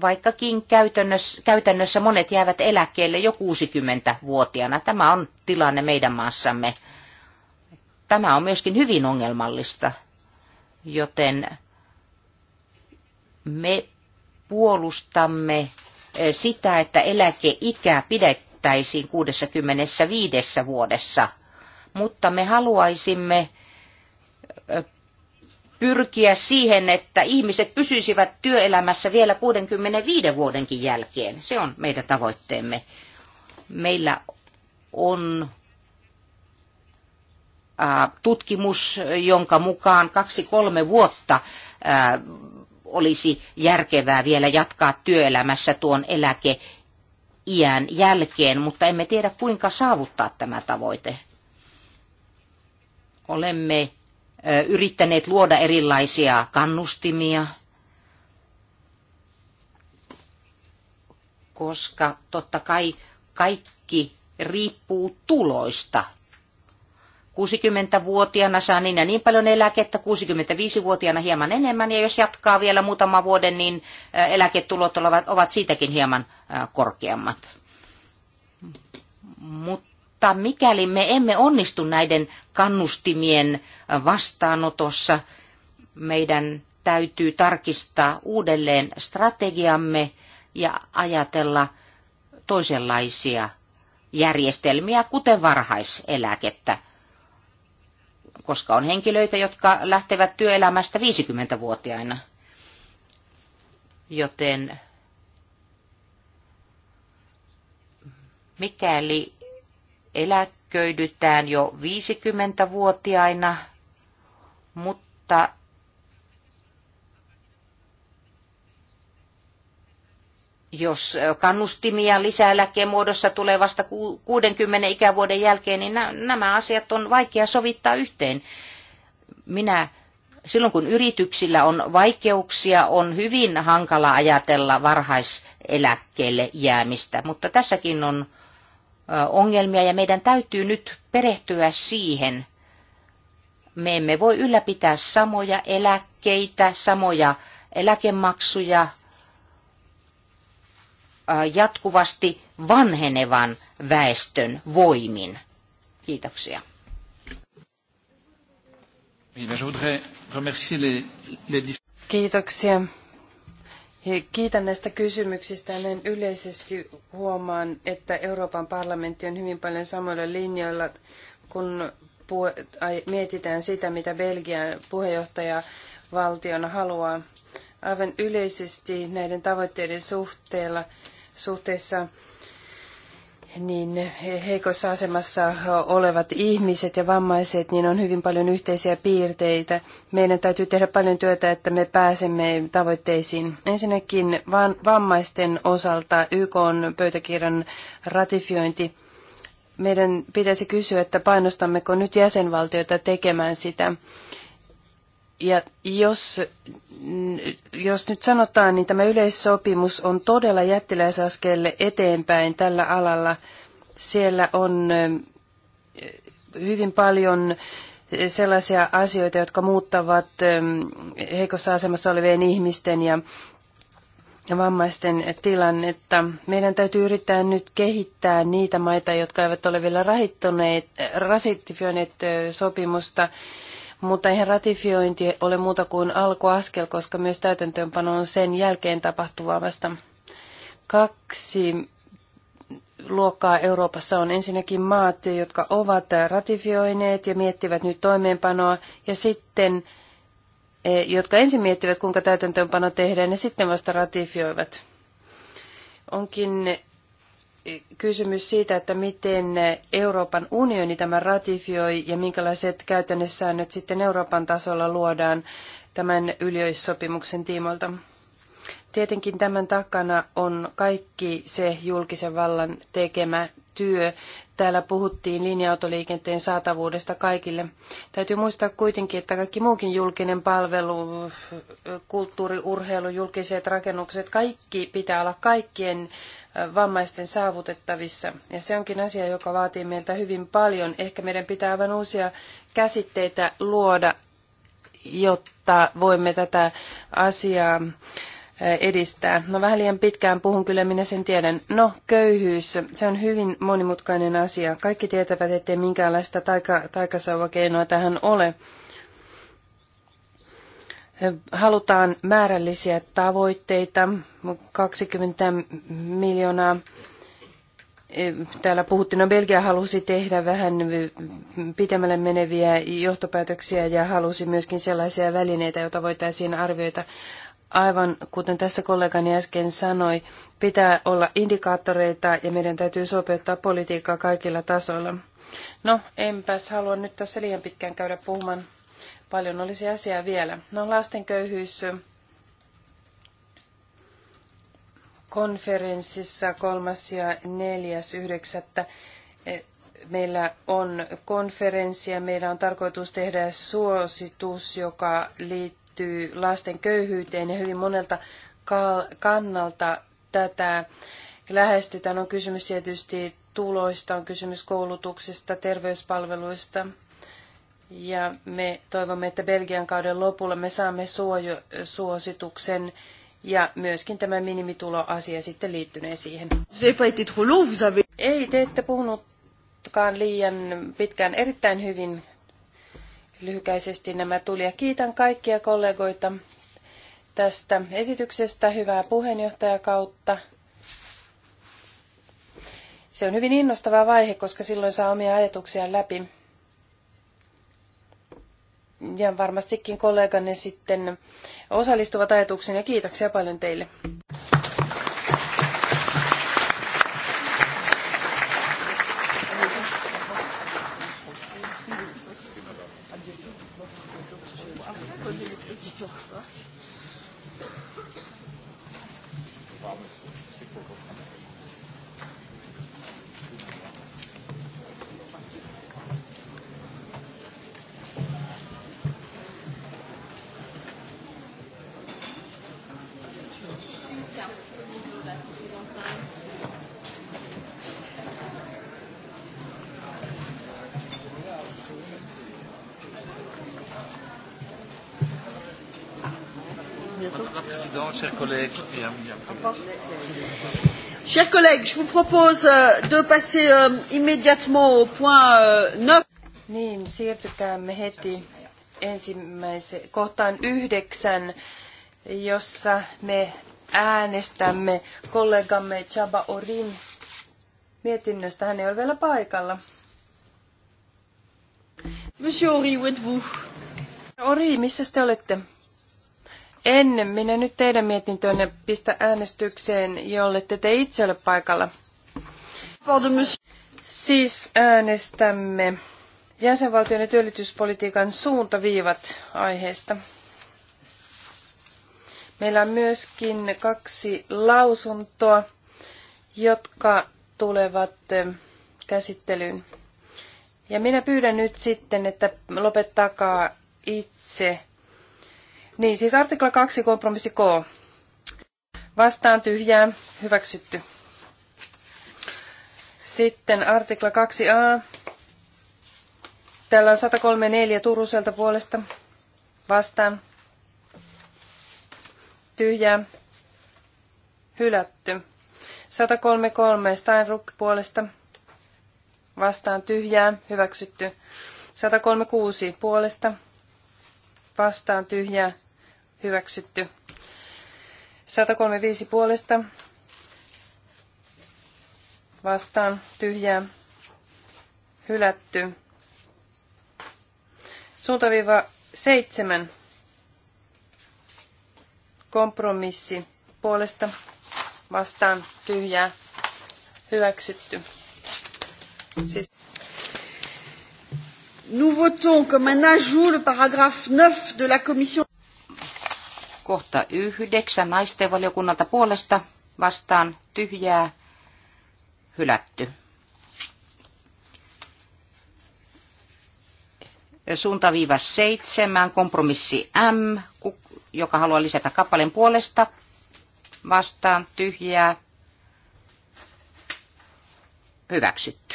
Speaker 5: vaikkakin käytännössä, käytännössä monet jäävät eläkkeelle jo 60-vuotiaana. Tämä on tilanne meidän maassamme. Tämä on myöskin hyvin ongelmallista, joten me puolustamme eh, sitä, että eläkeikä pidettäisiin 65 vuodessa, mutta me haluaisimme eh, pyrkiä siihen, että ihmiset pysyisivät työelämässä vielä 65 vuodenkin jälkeen. Se on meidän tavoitteemme. Meillä on tutkimus, jonka mukaan kaksi-kolme vuotta olisi järkevää vielä jatkaa työelämässä tuon eläke iän jälkeen, mutta emme tiedä kuinka saavuttaa tämä tavoite. Olemme yrittäneet luoda erilaisia kannustimia, koska totta kai kaikki riippuu tuloista 60-vuotiaana saa niin ja niin paljon eläkettä, 65-vuotiaana hieman enemmän, ja jos jatkaa vielä muutama vuoden, niin äh, eläketulot ovat siitäkin hieman äh, korkeammat. Mutta mikäli me emme onnistu näiden kannustimien äh, vastaanotossa, meidän täytyy tarkistaa uudelleen strategiamme ja ajatella toisenlaisia järjestelmiä, kuten varhaiseläkettä – koska on henkilöitä, jotka lähtevät työelämästä 50-vuotiaina. Joten mikäli eläköidytään jo 50-vuotiaina, mutta jos kannustimia lisäeläkkeen muodossa tulee vasta 60 ikävuoden jälkeen, niin nämä asiat on vaikea sovittaa yhteen. Minä silloin kun yrityksillä on vaikeuksia, on hyvin hankala ajatella varhaiseläkkeelle jäämistä, mutta tässäkin on ongelmia ja meidän täytyy nyt perehtyä siihen. Me emme voi ylläpitää samoja eläkkeitä, samoja eläkemaksuja Äh, jatkuvasti vanhenevan väestön voimin.
Speaker 2: Kiitoksia. Kiitoksia. Kiitän näistä kysymyksistä. Näin yleisesti huomaan, että Euroopan parlamentti on hyvin paljon samoilla linjoilla, kun mietitään sitä, mitä Belgian puheenjohtaja valtiona haluaa. Aivan yleisesti näiden tavoitteiden suhteella suhteessa niin heikossa asemassa olevat ihmiset ja vammaiset, niin on hyvin paljon yhteisiä piirteitä. Meidän täytyy tehdä paljon työtä, että me pääsemme tavoitteisiin. Ensinnäkin vammaisten osalta YK on pöytäkirjan ratifiointi. Meidän pitäisi kysyä, että painostammeko nyt jäsenvaltioita tekemään sitä. Ja jos, jos nyt sanotaan, niin tämä yleissopimus on todella jättiläisaskelle eteenpäin tällä alalla. Siellä on hyvin paljon sellaisia asioita, jotka muuttavat heikossa asemassa olevien ihmisten ja vammaisten tilannetta. Meidän täytyy yrittää nyt kehittää niitä maita, jotka eivät ole vielä rasittifioineet äh, sopimusta mutta eihän ratifiointi ole muuta kuin alkuaskel, koska myös täytäntöönpano on sen jälkeen tapahtuvaa vasta. Kaksi luokkaa Euroopassa on ensinnäkin maat, jotka ovat ratifioineet ja miettivät nyt toimeenpanoa, ja sitten, e, jotka ensin miettivät, kuinka täytäntöönpano tehdään, ja sitten vasta ratifioivat. Onkin kysymys siitä, että miten Euroopan unioni tämän ratifioi ja minkälaiset nyt sitten Euroopan tasolla luodaan tämän yliöissopimuksen tiimoilta. Tietenkin tämän takana on kaikki se julkisen vallan tekemä työ. Täällä puhuttiin linja-autoliikenteen saatavuudesta kaikille. Täytyy muistaa kuitenkin, että kaikki muukin julkinen palvelu, kulttuuri, urheilu, julkiset rakennukset, kaikki pitää olla kaikkien vammaisten saavutettavissa. Ja se onkin asia, joka vaatii meiltä hyvin paljon. Ehkä meidän pitää aivan uusia käsitteitä luoda, jotta voimme tätä asiaa Eh, edistää. No vähän liian pitkään puhun, kyllä minä sen tiedän. No, köyhyys, se on hyvin monimutkainen asia. Kaikki tietävät, ettei minkäänlaista taika, taikasauvakeinoa tähän ole. Halutaan määrällisiä tavoitteita, 20 miljoonaa. Eh, täällä puhuttiin, no Belgia halusi tehdä vähän pitemmälle meneviä johtopäätöksiä ja halusi myöskin sellaisia välineitä, joita voitaisiin arvioida aivan kuten tässä kollegani äsken sanoi, pitää olla indikaattoreita ja meidän täytyy sopeuttaa politiikkaa kaikilla tasoilla. No, enpäs halua nyt tässä liian pitkään käydä puhumaan. Paljon olisi asiaa vielä. No, lasten köyhyys konferenssissa 3. ja 4.9. Eh, meillä on konferenssi ja meillä on tarkoitus tehdä suositus, joka liittyy liittyy lasten köyhyyteen ja hyvin monelta kannalta tätä lähestytään. On kysymys tietysti tuloista, on kysymys koulutuksesta, terveyspalveluista. Ja me toivomme, että Belgian kauden lopulla me saamme suoju, suosituksen ja myöskin tämä minimituloasia sitten liittyneen siihen. Ei, te ette puhunutkaan liian pitkään erittäin hyvin lyhykäisesti nämä tuli. Ja kiitän kaikkia kollegoita tästä esityksestä. Hyvää puheenjohtajakautta. Se on hyvin innostava vaihe, koska silloin saa omia ajatuksiaan läpi. Ja varmastikin kolleganne sitten osallistuvat ajatuksiin ja kiitoksia paljon teille.
Speaker 1: Chers collègues, je vous propose euh, de passer euh, immédiatement au
Speaker 2: point 9. Euh, niin, siirtykäämme heti ensimmäiseen kohtaan yhdeksän, jossa me äänestämme kollegamme Chaba Orin mietinnöstä. Hän ei ole vielä paikalla. Monsieur Ori, où vous Ori, missä te olette? En minä nyt teidän mietintöönne pistä äänestykseen, jolle te, te itse ole paikalla. Siis äänestämme ja työllisyyspolitiikan suuntaviivat aiheesta. Meillä on myöskin kaksi lausuntoa, jotka tulevat eh, käsittelyyn. Ja minä pyydän nyt sitten, että lopettakaa itse niin siis artikla 2, kompromissi K. Vastaan tyhjää, hyväksytty. Sitten artikla 2a. Täällä on 134 Turuselta puolesta. Vastaan. Tyhjää. Hylätty. 133 Steinruck puolesta. Vastaan tyhjää. Hyväksytty. 136 puolesta. Vastaan tyhjää hyväksytty. 135 puolesta vastaan tyhjää hylätty. Suuntaviiva 7 kompromissi puolesta vastaan tyhjää hyväksytty. Siis
Speaker 5: Nous votons comme un ajout le paragraphe 9 de la commission. Kohta yhdeksän naisten valiokunnalta puolesta vastaan tyhjää hylätty. Suuntaviiva seitsemän, kompromissi M, joka haluaa lisätä kappaleen puolesta vastaan tyhjää hyväksytty.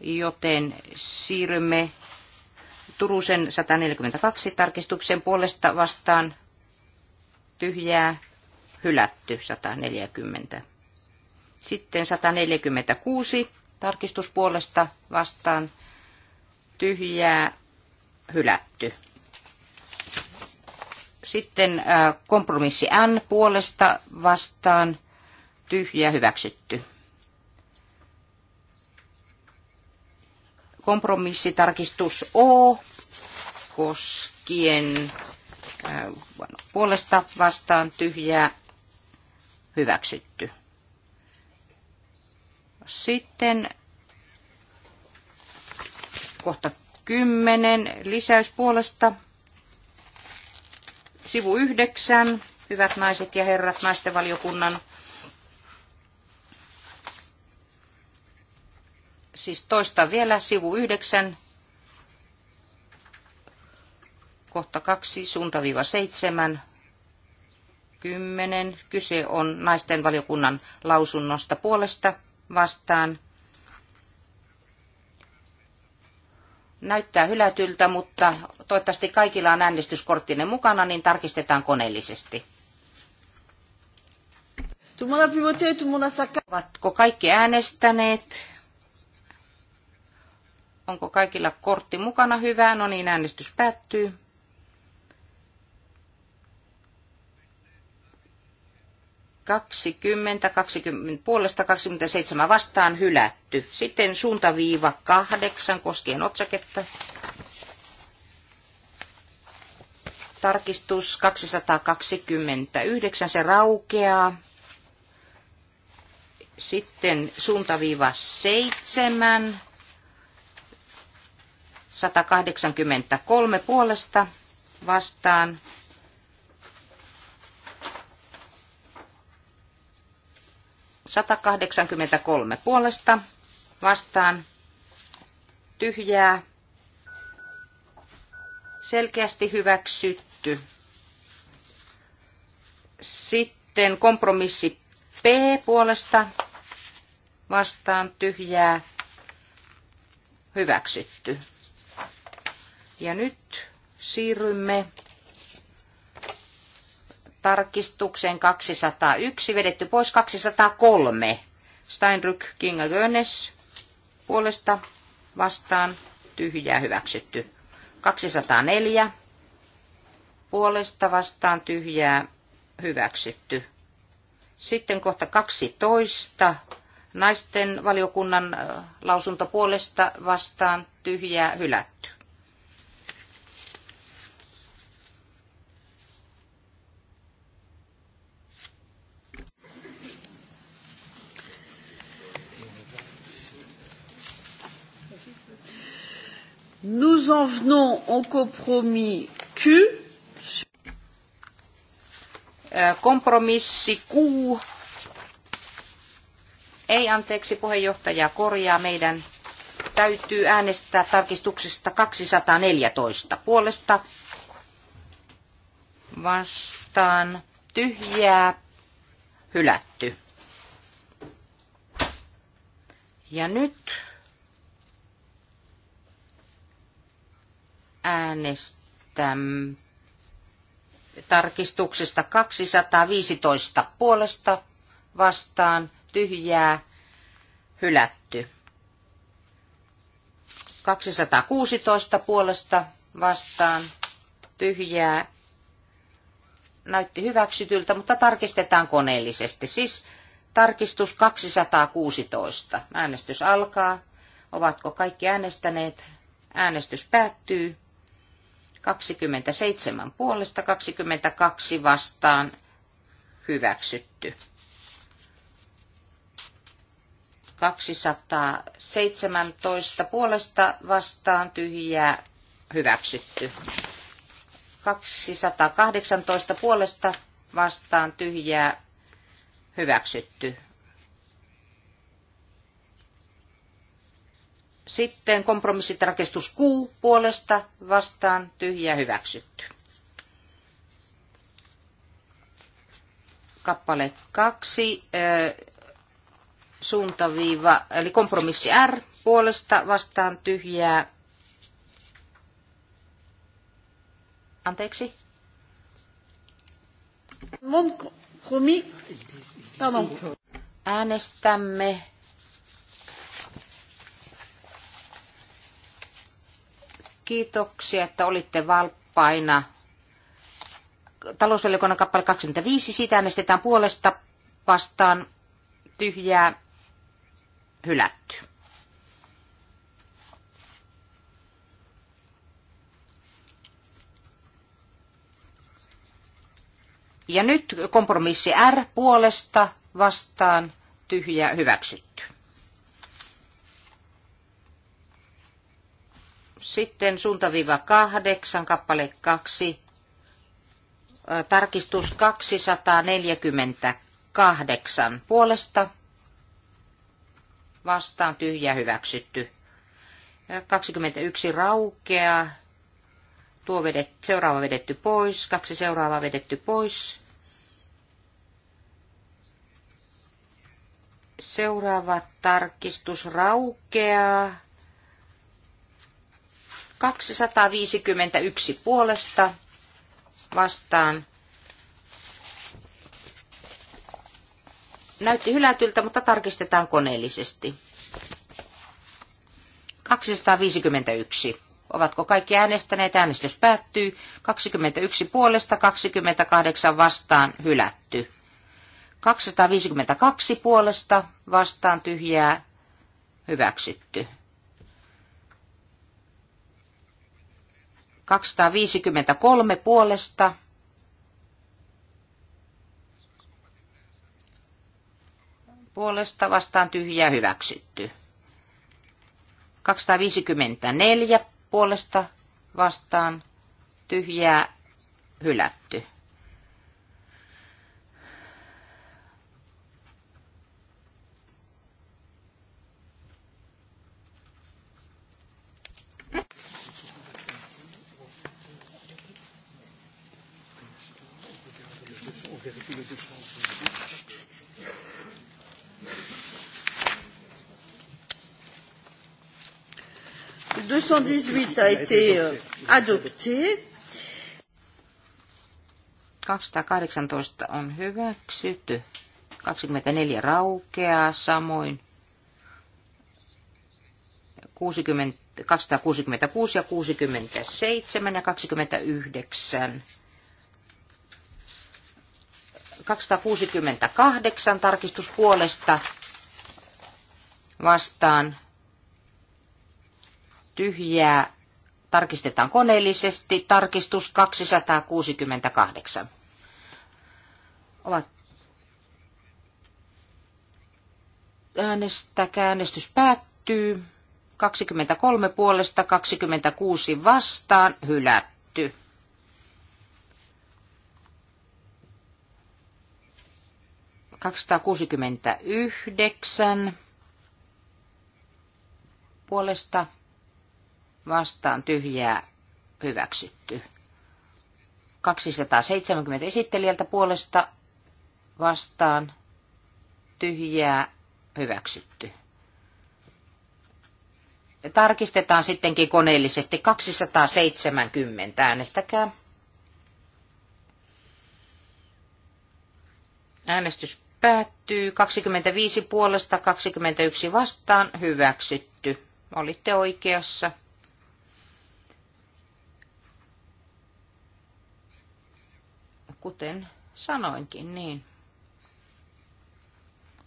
Speaker 5: Joten siirrymme Turusen 142 tarkistuksen puolesta vastaan tyhjää hylätty 140. Sitten 146 tarkistuspuolesta vastaan tyhjää hylätty. Sitten äh, kompromissi N puolesta vastaan tyhjä hyväksytty. Kompromissitarkistus O koskien puolesta vastaan tyhjää hyväksytty. Sitten kohta 10 lisäys puolesta. Sivu 9, hyvät naiset ja herrat, naisten valiokunnan Siis toista vielä, sivu 9, kohta 2, suuntaviiva 7, 10. Kyse on naisten valiokunnan lausunnosta puolesta vastaan. Näyttää hylätyltä, mutta toivottavasti kaikilla on äänestyskorttine mukana, niin tarkistetaan koneellisesti. Ovatko kaikki äänestäneet? Onko kaikilla kortti mukana? hyvää, No niin, äänestys päättyy. Kaksikymmentä, 20 puolesta 27 vastaan hylätty. Sitten suuntaviiva kahdeksan koskien otsaketta. Tarkistus 229, se raukeaa. Sitten suuntaviiva seitsemän 183 puolesta vastaan. kolme puolesta vastaan tyhjää selkeästi hyväksytty. Sitten kompromissi P puolesta vastaan tyhjää hyväksytty. Ja nyt siirrymme tarkistukseen 201, vedetty pois 203. Steinrück Kinga Gönnes puolesta vastaan, tyhjää hyväksytty. 204 puolesta vastaan, tyhjää hyväksytty. Sitten kohta 12. Naisten valiokunnan äh, lausunto puolesta vastaan tyhjää hylätty.
Speaker 1: Nous en venons au
Speaker 5: compromis Q. Äh, kompromissi Q. Ei anteeksi, puheenjohtaja korjaa meidän täytyy äänestää tarkistuksesta 214 puolesta vastaan tyhjää hylätty. Ja nyt äänestämme tarkistuksesta 215 puolesta vastaan tyhjää hylätty. 216 puolesta vastaan tyhjää näytti hyväksytyltä, mutta tarkistetaan koneellisesti. Siis tarkistus 216. Äänestys alkaa. Ovatko kaikki äänestäneet? Äänestys päättyy. 27 puolesta, 22 vastaan hyväksytty. 217 puolesta vastaan tyhjää hyväksytty. 218 puolesta vastaan tyhjää hyväksytty. Sitten kompromissitarkistus Q puolesta vastaan tyhjä hyväksytty. Kappale 2, suuntaviiva, eli kompromissi R puolesta vastaan tyhjää. Anteeksi. Mon Äänestämme Kiitoksia, että olitte valppaina. Talousvaliokunnan kappale 25, siitä äänestetään puolesta vastaan tyhjää hylätty. Ja nyt kompromissi R puolesta vastaan tyhjä hyväksytty. Sitten suuntaviiva kahdeksan, kappale kaksi, tarkistus 248 puolesta, vastaan tyhjä hyväksytty. 21 raukea, tuo vedet, seuraava vedetty pois, kaksi seuraavaa vedetty pois. Seuraava tarkistus raukeaa. 251 puolesta vastaan. Näytti hylätyltä, mutta tarkistetaan koneellisesti. 251. Ovatko kaikki äänestäneet? Äänestys päättyy. 21 puolesta, 28 vastaan hylätty. 252 puolesta vastaan tyhjää hyväksytty. 253 puolesta. Puolesta vastaan tyhjä hyväksytty. 254 puolesta vastaan tyhjää hylätty. 218 a été euh, adopté. 218 on hyväksytty. 24 raukeaa samoin. 60, 266 ja 67 ja 29. 268 tarkistus puolesta vastaan tyhjää tarkistetaan koneellisesti. Tarkistus 268. Ovat äänestäkää. Äänestys päättyy. 23 puolesta 26 vastaan hylätty. Kaksisataakuusikymmentäyhdeksän puolesta vastaan tyhjää hyväksytty. 270 esittelijältä puolesta vastaan tyhjää hyväksytty. Tarkistetaan sittenkin koneellisesti 270 äänestäkää. Äänestys päättyy 25 puolesta 21 vastaan hyväksytty. Olitte oikeassa. kuten sanoinkin, niin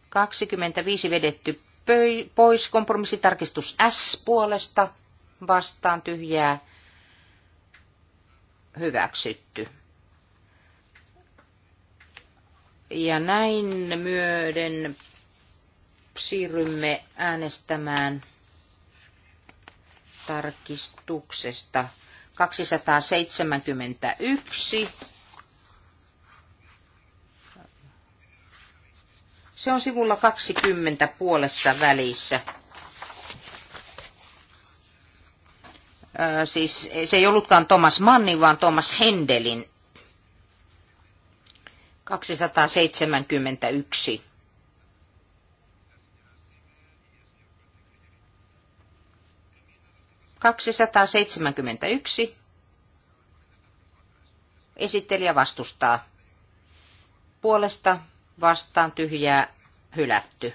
Speaker 5: 25 vedetty pois, kompromissitarkistus S puolesta, vastaan tyhjää, hyväksytty. Ja näin myöden siirrymme äänestämään tarkistuksesta 271 Se on sivulla 20 puolessa välissä. Ö, siis se ei ollutkaan Thomas Mannin, vaan Thomas Hendelin 271. Kaksisataaseitsemänkymmentäyksi. Esittelijä vastustaa. Puolesta vastaan tyhjää hylätty.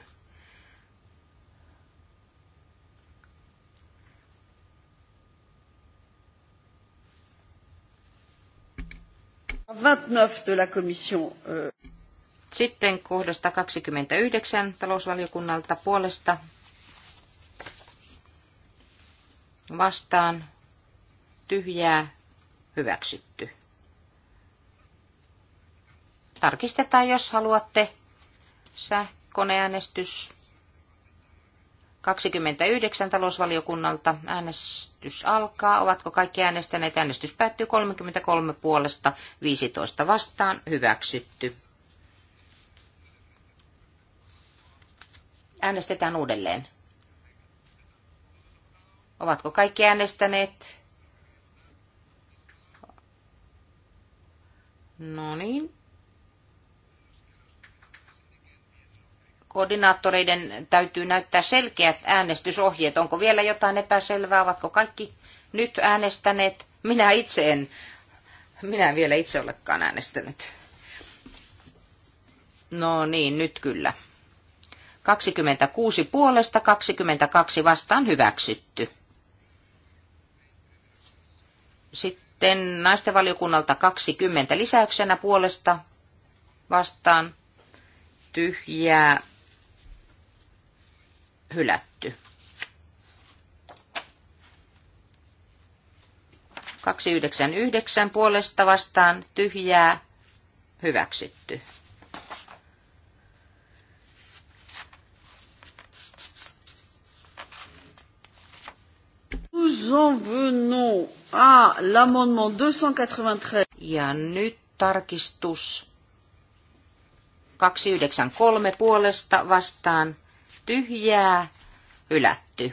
Speaker 5: Euh. Sitten kohdasta 29 talousvaliokunnalta puolesta vastaan tyhjää hyväksytty tarkistetaan, jos haluatte. Sähköäänestys 29 talousvaliokunnalta. Äänestys alkaa. Ovatko kaikki äänestäneet? Äänestys päättyy 33 puolesta 15 vastaan. Hyväksytty. Äänestetään uudelleen. Ovatko kaikki äänestäneet? No niin, Koordinaattoreiden täytyy näyttää selkeät äänestysohjeet. Onko vielä jotain epäselvää? Ovatko kaikki nyt äänestäneet? Minä itse en. Minä en vielä itse olekaan äänestänyt. No niin, nyt kyllä. 26 puolesta, 22 vastaan hyväksytty. Sitten naistenvaliokunnalta 20 lisäyksenä puolesta vastaan tyhjää hylätty. yhdeksän puolesta vastaan tyhjää hyväksytty.
Speaker 1: Nous en venons à l'amendement
Speaker 5: 293. Ja nyt tarkistus 293 puolesta vastaan tyhjää, hylätty.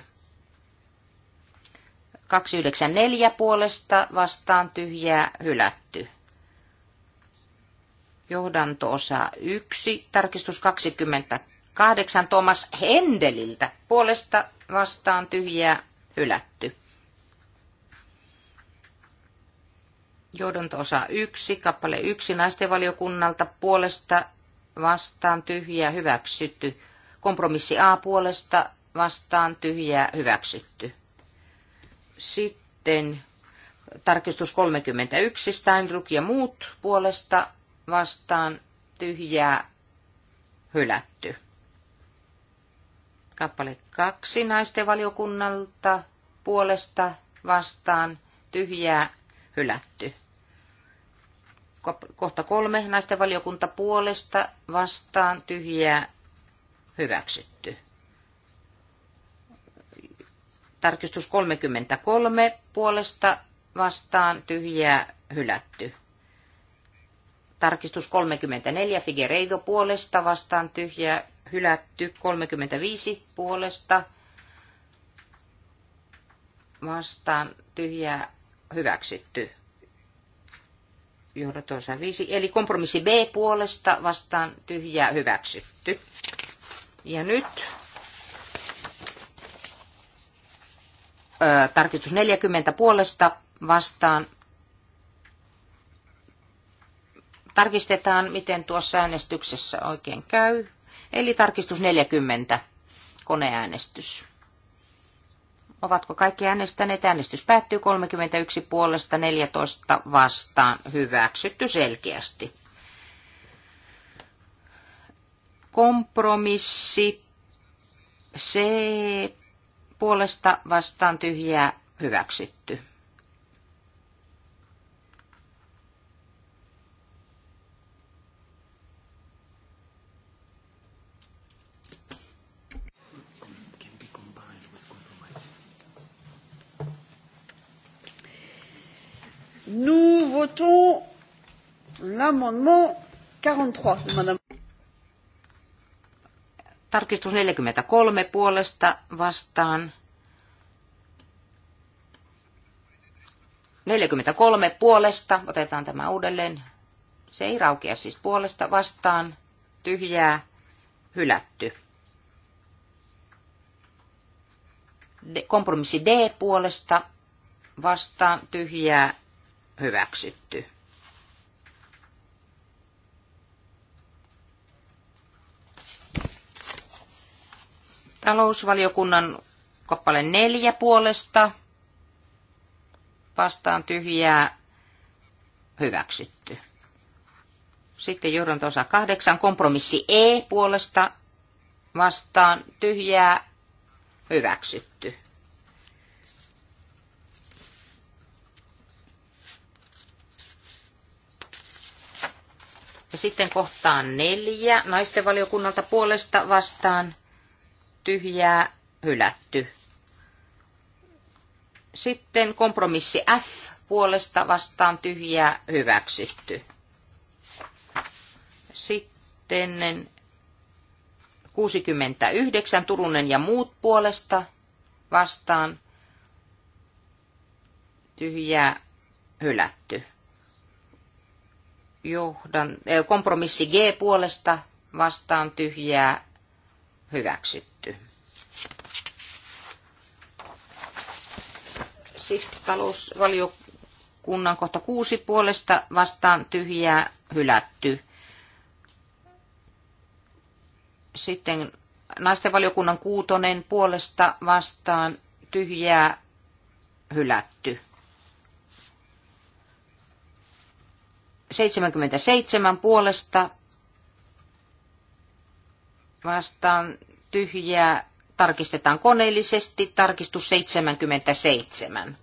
Speaker 5: 294 puolesta vastaan tyhjää, hylätty. Johdanto-osa 1, tarkistus 28 Thomas Hendeliltä puolesta vastaan tyhjää, hylätty. Johdanto-osa 1, kappale 1 naistenvaliokunnalta puolesta vastaan tyhjää hyväksytty. Kompromissi A puolesta vastaan tyhjää hyväksytty. Sitten tarkistus 31, Steinruck ja muut puolesta vastaan tyhjää hylätty. Kappale 2 naisten valiokunnalta puolesta vastaan tyhjää hylätty. Kohta kolme naisten valiokunta puolesta vastaan tyhjää hyväksytty. Tarkistus 33 puolesta vastaan tyhjää hylätty. Tarkistus 34 Figereido puolesta vastaan tyhjää hylätty. 35 puolesta vastaan tyhjää hyväksytty. Johdatosa 5. Eli kompromissi B puolesta vastaan tyhjää hyväksytty. Ja nyt tarkistus 40 puolesta vastaan. Tarkistetaan, miten tuossa äänestyksessä oikein käy. Eli tarkistus 40, koneäänestys. Ovatko kaikki äänestäneet? Äänestys päättyy 31 puolesta 14 vastaan. Hyväksytty selkeästi. Kompromissi se puolesta vastaan tyhjää hyväksytty.
Speaker 1: Nous votons l'amendement 43 Madame.
Speaker 5: Tarkistus 43 puolesta vastaan. 43 puolesta, otetaan tämä uudelleen. Se ei raukea siis puolesta vastaan, tyhjää, hylätty. kompromissi D puolesta vastaan tyhjää hyväksytty. Talousvaliokunnan kappale neljä puolesta vastaan tyhjää hyväksytty. Sitten osa kahdeksan, kompromissi E puolesta vastaan tyhjää hyväksytty. Ja sitten kohtaan neljä, naisten valiokunnalta puolesta vastaan tyhjää, hylätty. Sitten kompromissi F puolesta vastaan tyhjää, hyväksytty. Sitten 69 Turunen ja muut puolesta vastaan tyhjää, hylätty. Johdan, eh, kompromissi G puolesta vastaan tyhjää, hyväksytty. Sitten talousvaliokunnan kohta kuusi puolesta vastaan tyhjää hylätty. Sitten naisten valiokunnan kuutonen puolesta vastaan tyhjää hylätty. 77 puolesta vastaan tyhjää tarkistetaan koneellisesti. Tarkistus 77.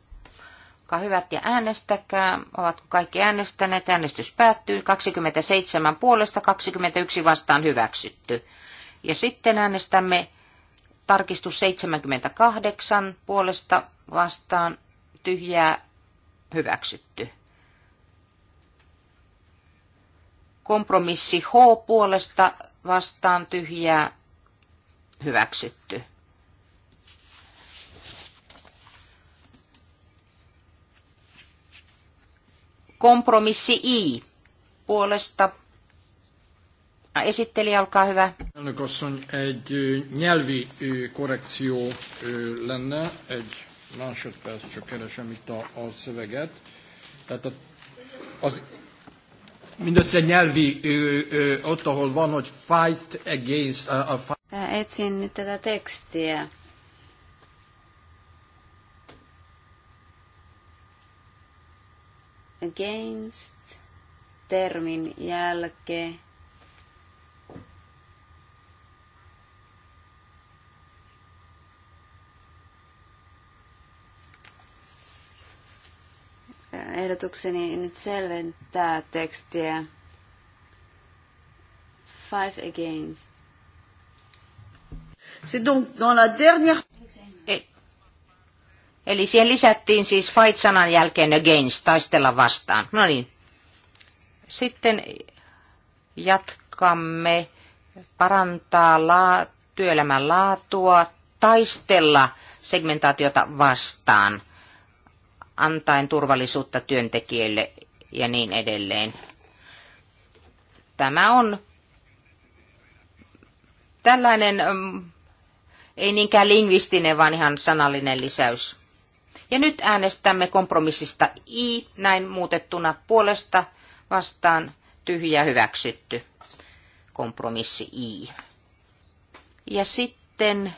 Speaker 5: Olkaa hyvät ja äänestäkää. Ovatko kaikki äänestäneet? Äänestys päättyy. 27 puolesta, 21 vastaan hyväksytty. Ja sitten äänestämme tarkistus 78 puolesta vastaan tyhjää hyväksytty. Kompromissi H puolesta vastaan tyhjää hyväksytty. Kompromissi I puolesta. Esitteli, olkaa hyvä.
Speaker 6: Elnök asszony, egy nyelvi korrekció lenne, egy másodperc, csak keresem itt a, a szöveget. Tehát a,
Speaker 1: az mindössze nyelvi, ö, ö, ott, ahol van, hogy fight against, a, a
Speaker 4: Etsin nyt tätä tekstiä. Against termin jälkeen ehdotukseni nyt selventää tekstiä. Five
Speaker 1: against.
Speaker 5: C'est donc dans la
Speaker 1: dernière... E-
Speaker 5: Eli siihen lisättiin siis fight-sanan jälkeen against, taistella vastaan. No niin. Sitten jatkamme parantaa laa, työelämän laatua, taistella segmentaatiota vastaan, antaen turvallisuutta työntekijöille ja niin edelleen. Tämä on tällainen mm, ei niinkään lingvistinen, vaan ihan sanallinen lisäys. Ja nyt äänestämme kompromissista I näin muutettuna puolesta vastaan tyhjä hyväksytty. Kompromissi I. Ja sitten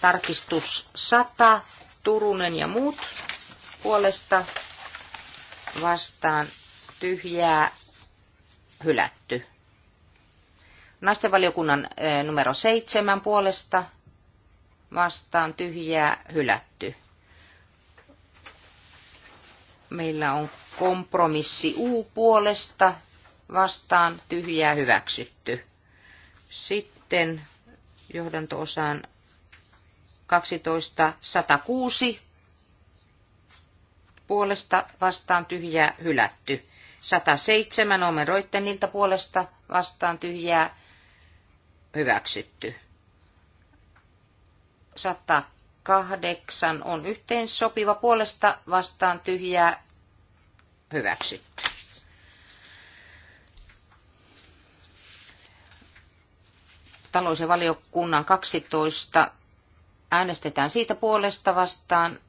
Speaker 5: tarkistus 100, Turunen ja muut puolesta vastaan tyhjää hylätty valiokunnan numero seitsemän puolesta vastaan tyhjää hylätty. Meillä on kompromissi U puolesta vastaan tyhjää hyväksytty. Sitten johdanto-osaan 12.106 puolesta vastaan tyhjää hylätty. 107 niiltä puolesta vastaan tyhjää hyväksytty. 108 on yhteen sopiva puolesta vastaan tyhjää hyväksytty. Talous- ja valiokunnan 12 äänestetään siitä puolesta vastaan.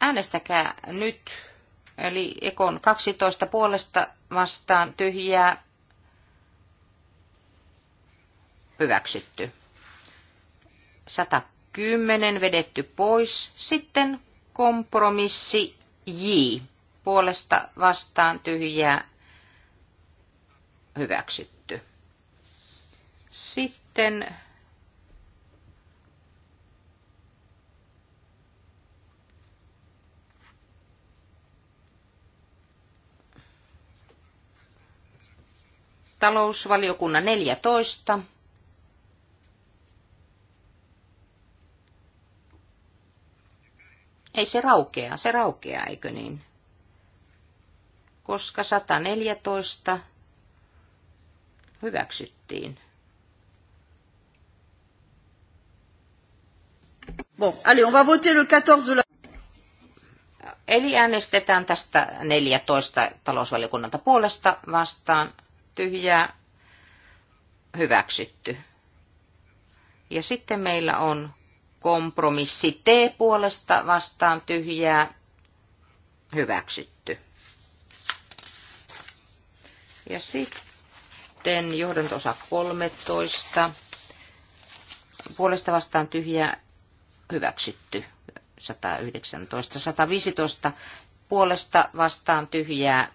Speaker 5: Äänestäkää nyt Eli Ekon 12 puolesta vastaan tyhjää hyväksytty. 110 vedetty pois. Sitten kompromissi J puolesta vastaan tyhjää hyväksytty. Sitten talousvaliokunnan 14. Ei se raukea, se raukea, eikö niin? Koska 114 hyväksyttiin. Bon, allez, on va voter le 14 Eli äänestetään tästä 14 talousvaliokunnalta puolesta vastaan tyhjää hyväksytty. Ja sitten meillä on kompromissi T puolesta vastaan tyhjää hyväksytty. Ja sitten johdantosa 13 puolesta vastaan tyhjää hyväksytty. 119, 115 puolesta vastaan tyhjää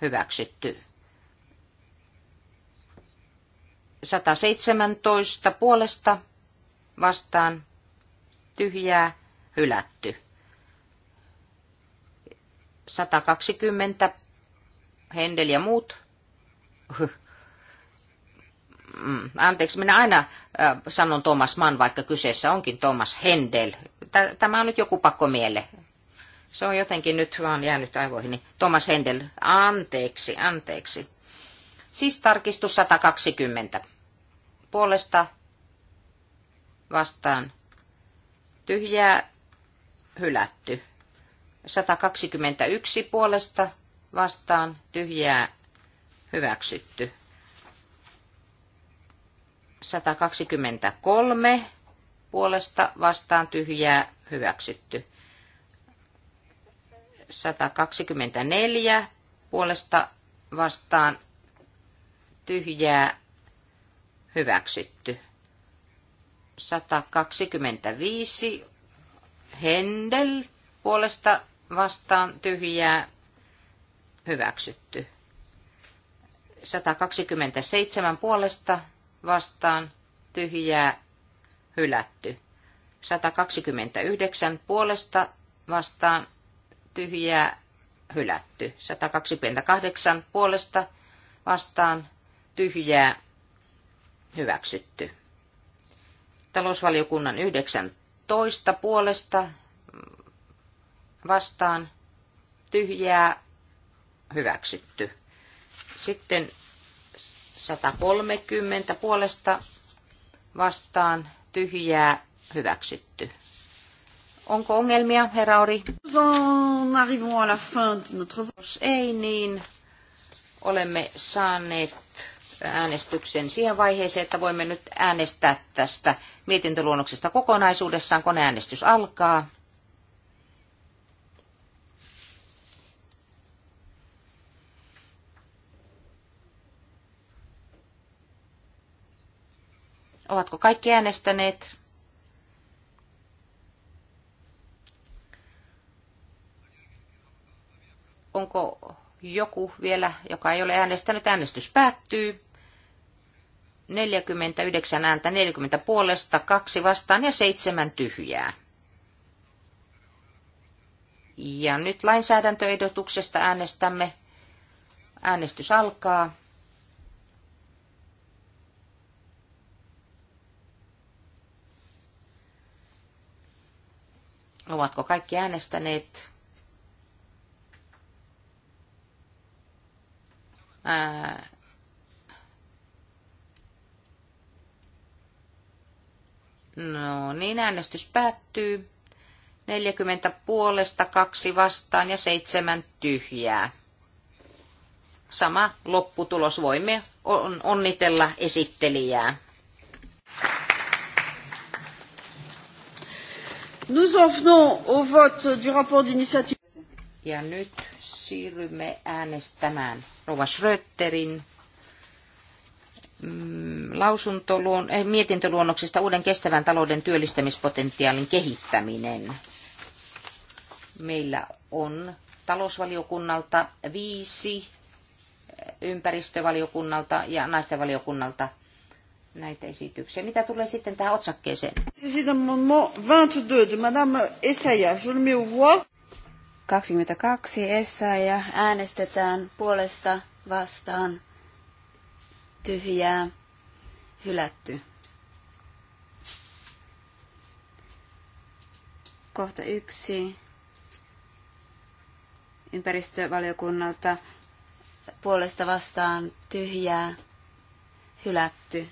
Speaker 5: hyväksytty. 117 puolesta vastaan tyhjää hylätty. 120 Hendel ja muut. Mm, anteeksi, minä aina äh, sanon Thomas Mann, vaikka kyseessä onkin Thomas Hendel. Tämä on nyt joku miele. Se on jotenkin nyt vaan jäänyt aivoihin. Thomas Hendel, anteeksi, anteeksi. Siis tarkistus 120. Puolesta vastaan tyhjää hylätty. 121 puolesta vastaan tyhjää hyväksytty. 123 puolesta vastaan tyhjää hyväksytty. 124 puolesta vastaan tyhjää hyväksytty. 125 Hendel puolesta vastaan tyhjää hyväksytty. 127 puolesta vastaan tyhjää hylätty. 129 puolesta vastaan tyhjää hylätty. 128 puolesta vastaan tyhjää hyväksytty. Talousvaliokunnan 19 puolesta vastaan tyhjää hyväksytty. Sitten 130 puolesta vastaan tyhjää hyväksytty. Onko ongelmia, herra Ori? Jos ei, niin olemme saaneet äänestyksen siihen vaiheeseen, että voimme nyt äänestää tästä mietintöluonnoksesta kokonaisuudessaan, kun äänestys alkaa. Ovatko kaikki äänestäneet? Onko joku vielä, joka ei ole äänestänyt? Äänestys päättyy. 49 ääntä 40 puolesta, kaksi vastaan ja seitsemän tyhjää. Ja nyt lainsäädäntöehdotuksesta äänestämme. Äänestys alkaa. Ovatko kaikki äänestäneet? Ää, No niin, äänestys päättyy. 40 puolesta, kaksi vastaan ja seitsemän tyhjää. Sama lopputulos. Voimme onnitella esittelijää.
Speaker 1: Nous en au
Speaker 5: vote du rapport
Speaker 1: d'initiative.
Speaker 5: Ja nyt siirrymme äänestämään Rova Schröterin Mm, lausuntoluon, eh, mietintöluonnoksesta uuden kestävän talouden työllistämispotentiaalin kehittäminen. Meillä on talousvaliokunnalta viisi, eh, ympäristövaliokunnalta ja valiokunnalta näitä esityksiä. Mitä tulee sitten tähän otsakkeeseen?
Speaker 1: 22 Essayah
Speaker 4: äänestetään puolesta vastaan tyhjää, hylätty. Kohta yksi ympäristövaliokunnalta puolesta vastaan tyhjää, hylätty.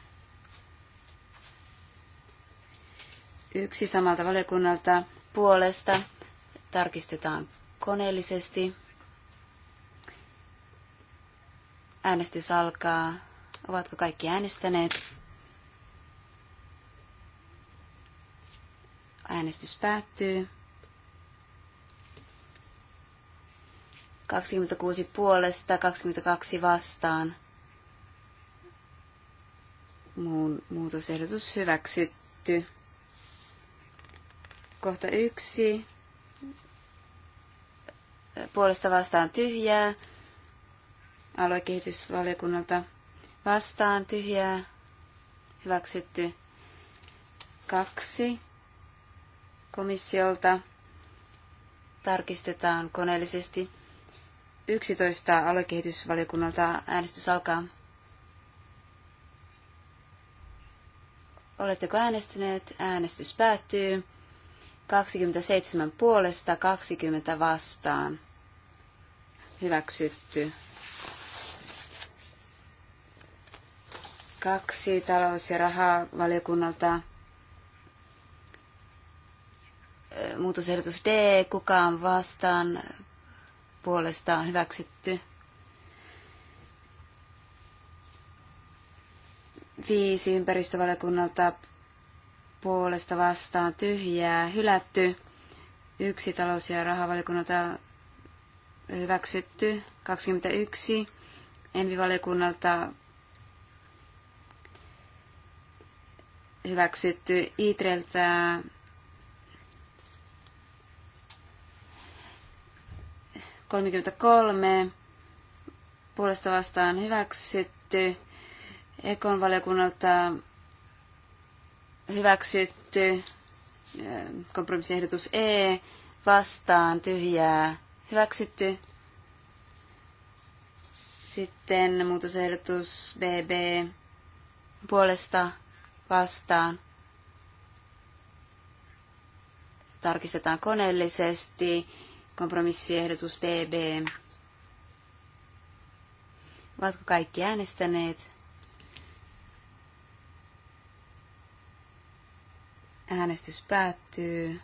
Speaker 4: Yksi samalta valiokunnalta puolesta tarkistetaan koneellisesti. Äänestys alkaa. Ovatko kaikki äänestäneet? Äänestys päättyy. 26 puolesta, 22 vastaan. Muutosehdotus hyväksytty. Kohta yksi. Puolesta vastaan tyhjää. Aluekehitysvaliokunnalta vastaan tyhjää hyväksytty kaksi komissiolta. Tarkistetaan koneellisesti. 11 aluekehitysvaliokunnalta äänestys alkaa. Oletteko äänestyneet? Äänestys päättyy. 27 puolesta, 20 vastaan. Hyväksytty. Kaksi talous- ja rahavaliokunnalta muutosehdotus D, kukaan vastaan, puolestaan hyväksytty. Viisi ympäristövaliokunnalta puolesta vastaan tyhjää, hylätty. Yksi talous- ja rahavaliokunnalta hyväksytty. 21. Envivaliokunnalta hyväksytty Itreltä kolmekymmentäkolme puolesta vastaan hyväksytty. Ekon valiokunnalta hyväksytty kompromissiehdotus E vastaan tyhjää hyväksytty. Sitten muutosehdotus BB puolesta vastaan. Tarkistetaan koneellisesti. Kompromissiehdotus BB. Ovatko kaikki äänestäneet? Äänestys päättyy.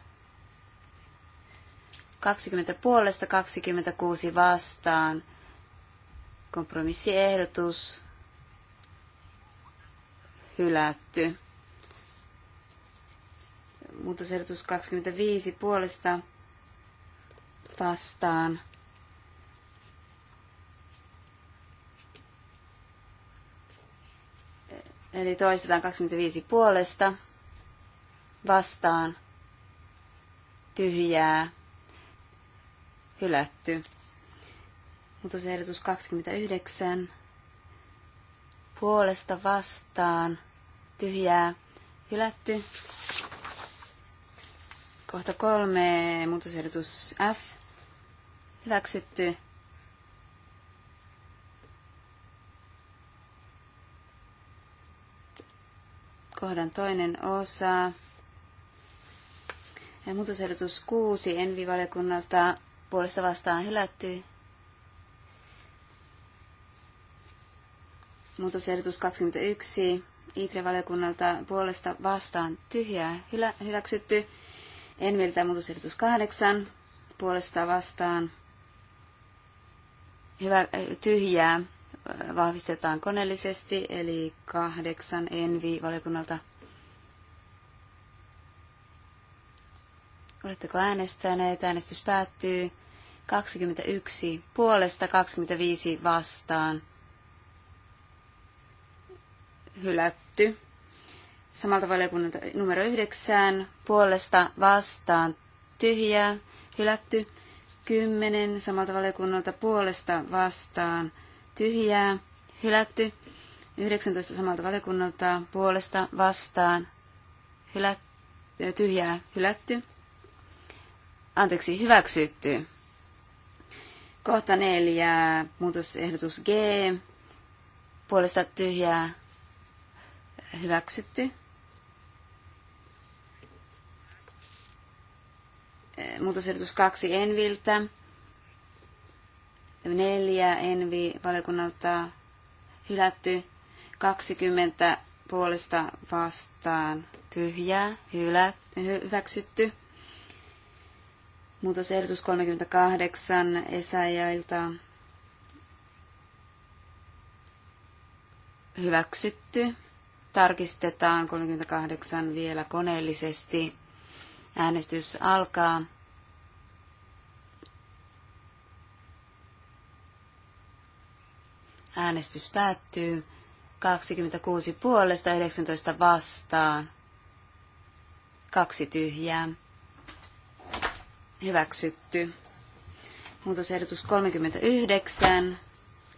Speaker 4: 20 puolesta 26 vastaan. Kompromissiehdotus hylätty. Muutosehdotus 25 puolesta vastaan. Eli toistetaan 25 puolesta vastaan tyhjää hylätty. Muutosehdotus 29 puolesta vastaan tyhjää hylätty. Kohta kolme, muutosehdotus F, hyväksytty. Kohdan toinen osa. Ja muutosehdotus 6 Envi-valiokunnalta puolesta vastaan hylätty. Muutosehdotus 21 IPRE-valiokunnalta puolesta vastaan tyhjää hyväksytty. Enviltä muutosehdotus 8 puolesta vastaan hyvä, äh, tyhjää äh, vahvistetaan koneellisesti, eli kahdeksan Envi-valiokunnalta. Oletteko äänestäneet? Äänestys päättyy. 21 puolesta, 25 vastaan. Hylätty hylätty. Samalta valiokunnalta numero yhdeksään puolesta vastaan tyhjää hylätty. kymmenen samalta valiokunnalta puolesta vastaan tyhjää hylätty. 19 samalta valiokunnalta puolesta vastaan hylät, tyhjää hylätty. Anteeksi, hyväksytty. Kohta neljä, muutosehdotus G, puolesta tyhjää hyväksytty. Eh, Muutosehdotus kaksi Enviltä. Neljä Envi valiokunnalta hylätty. 20 puolesta vastaan tyhjää, hylät, hyväksytty. Muutosehdotus 38 Esäjäiltä hyväksytty. Tarkistetaan 38 vielä koneellisesti. Äänestys alkaa. Äänestys päättyy. 26 puolesta, 19 vastaan. Kaksi tyhjää. Hyväksytty. Muutosehdotus 39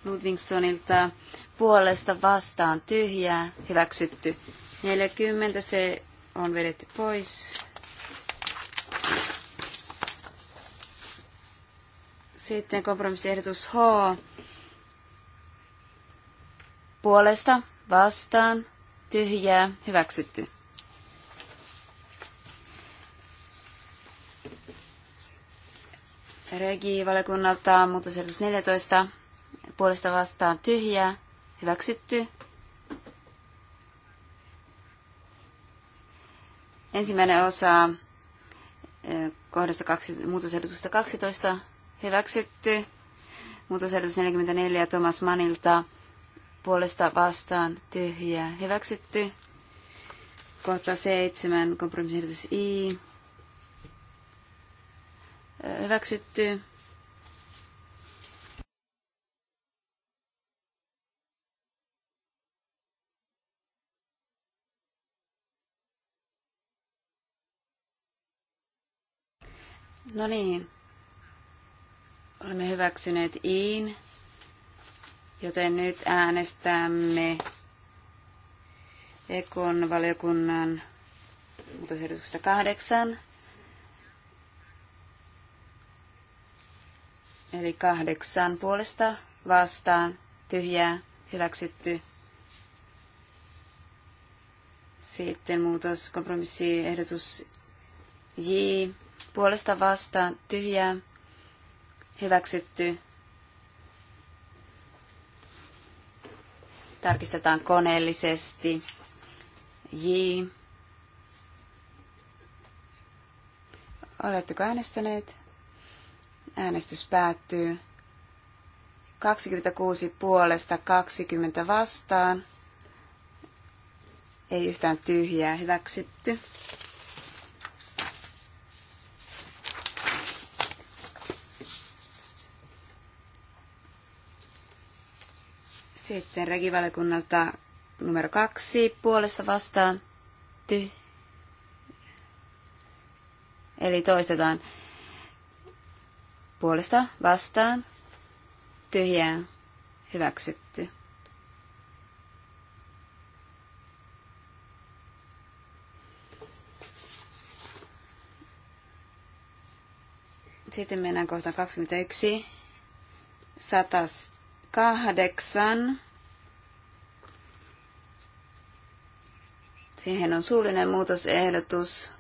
Speaker 4: Ludvigsonilta puolesta vastaan tyhjää, hyväksytty. 40 se on vedetty pois. Sitten kompromissiehdotus H. Puolesta, vastaan, tyhjää, hyväksytty. Regi-valiokunnalta muutosehdotus 14. Puolesta vastaan tyhjää, Hyväksytty. Ensimmäinen osa kohdasta kaksi, muutosehdotusta 12 hyväksytty. Muutosehdotus 44 Thomas Manilta puolesta vastaan tyhjä. hyväksytty. Kohta 7 kompromissiehdotus I hyväksytty. No niin. Olemme hyväksyneet iin, joten nyt äänestämme Ekon valiokunnan muutosehdotuksesta kahdeksan. Eli kahdeksan puolesta vastaan tyhjää hyväksytty. Sitten muutos kompromissiehdotus J puolesta vastaan tyhjää hyväksytty. Tarkistetaan koneellisesti. J. Oletteko äänestäneet? Äänestys päättyy. 26 puolesta 20 vastaan. Ei yhtään tyhjää hyväksytty. Sitten regivaliokunnalta numero kaksi puolesta vastaan. Ty. Eli toistetaan. Puolesta vastaan. Tyhjää. Hyväksytty. Sitten mennään kohtaan 21. Satas kahdeksan. Siihen on suullinen muutosehdotus.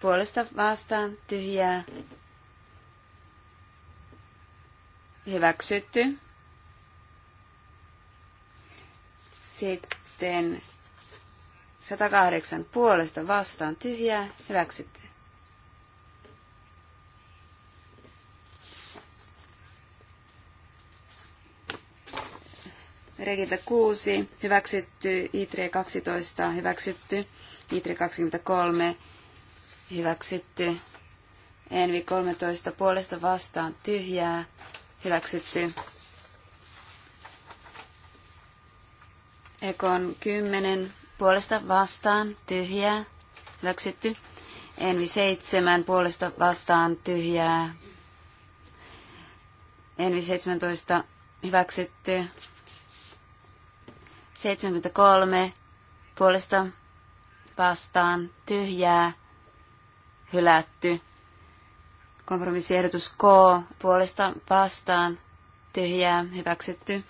Speaker 4: Puolesta vastaan tyhjää. Hyväksytty. Sitten 108 puolesta vastaan tyhjää. Hyväksytty. Regiltä 6 hyväksytty, ITRE 12 hyväksytty, ITRE 23 hyväksytty, Envi 13 puolesta vastaan tyhjää hyväksytty. Ekon 10 puolesta vastaan tyhjää hyväksytty. Envi 7 puolesta vastaan tyhjää. Envi 17 hyväksytty. 73 puolesta vastaan tyhjää hylätty. Kompromissiehdotus K puolesta vastaan tyhjää hyväksytty.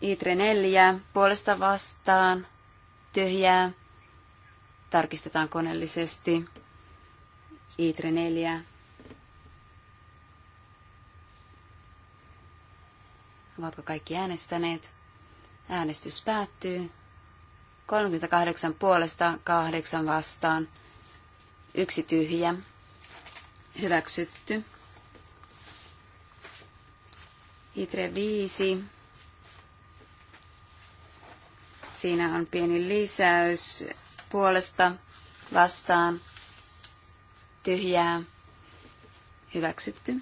Speaker 4: Itre 4 puolesta vastaan tyhjää tarkistetaan koneellisesti. Itre 4 Ovatko kaikki äänestäneet? Äänestys päättyy. 38 puolesta, 8 vastaan, yksi tyhjä. Hyväksytty. Itre 5. Siinä on pieni lisäys puolesta vastaan tyhjää hyväksytty.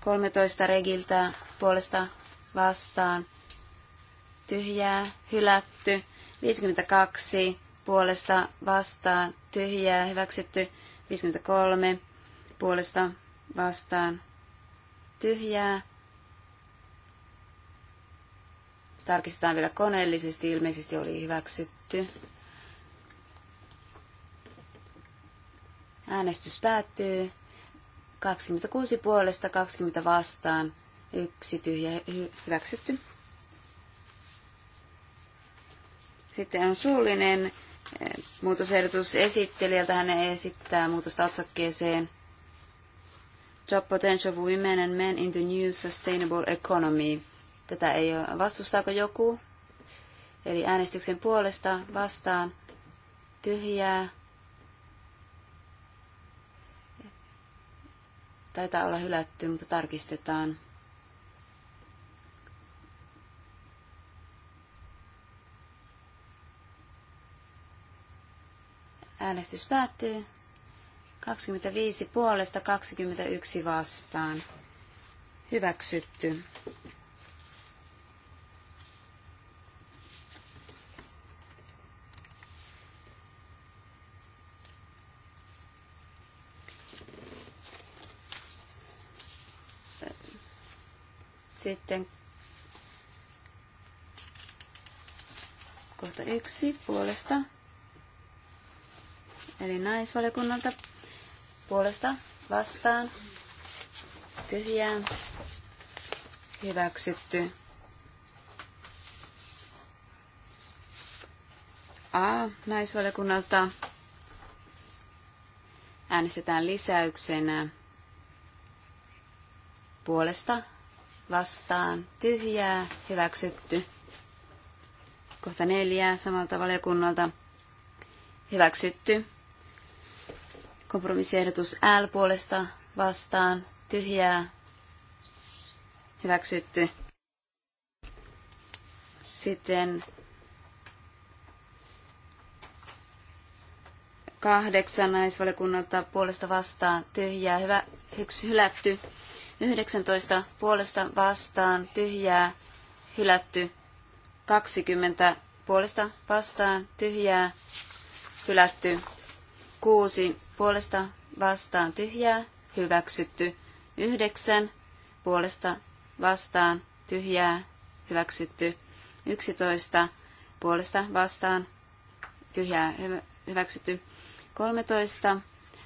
Speaker 4: 13 regiltä puolesta vastaan tyhjää, hylätty. 52 puolesta vastaan tyhjää, hyväksytty. 53 puolesta vastaan tyhjää. Tarkistetaan vielä koneellisesti, ilmeisesti oli hyväksytty. Äänestys päättyy. 26 puolesta, 20 vastaan, yksi tyhjä hyväksytty. Sitten on suullinen eh, muutosehdotus esittelijältä. Hän esittää muutosta otsakkeeseen Job Potential for Women and Men in the New Sustainable Economy. Tätä ei ole. Vastustaako joku? Eli äänestyksen puolesta vastaan tyhjää Taitaa olla hylätty, mutta tarkistetaan. Äänestys päättyy. 25 puolesta 21 vastaan. Hyväksytty. Sitten kohta yksi puolesta, eli naisvaliokunnalta puolesta vastaan, tyhjää, hyväksytty. A naisvaliokunnalta äänestetään lisäyksenä puolesta vastaan tyhjää hyväksytty. Kohta neljää samalta valiokunnalta hyväksytty. Kompromissiehdotus L puolesta vastaan tyhjää hyväksytty. Sitten kahdeksan naisvaliokunnalta puolesta vastaan tyhjää hyvä, hylätty. 19 puolesta vastaan tyhjää hylätty. 20 puolesta vastaan tyhjää hylätty. 6 puolesta vastaan tyhjää hyväksytty. 9 puolesta vastaan tyhjää hyväksytty. 11 puolesta vastaan tyhjää hyväksytty. 13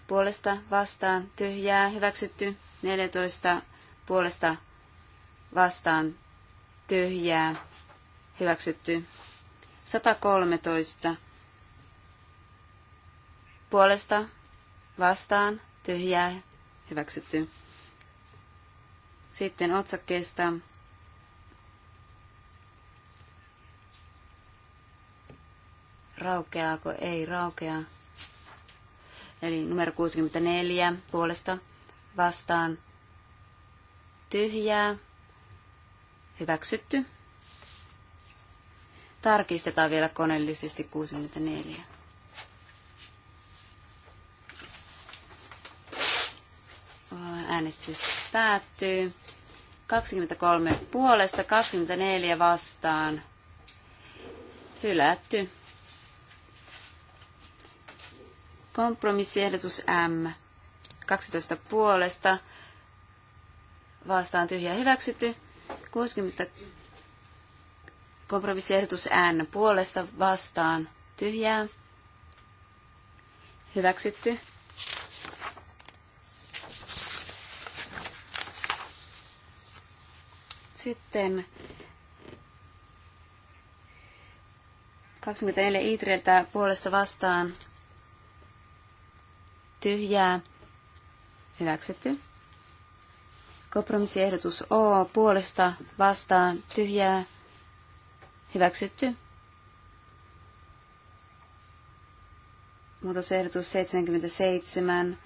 Speaker 4: puolesta vastaan tyhjää hyväksytty. 14 puolesta vastaan tyhjää hyväksytty. 113 puolesta vastaan tyhjää hyväksytty. Sitten otsakkeesta raukeaako ei raukea. Eli numero 64 puolesta vastaan tyhjää, hyväksytty. Tarkistetaan vielä koneellisesti 64. Äänestys päättyy. 23 puolesta, 24 vastaan. Hylätty. Kompromissiehdotus M 12 puolesta vastaan tyhjää hyväksytty. 60 kompromissiehdotus N puolesta vastaan tyhjää hyväksytty. Sitten 24 Iitriltä puolesta vastaan tyhjää Hyväksytty. Kompromissiehdotus O puolesta vastaan tyhjää. Hyväksytty. Muutosehdotus 77.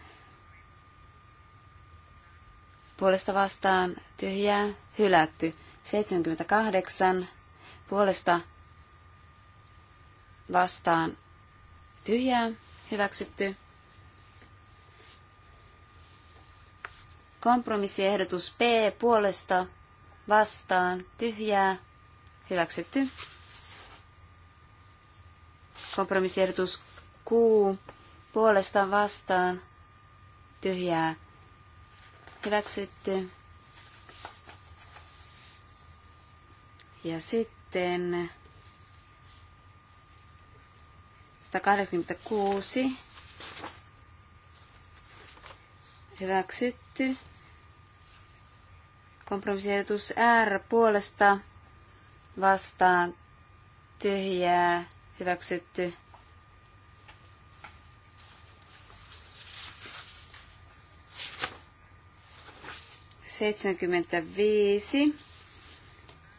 Speaker 4: Puolesta vastaan tyhjää. Hylätty. 78. Puolesta vastaan tyhjää. Hyväksytty. Kompromissiehdotus B puolesta vastaan tyhjää hyväksytty. Kompromissiehdotus Q puolesta vastaan tyhjää hyväksytty. Ja sitten 186 hyväksytty. Kompromissiehdotus R puolesta vastaan tyhjää hyväksytty. viisi.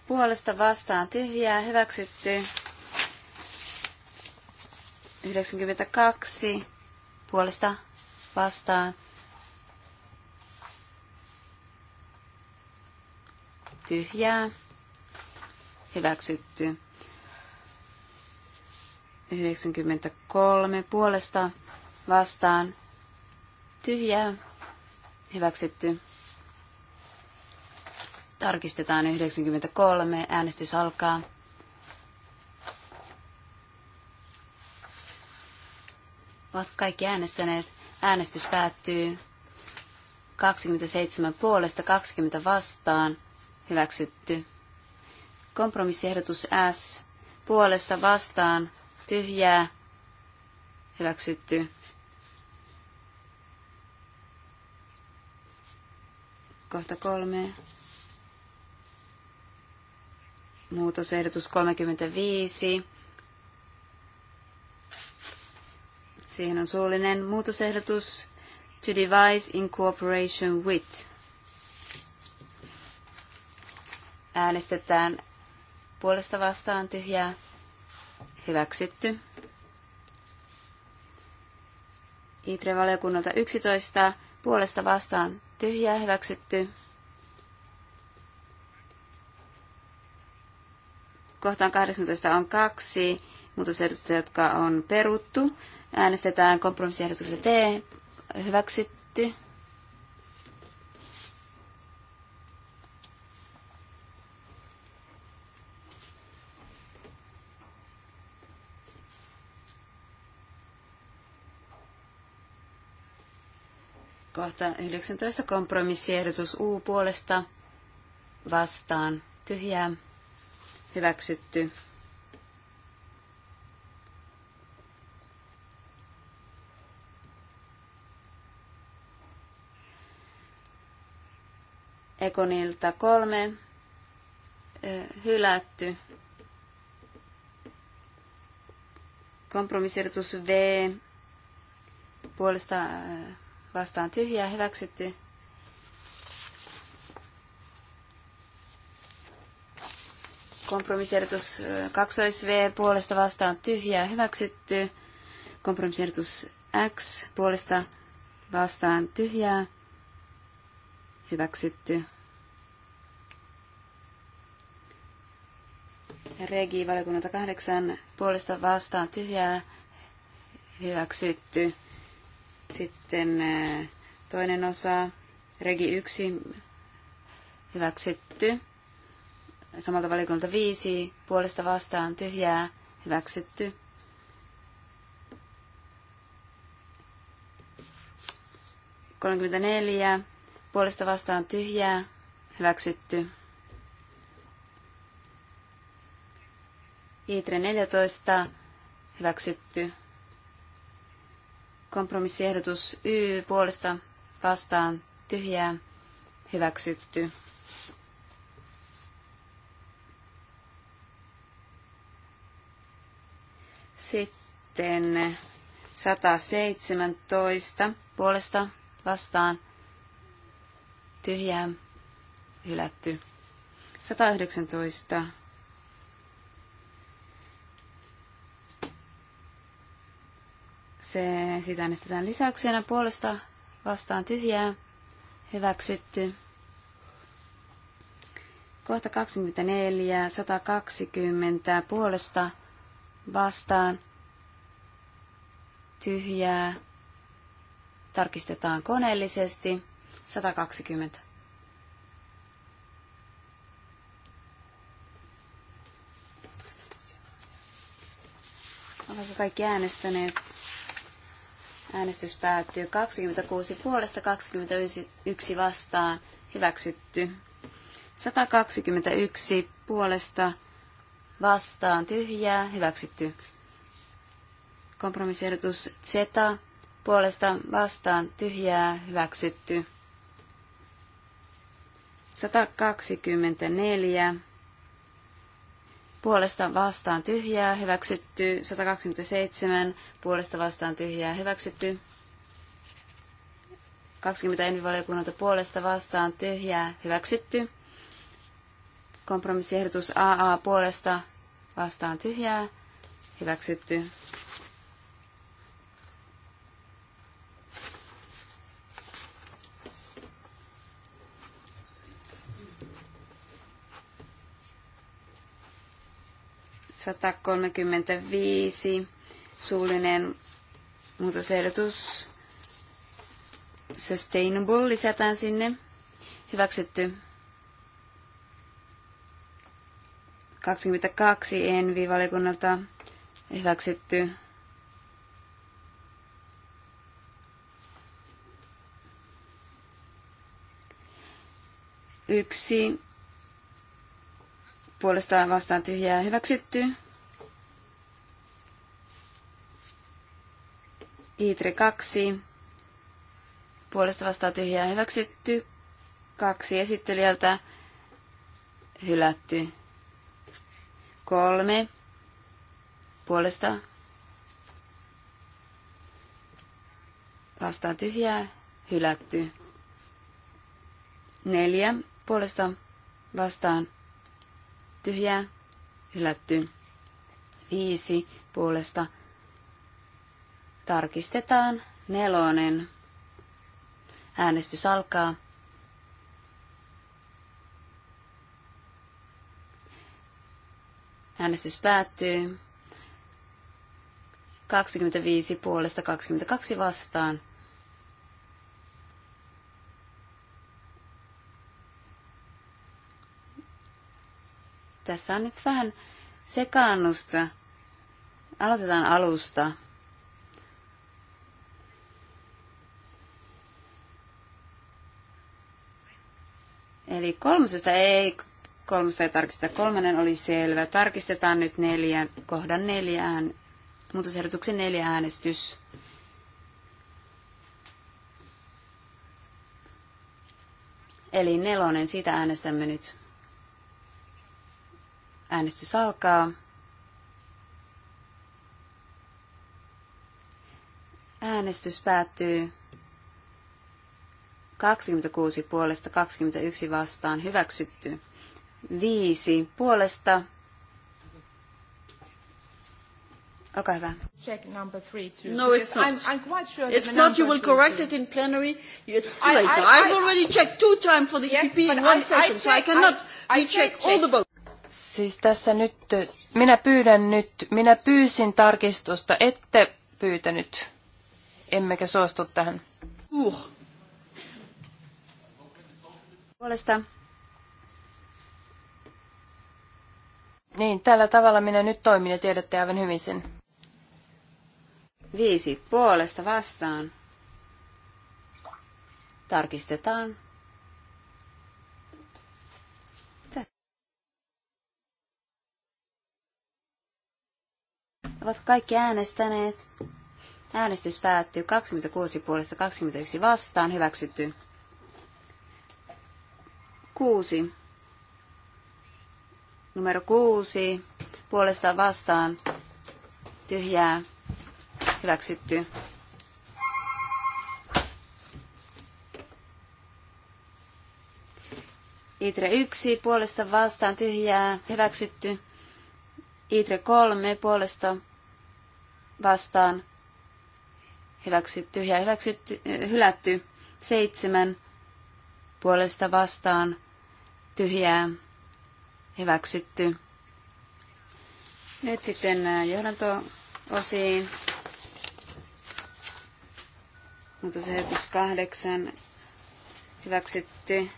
Speaker 4: Puolesta vastaan tyhjää hyväksytty. kaksi. Puolesta vastaan tyhjää, hyväksytty. 93 puolesta vastaan, tyhjää, hyväksytty. Tarkistetaan 93, äänestys alkaa. Ovat kaikki äänestäneet. Äänestys päättyy 27 puolesta 20 vastaan hyväksytty. Kompromissiehdotus S puolesta vastaan tyhjää hyväksytty. Kohta kolme. Muutosehdotus 35. Siihen on suullinen muutosehdotus to devise in cooperation with. äänestetään puolesta vastaan tyhjää hyväksytty. ITRE-valiokunnalta 11 puolesta vastaan tyhjää hyväksytty. Kohtaan 18 on kaksi muutosehdotusta, jotka on peruttu. Äänestetään kompromissiehdotuksesta T hyväksytty. Kohta 19 kompromissiehdotus U puolesta vastaan tyhjää hyväksytty. Ekonilta kolme hylätty. Kompromissiehdotus V puolesta vastaan tyhjää hyväksytty. Kompromissehdotus 2V puolesta vastaan tyhjää hyväksytty. Kompromissiertus X puolesta vastaan tyhjää hyväksytty. Regi valiokunnalta 8 puolesta vastaan tyhjää hyväksytty. Sitten äh, toinen osa, regi 1, hyväksytty. Samalta valikolta 5, puolesta vastaan, tyhjää, hyväksytty. Kolmekymmentä puolesta vastaan tyhjää, hyväksytty. Iitre 14, hyväksytty. Kompromissiehdotus Y puolesta vastaan tyhjää hyväksytty. Sitten 117 puolesta vastaan tyhjää hylätty. 119 Se, sitä äänestetään lisäyksenä puolesta vastaan tyhjää. Hyväksytty. Kohta 24, 120 puolesta vastaan tyhjää. Tarkistetaan koneellisesti. 120. Ovatko kaikki äänestäneet? Äänestys päättyy 26 puolesta 21 vastaan. Hyväksytty. 121 puolesta vastaan tyhjää. Hyväksytty. Kompromissiehdotus Z puolesta vastaan tyhjää. Hyväksytty. 124 puolesta vastaan tyhjää hyväksytty, 127 puolesta vastaan tyhjää hyväksytty, 20 envivaliokunnalta puolesta vastaan tyhjää hyväksytty, kompromissiehdotus AA puolesta vastaan tyhjää hyväksytty, 135 suullinen muutosehdotus. Sustainable lisätään sinne. Hyväksytty. 22 Envi-valikunnalta hyväksytty. Yksi puolestaan vastaan tyhjää hyväksytty. Itre 2. Puolesta vastaan tyhjää hyväksytty. Kaksi esittelijältä hylätty. Kolme. Puolesta vastaan tyhjää hylätty. Neljä. Puolesta vastaan tyhjää, hylätty. Viisi puolesta tarkistetaan nelonen. Äänestys alkaa. Äänestys päättyy. 25 puolesta 22 vastaan. Tässä on nyt vähän sekaannusta. Aloitetaan alusta. Eli kolmosesta ei, kolmosta ei tarkisteta. Kolmannen oli selvä. Tarkistetaan nyt neljän, kohdan neljään, muutosehdotuksen neljä äänestys. Eli nelonen, siitä äänestämme nyt. Äänestys alkaa. Äänestys päättyy 26 puolesta 21 vastaan hyväksytty. 5 puolesta.
Speaker 1: Okay, hyvä.
Speaker 6: Check number three No, it's not. I'm, I'm quite sure it's
Speaker 1: not. You will correct it in plenary. It's too late. I, I, I've already checked two times for the yes, EPP in one I, session, I check, so I cannot I, recheck I all the votes.
Speaker 2: Siis tässä nyt, minä pyydän nyt, minä pyysin tarkistusta, ette pyytänyt. Emmekä suostu tähän. Uh. Puolesta. Niin, tällä tavalla minä nyt toimin ja tiedätte aivan hyvin sen. Viisi puolesta vastaan.
Speaker 4: Tarkistetaan. Ovat kaikki äänestäneet. Äänestys päättyy 26 puolesta 21 vastaan. Hyväksytty. 6. Numero 6. Puolesta vastaan. Tyhjää. Hyväksytty. Itre 1. Puolesta vastaan. Tyhjää. Hyväksytty. Itre 3. Puolesta vastaan hyväksytty ja hyväksytty, hylätty seitsemän puolesta vastaan tyhjää hyväksytty. Nyt sitten johdanto-osiin. Muutosehdotus kahdeksan hyväksytty.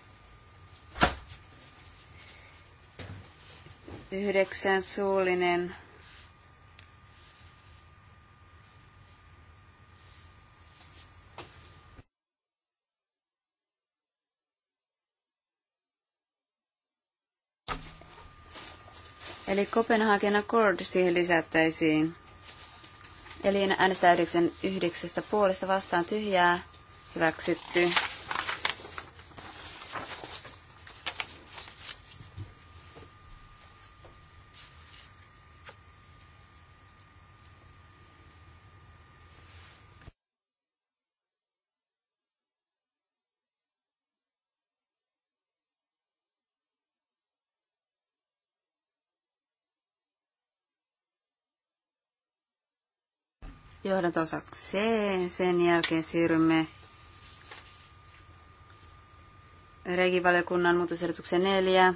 Speaker 4: Yhdeksän suullinen Eli Copenhagen Accord siihen lisättäisiin. Eli äänestää yhdeksästä puolesta vastaan tyhjää, hyväksytty. johdat osakseen. Sen jälkeen siirrymme regivaliokunnan muutosehdotuksen neljä.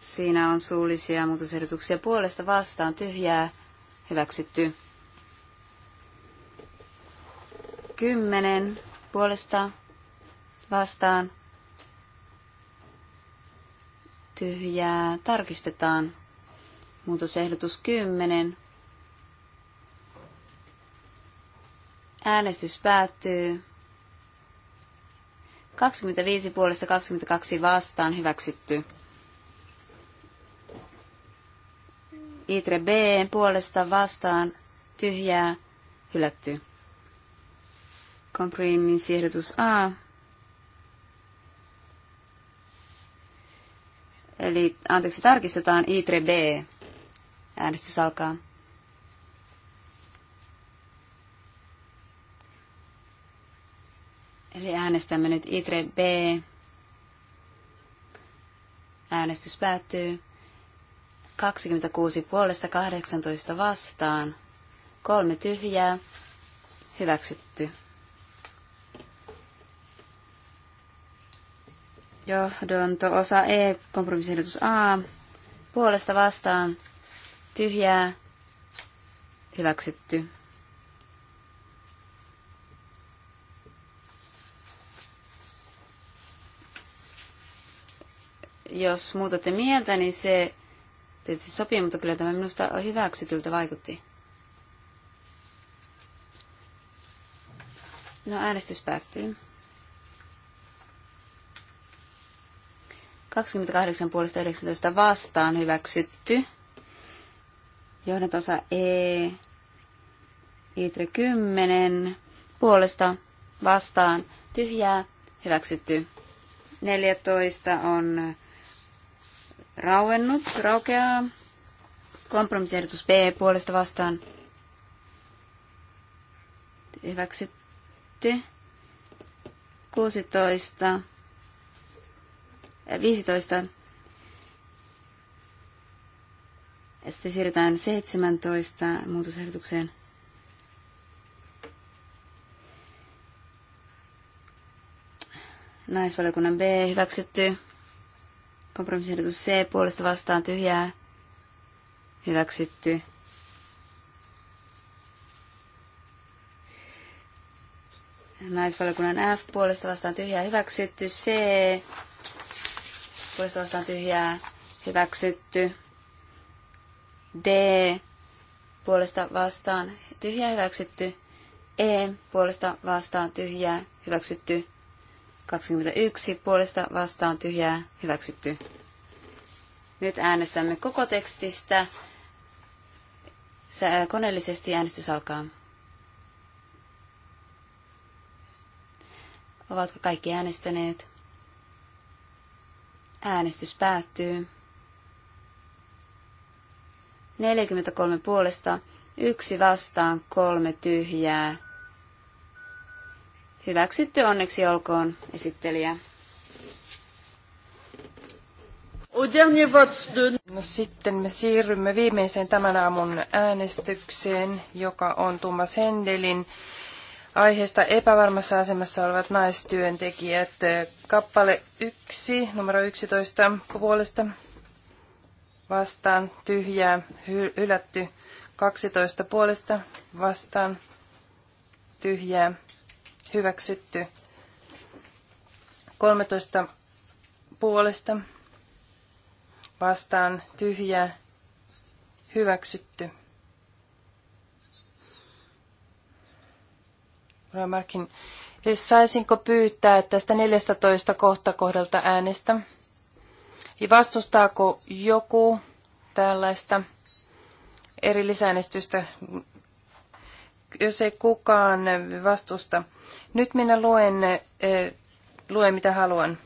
Speaker 4: Siinä on suullisia muutosehdotuksia puolesta vastaan tyhjää hyväksytty. Kymmenen puolesta vastaan tyhjää tarkistetaan. Muutosehdotus 10. Äänestys päättyy. 25 puolesta 22 vastaan hyväksytty. Itre B puolesta vastaan tyhjää hylätty. Kompromissiehdotus A. Eli, anteeksi, tarkistetaan Itre B. Äänestys alkaa. Eli äänestämme nyt ITRE B. Äänestys päättyy. 26 puolesta 18 vastaan. Kolme tyhjää. Hyväksytty. Johdonto osa E, kompromissiehdotus A. Puolesta vastaan. Tyhjää. Hyväksytty. jos muutatte mieltä, niin se tietysti sopii, mutta kyllä tämä minusta hyväksytyltä vaikutti. No äänestys päättyy. 28 puolesta 19 vastaan hyväksytty. Johdatosa osa E. Itre 10 puolesta vastaan tyhjää hyväksytty. 14 on rauennut, raukeaa. Kompromissehdotus B puolesta vastaan hyväksytty. 16, 15. Äh, ja sitten siirrytään 17 muutosehdotukseen. Naisvaliokunnan B hyväksytty. Kompromissiehdotus C puolesta vastaan tyhjää. Hyväksytty. Naisvaliokunnan F puolesta vastaan tyhjää hyväksytty. C puolesta vastaan tyhjää hyväksytty. D puolesta vastaan tyhjää hyväksytty. E puolesta vastaan tyhjää hyväksytty. 21 puolesta vastaan tyhjää hyväksytty. Nyt äänestämme koko tekstistä. Äh, koneellisesti äänestys alkaa. Ovatko kaikki äänestäneet? Äänestys päättyy. 43 puolesta, yksi vastaan, kolme tyhjää. Hyväksytty onneksi olkoon esittelijä.
Speaker 2: No sitten me siirrymme viimeiseen tämän aamun äänestykseen, joka on tumma Hendelin aiheesta epävarmassa asemassa olevat naistyöntekijät. Kappale 1, numero 11 puolesta vastaan tyhjää, hylätty 12 puolesta vastaan tyhjää, hyväksytty. 13 puolesta vastaan tyhjä hyväksytty. Markin. Saisinko pyytää tästä 14 kohta kohdalta äänestä? Ja vastustaako joku tällaista erillisäänestystä? Jos ei kukaan vastusta, nyt minä luen, luen mitä haluan.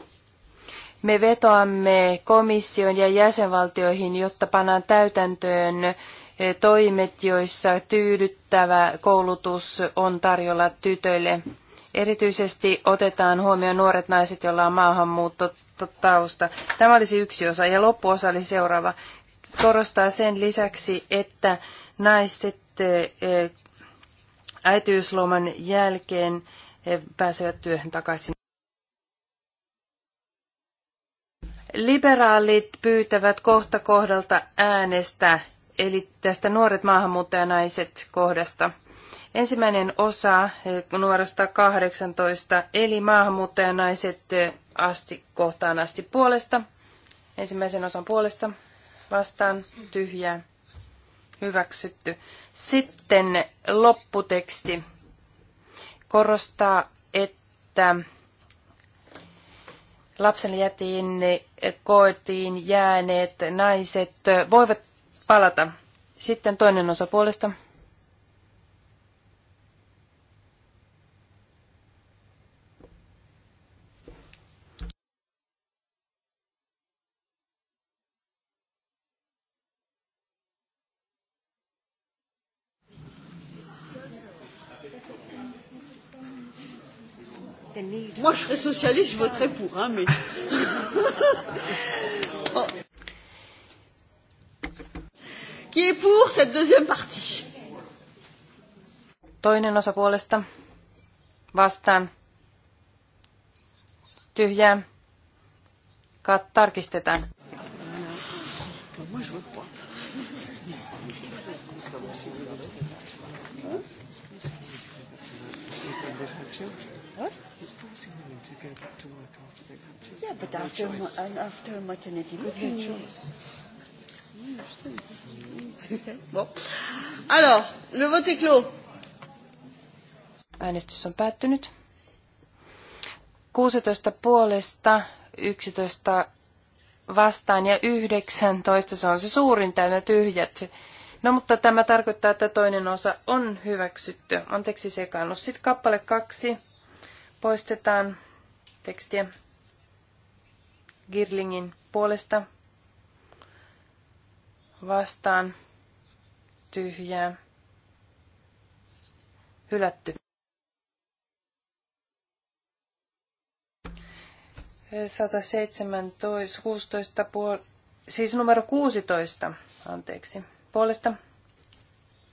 Speaker 2: Me vetoamme komission ja jäsenvaltioihin, jotta pannaan täytäntöön toimet, joissa tyydyttävä koulutus on tarjolla tytöille. Erityisesti otetaan huomioon nuoret naiset, joilla on maahanmuuttotausta. Tämä olisi yksi osa ja loppuosa oli seuraava. Korostaa sen lisäksi, että naiset äitiysloman jälkeen he pääsevät työhön takaisin. Liberaalit pyytävät kohta kohdalta äänestä, eli tästä nuoret maahanmuuttajanaiset kohdasta. Ensimmäinen osa eh, nuorasta 18, eli maahanmuuttajanaiset eh, asti kohtaan asti puolesta. Ensimmäisen osan puolesta vastaan tyhjää hyväksytty. Sitten lopputeksti korostaa, että lapsen jätiin kotiin jääneet naiset voivat palata. Sitten toinen osa puolesta
Speaker 1: Moi, je serais socialiste, je voterais pour, hein, mais...
Speaker 2: oh. Qui est pour cette deuxième partie? Toinen osa puolesta. Vastaan. Tyhjää. Kat tarkistetaan.
Speaker 1: What? go back to work after they've had children. Yeah, but no after, choice. ma- after maternity leave. No mm-hmm. choice. bon.
Speaker 2: Mm-hmm. Alors, le vote est clos. Äänestys on päättynyt. 16 puolesta, 11 vastaan ja 19, se on se suurin täynnä tyhjät. No mutta tämä tarkoittaa, että toinen osa on hyväksytty. Anteeksi sekaannus. Sitten kappale kaksi poistetaan tekstiä Girlingin puolesta vastaan tyhjää hylätty. Sataseitsemäntoista, puol- siis numero 16, anteeksi, puolesta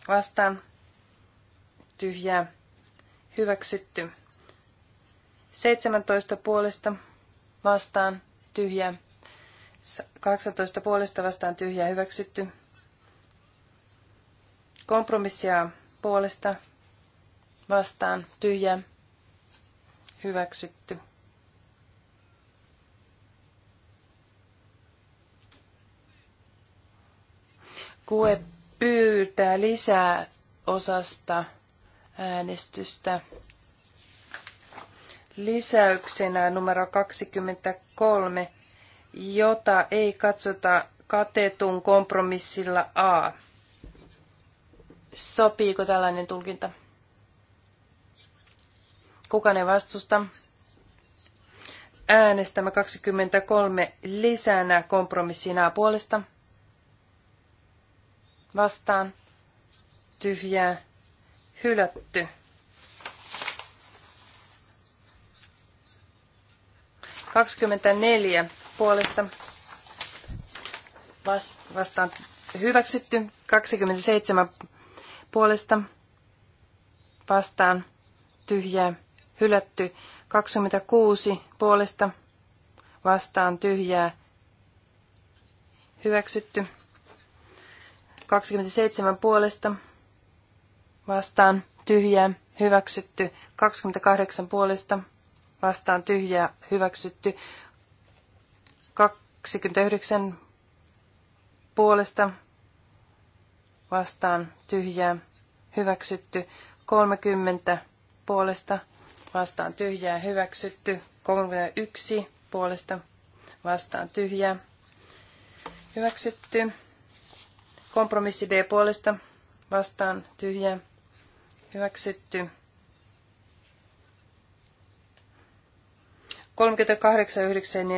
Speaker 2: vastaan tyhjää hyväksytty. 17 puolesta vastaan tyhjä, 12 puolesta vastaan tyhjä, hyväksytty. Kompromissia puolesta vastaan tyhjä, hyväksytty. Kue pyytää lisää osasta äänestystä lisäyksenä numero 23, jota ei katsota katetun kompromissilla A. Sopiiko tällainen tulkinta? Kuka ne vastusta. Äänestämme 23 lisänä kompromissina puolesta. Vastaan. Tyhjää. Hylätty. 24 puolesta vastaan hyväksytty. 27 puolesta vastaan tyhjää hylätty. 26 puolesta vastaan tyhjää hyväksytty. 27 puolesta vastaan tyhjää hyväksytty. 28 puolesta vastaan tyhjää hyväksytty. 29 puolesta vastaan tyhjää hyväksytty. 30 puolesta vastaan tyhjää hyväksytty. 31 puolesta vastaan tyhjää hyväksytty. Kompromissi B puolesta vastaan tyhjää hyväksytty. 38,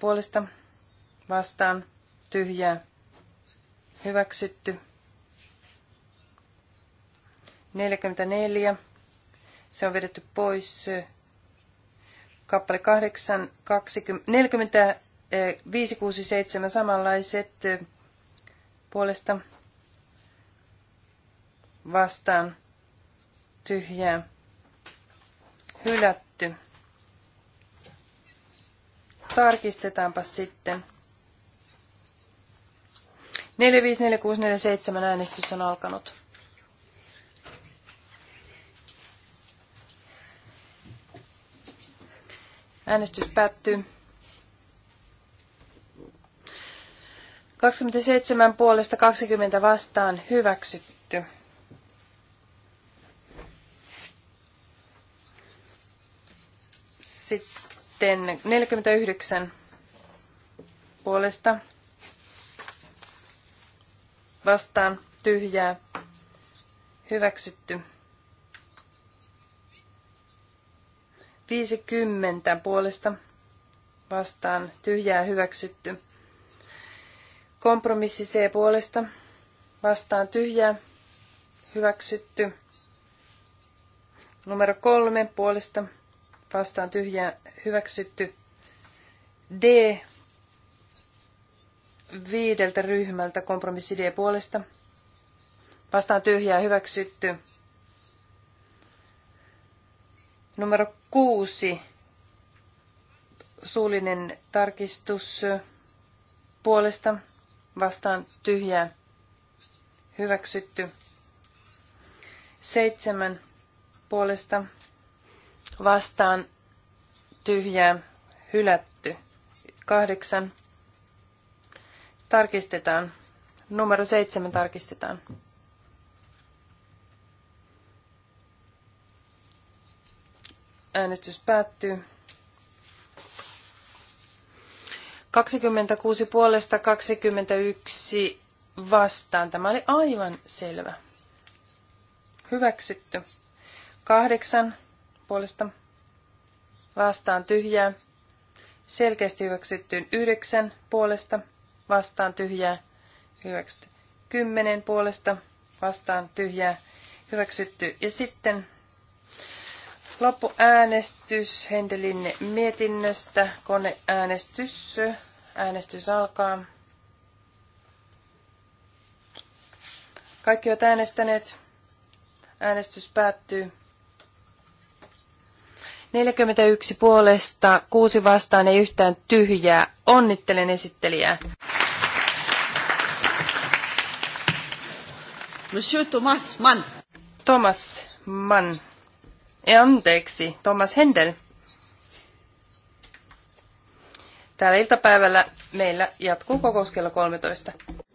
Speaker 2: puolesta vastaan tyhjää hyväksytty. 44. Se on vedetty pois. Kappale 8, 20, 40, 5, 6, 7 samanlaiset eh, puolesta vastaan tyhjää hylätty tarkistetaanpa sitten. 454647 äänestys on alkanut. Äänestys päättyy. 27 puolesta 20 vastaan hyväksytty. Sitten 49 puolesta vastaan tyhjää hyväksytty. 50 puolesta vastaan tyhjää hyväksytty. Kompromissi C puolesta vastaan tyhjää hyväksytty. Numero kolme puolesta vastaan tyhjää hyväksytty. D viideltä ryhmältä kompromissi D puolesta. Vastaan tyhjää hyväksytty. Numero kuusi. Suullinen tarkistus puolesta. Vastaan tyhjää hyväksytty. Seitsemän puolesta. Vastaan tyhjää, hylätty. Kahdeksan. Tarkistetaan. Numero seitsemän tarkistetaan. Äänestys päättyy. 26 puolesta 21 vastaan. Tämä oli aivan selvä. Hyväksytty. Kahdeksan puolesta vastaan tyhjää, selkeästi hyväksyttyyn 9 puolesta, vastaan tyhjää, hyväksytty 10 puolesta, vastaan tyhjää, hyväksytty. Ja sitten loppuäänestys Hendelin mietinnöstä, koneäänestys, äänestys alkaa. Kaikki ovat äänestäneet. Äänestys päättyy. 41 puolesta, 6 vastaan, ei yhtään tyhjää. Onnittelen esittelijää. Monsieur Thomas Mann. Thomas Mann. Ei eh, anteeksi, Thomas Hendel. Täällä iltapäivällä meillä jatkuu kokouskello kello 13.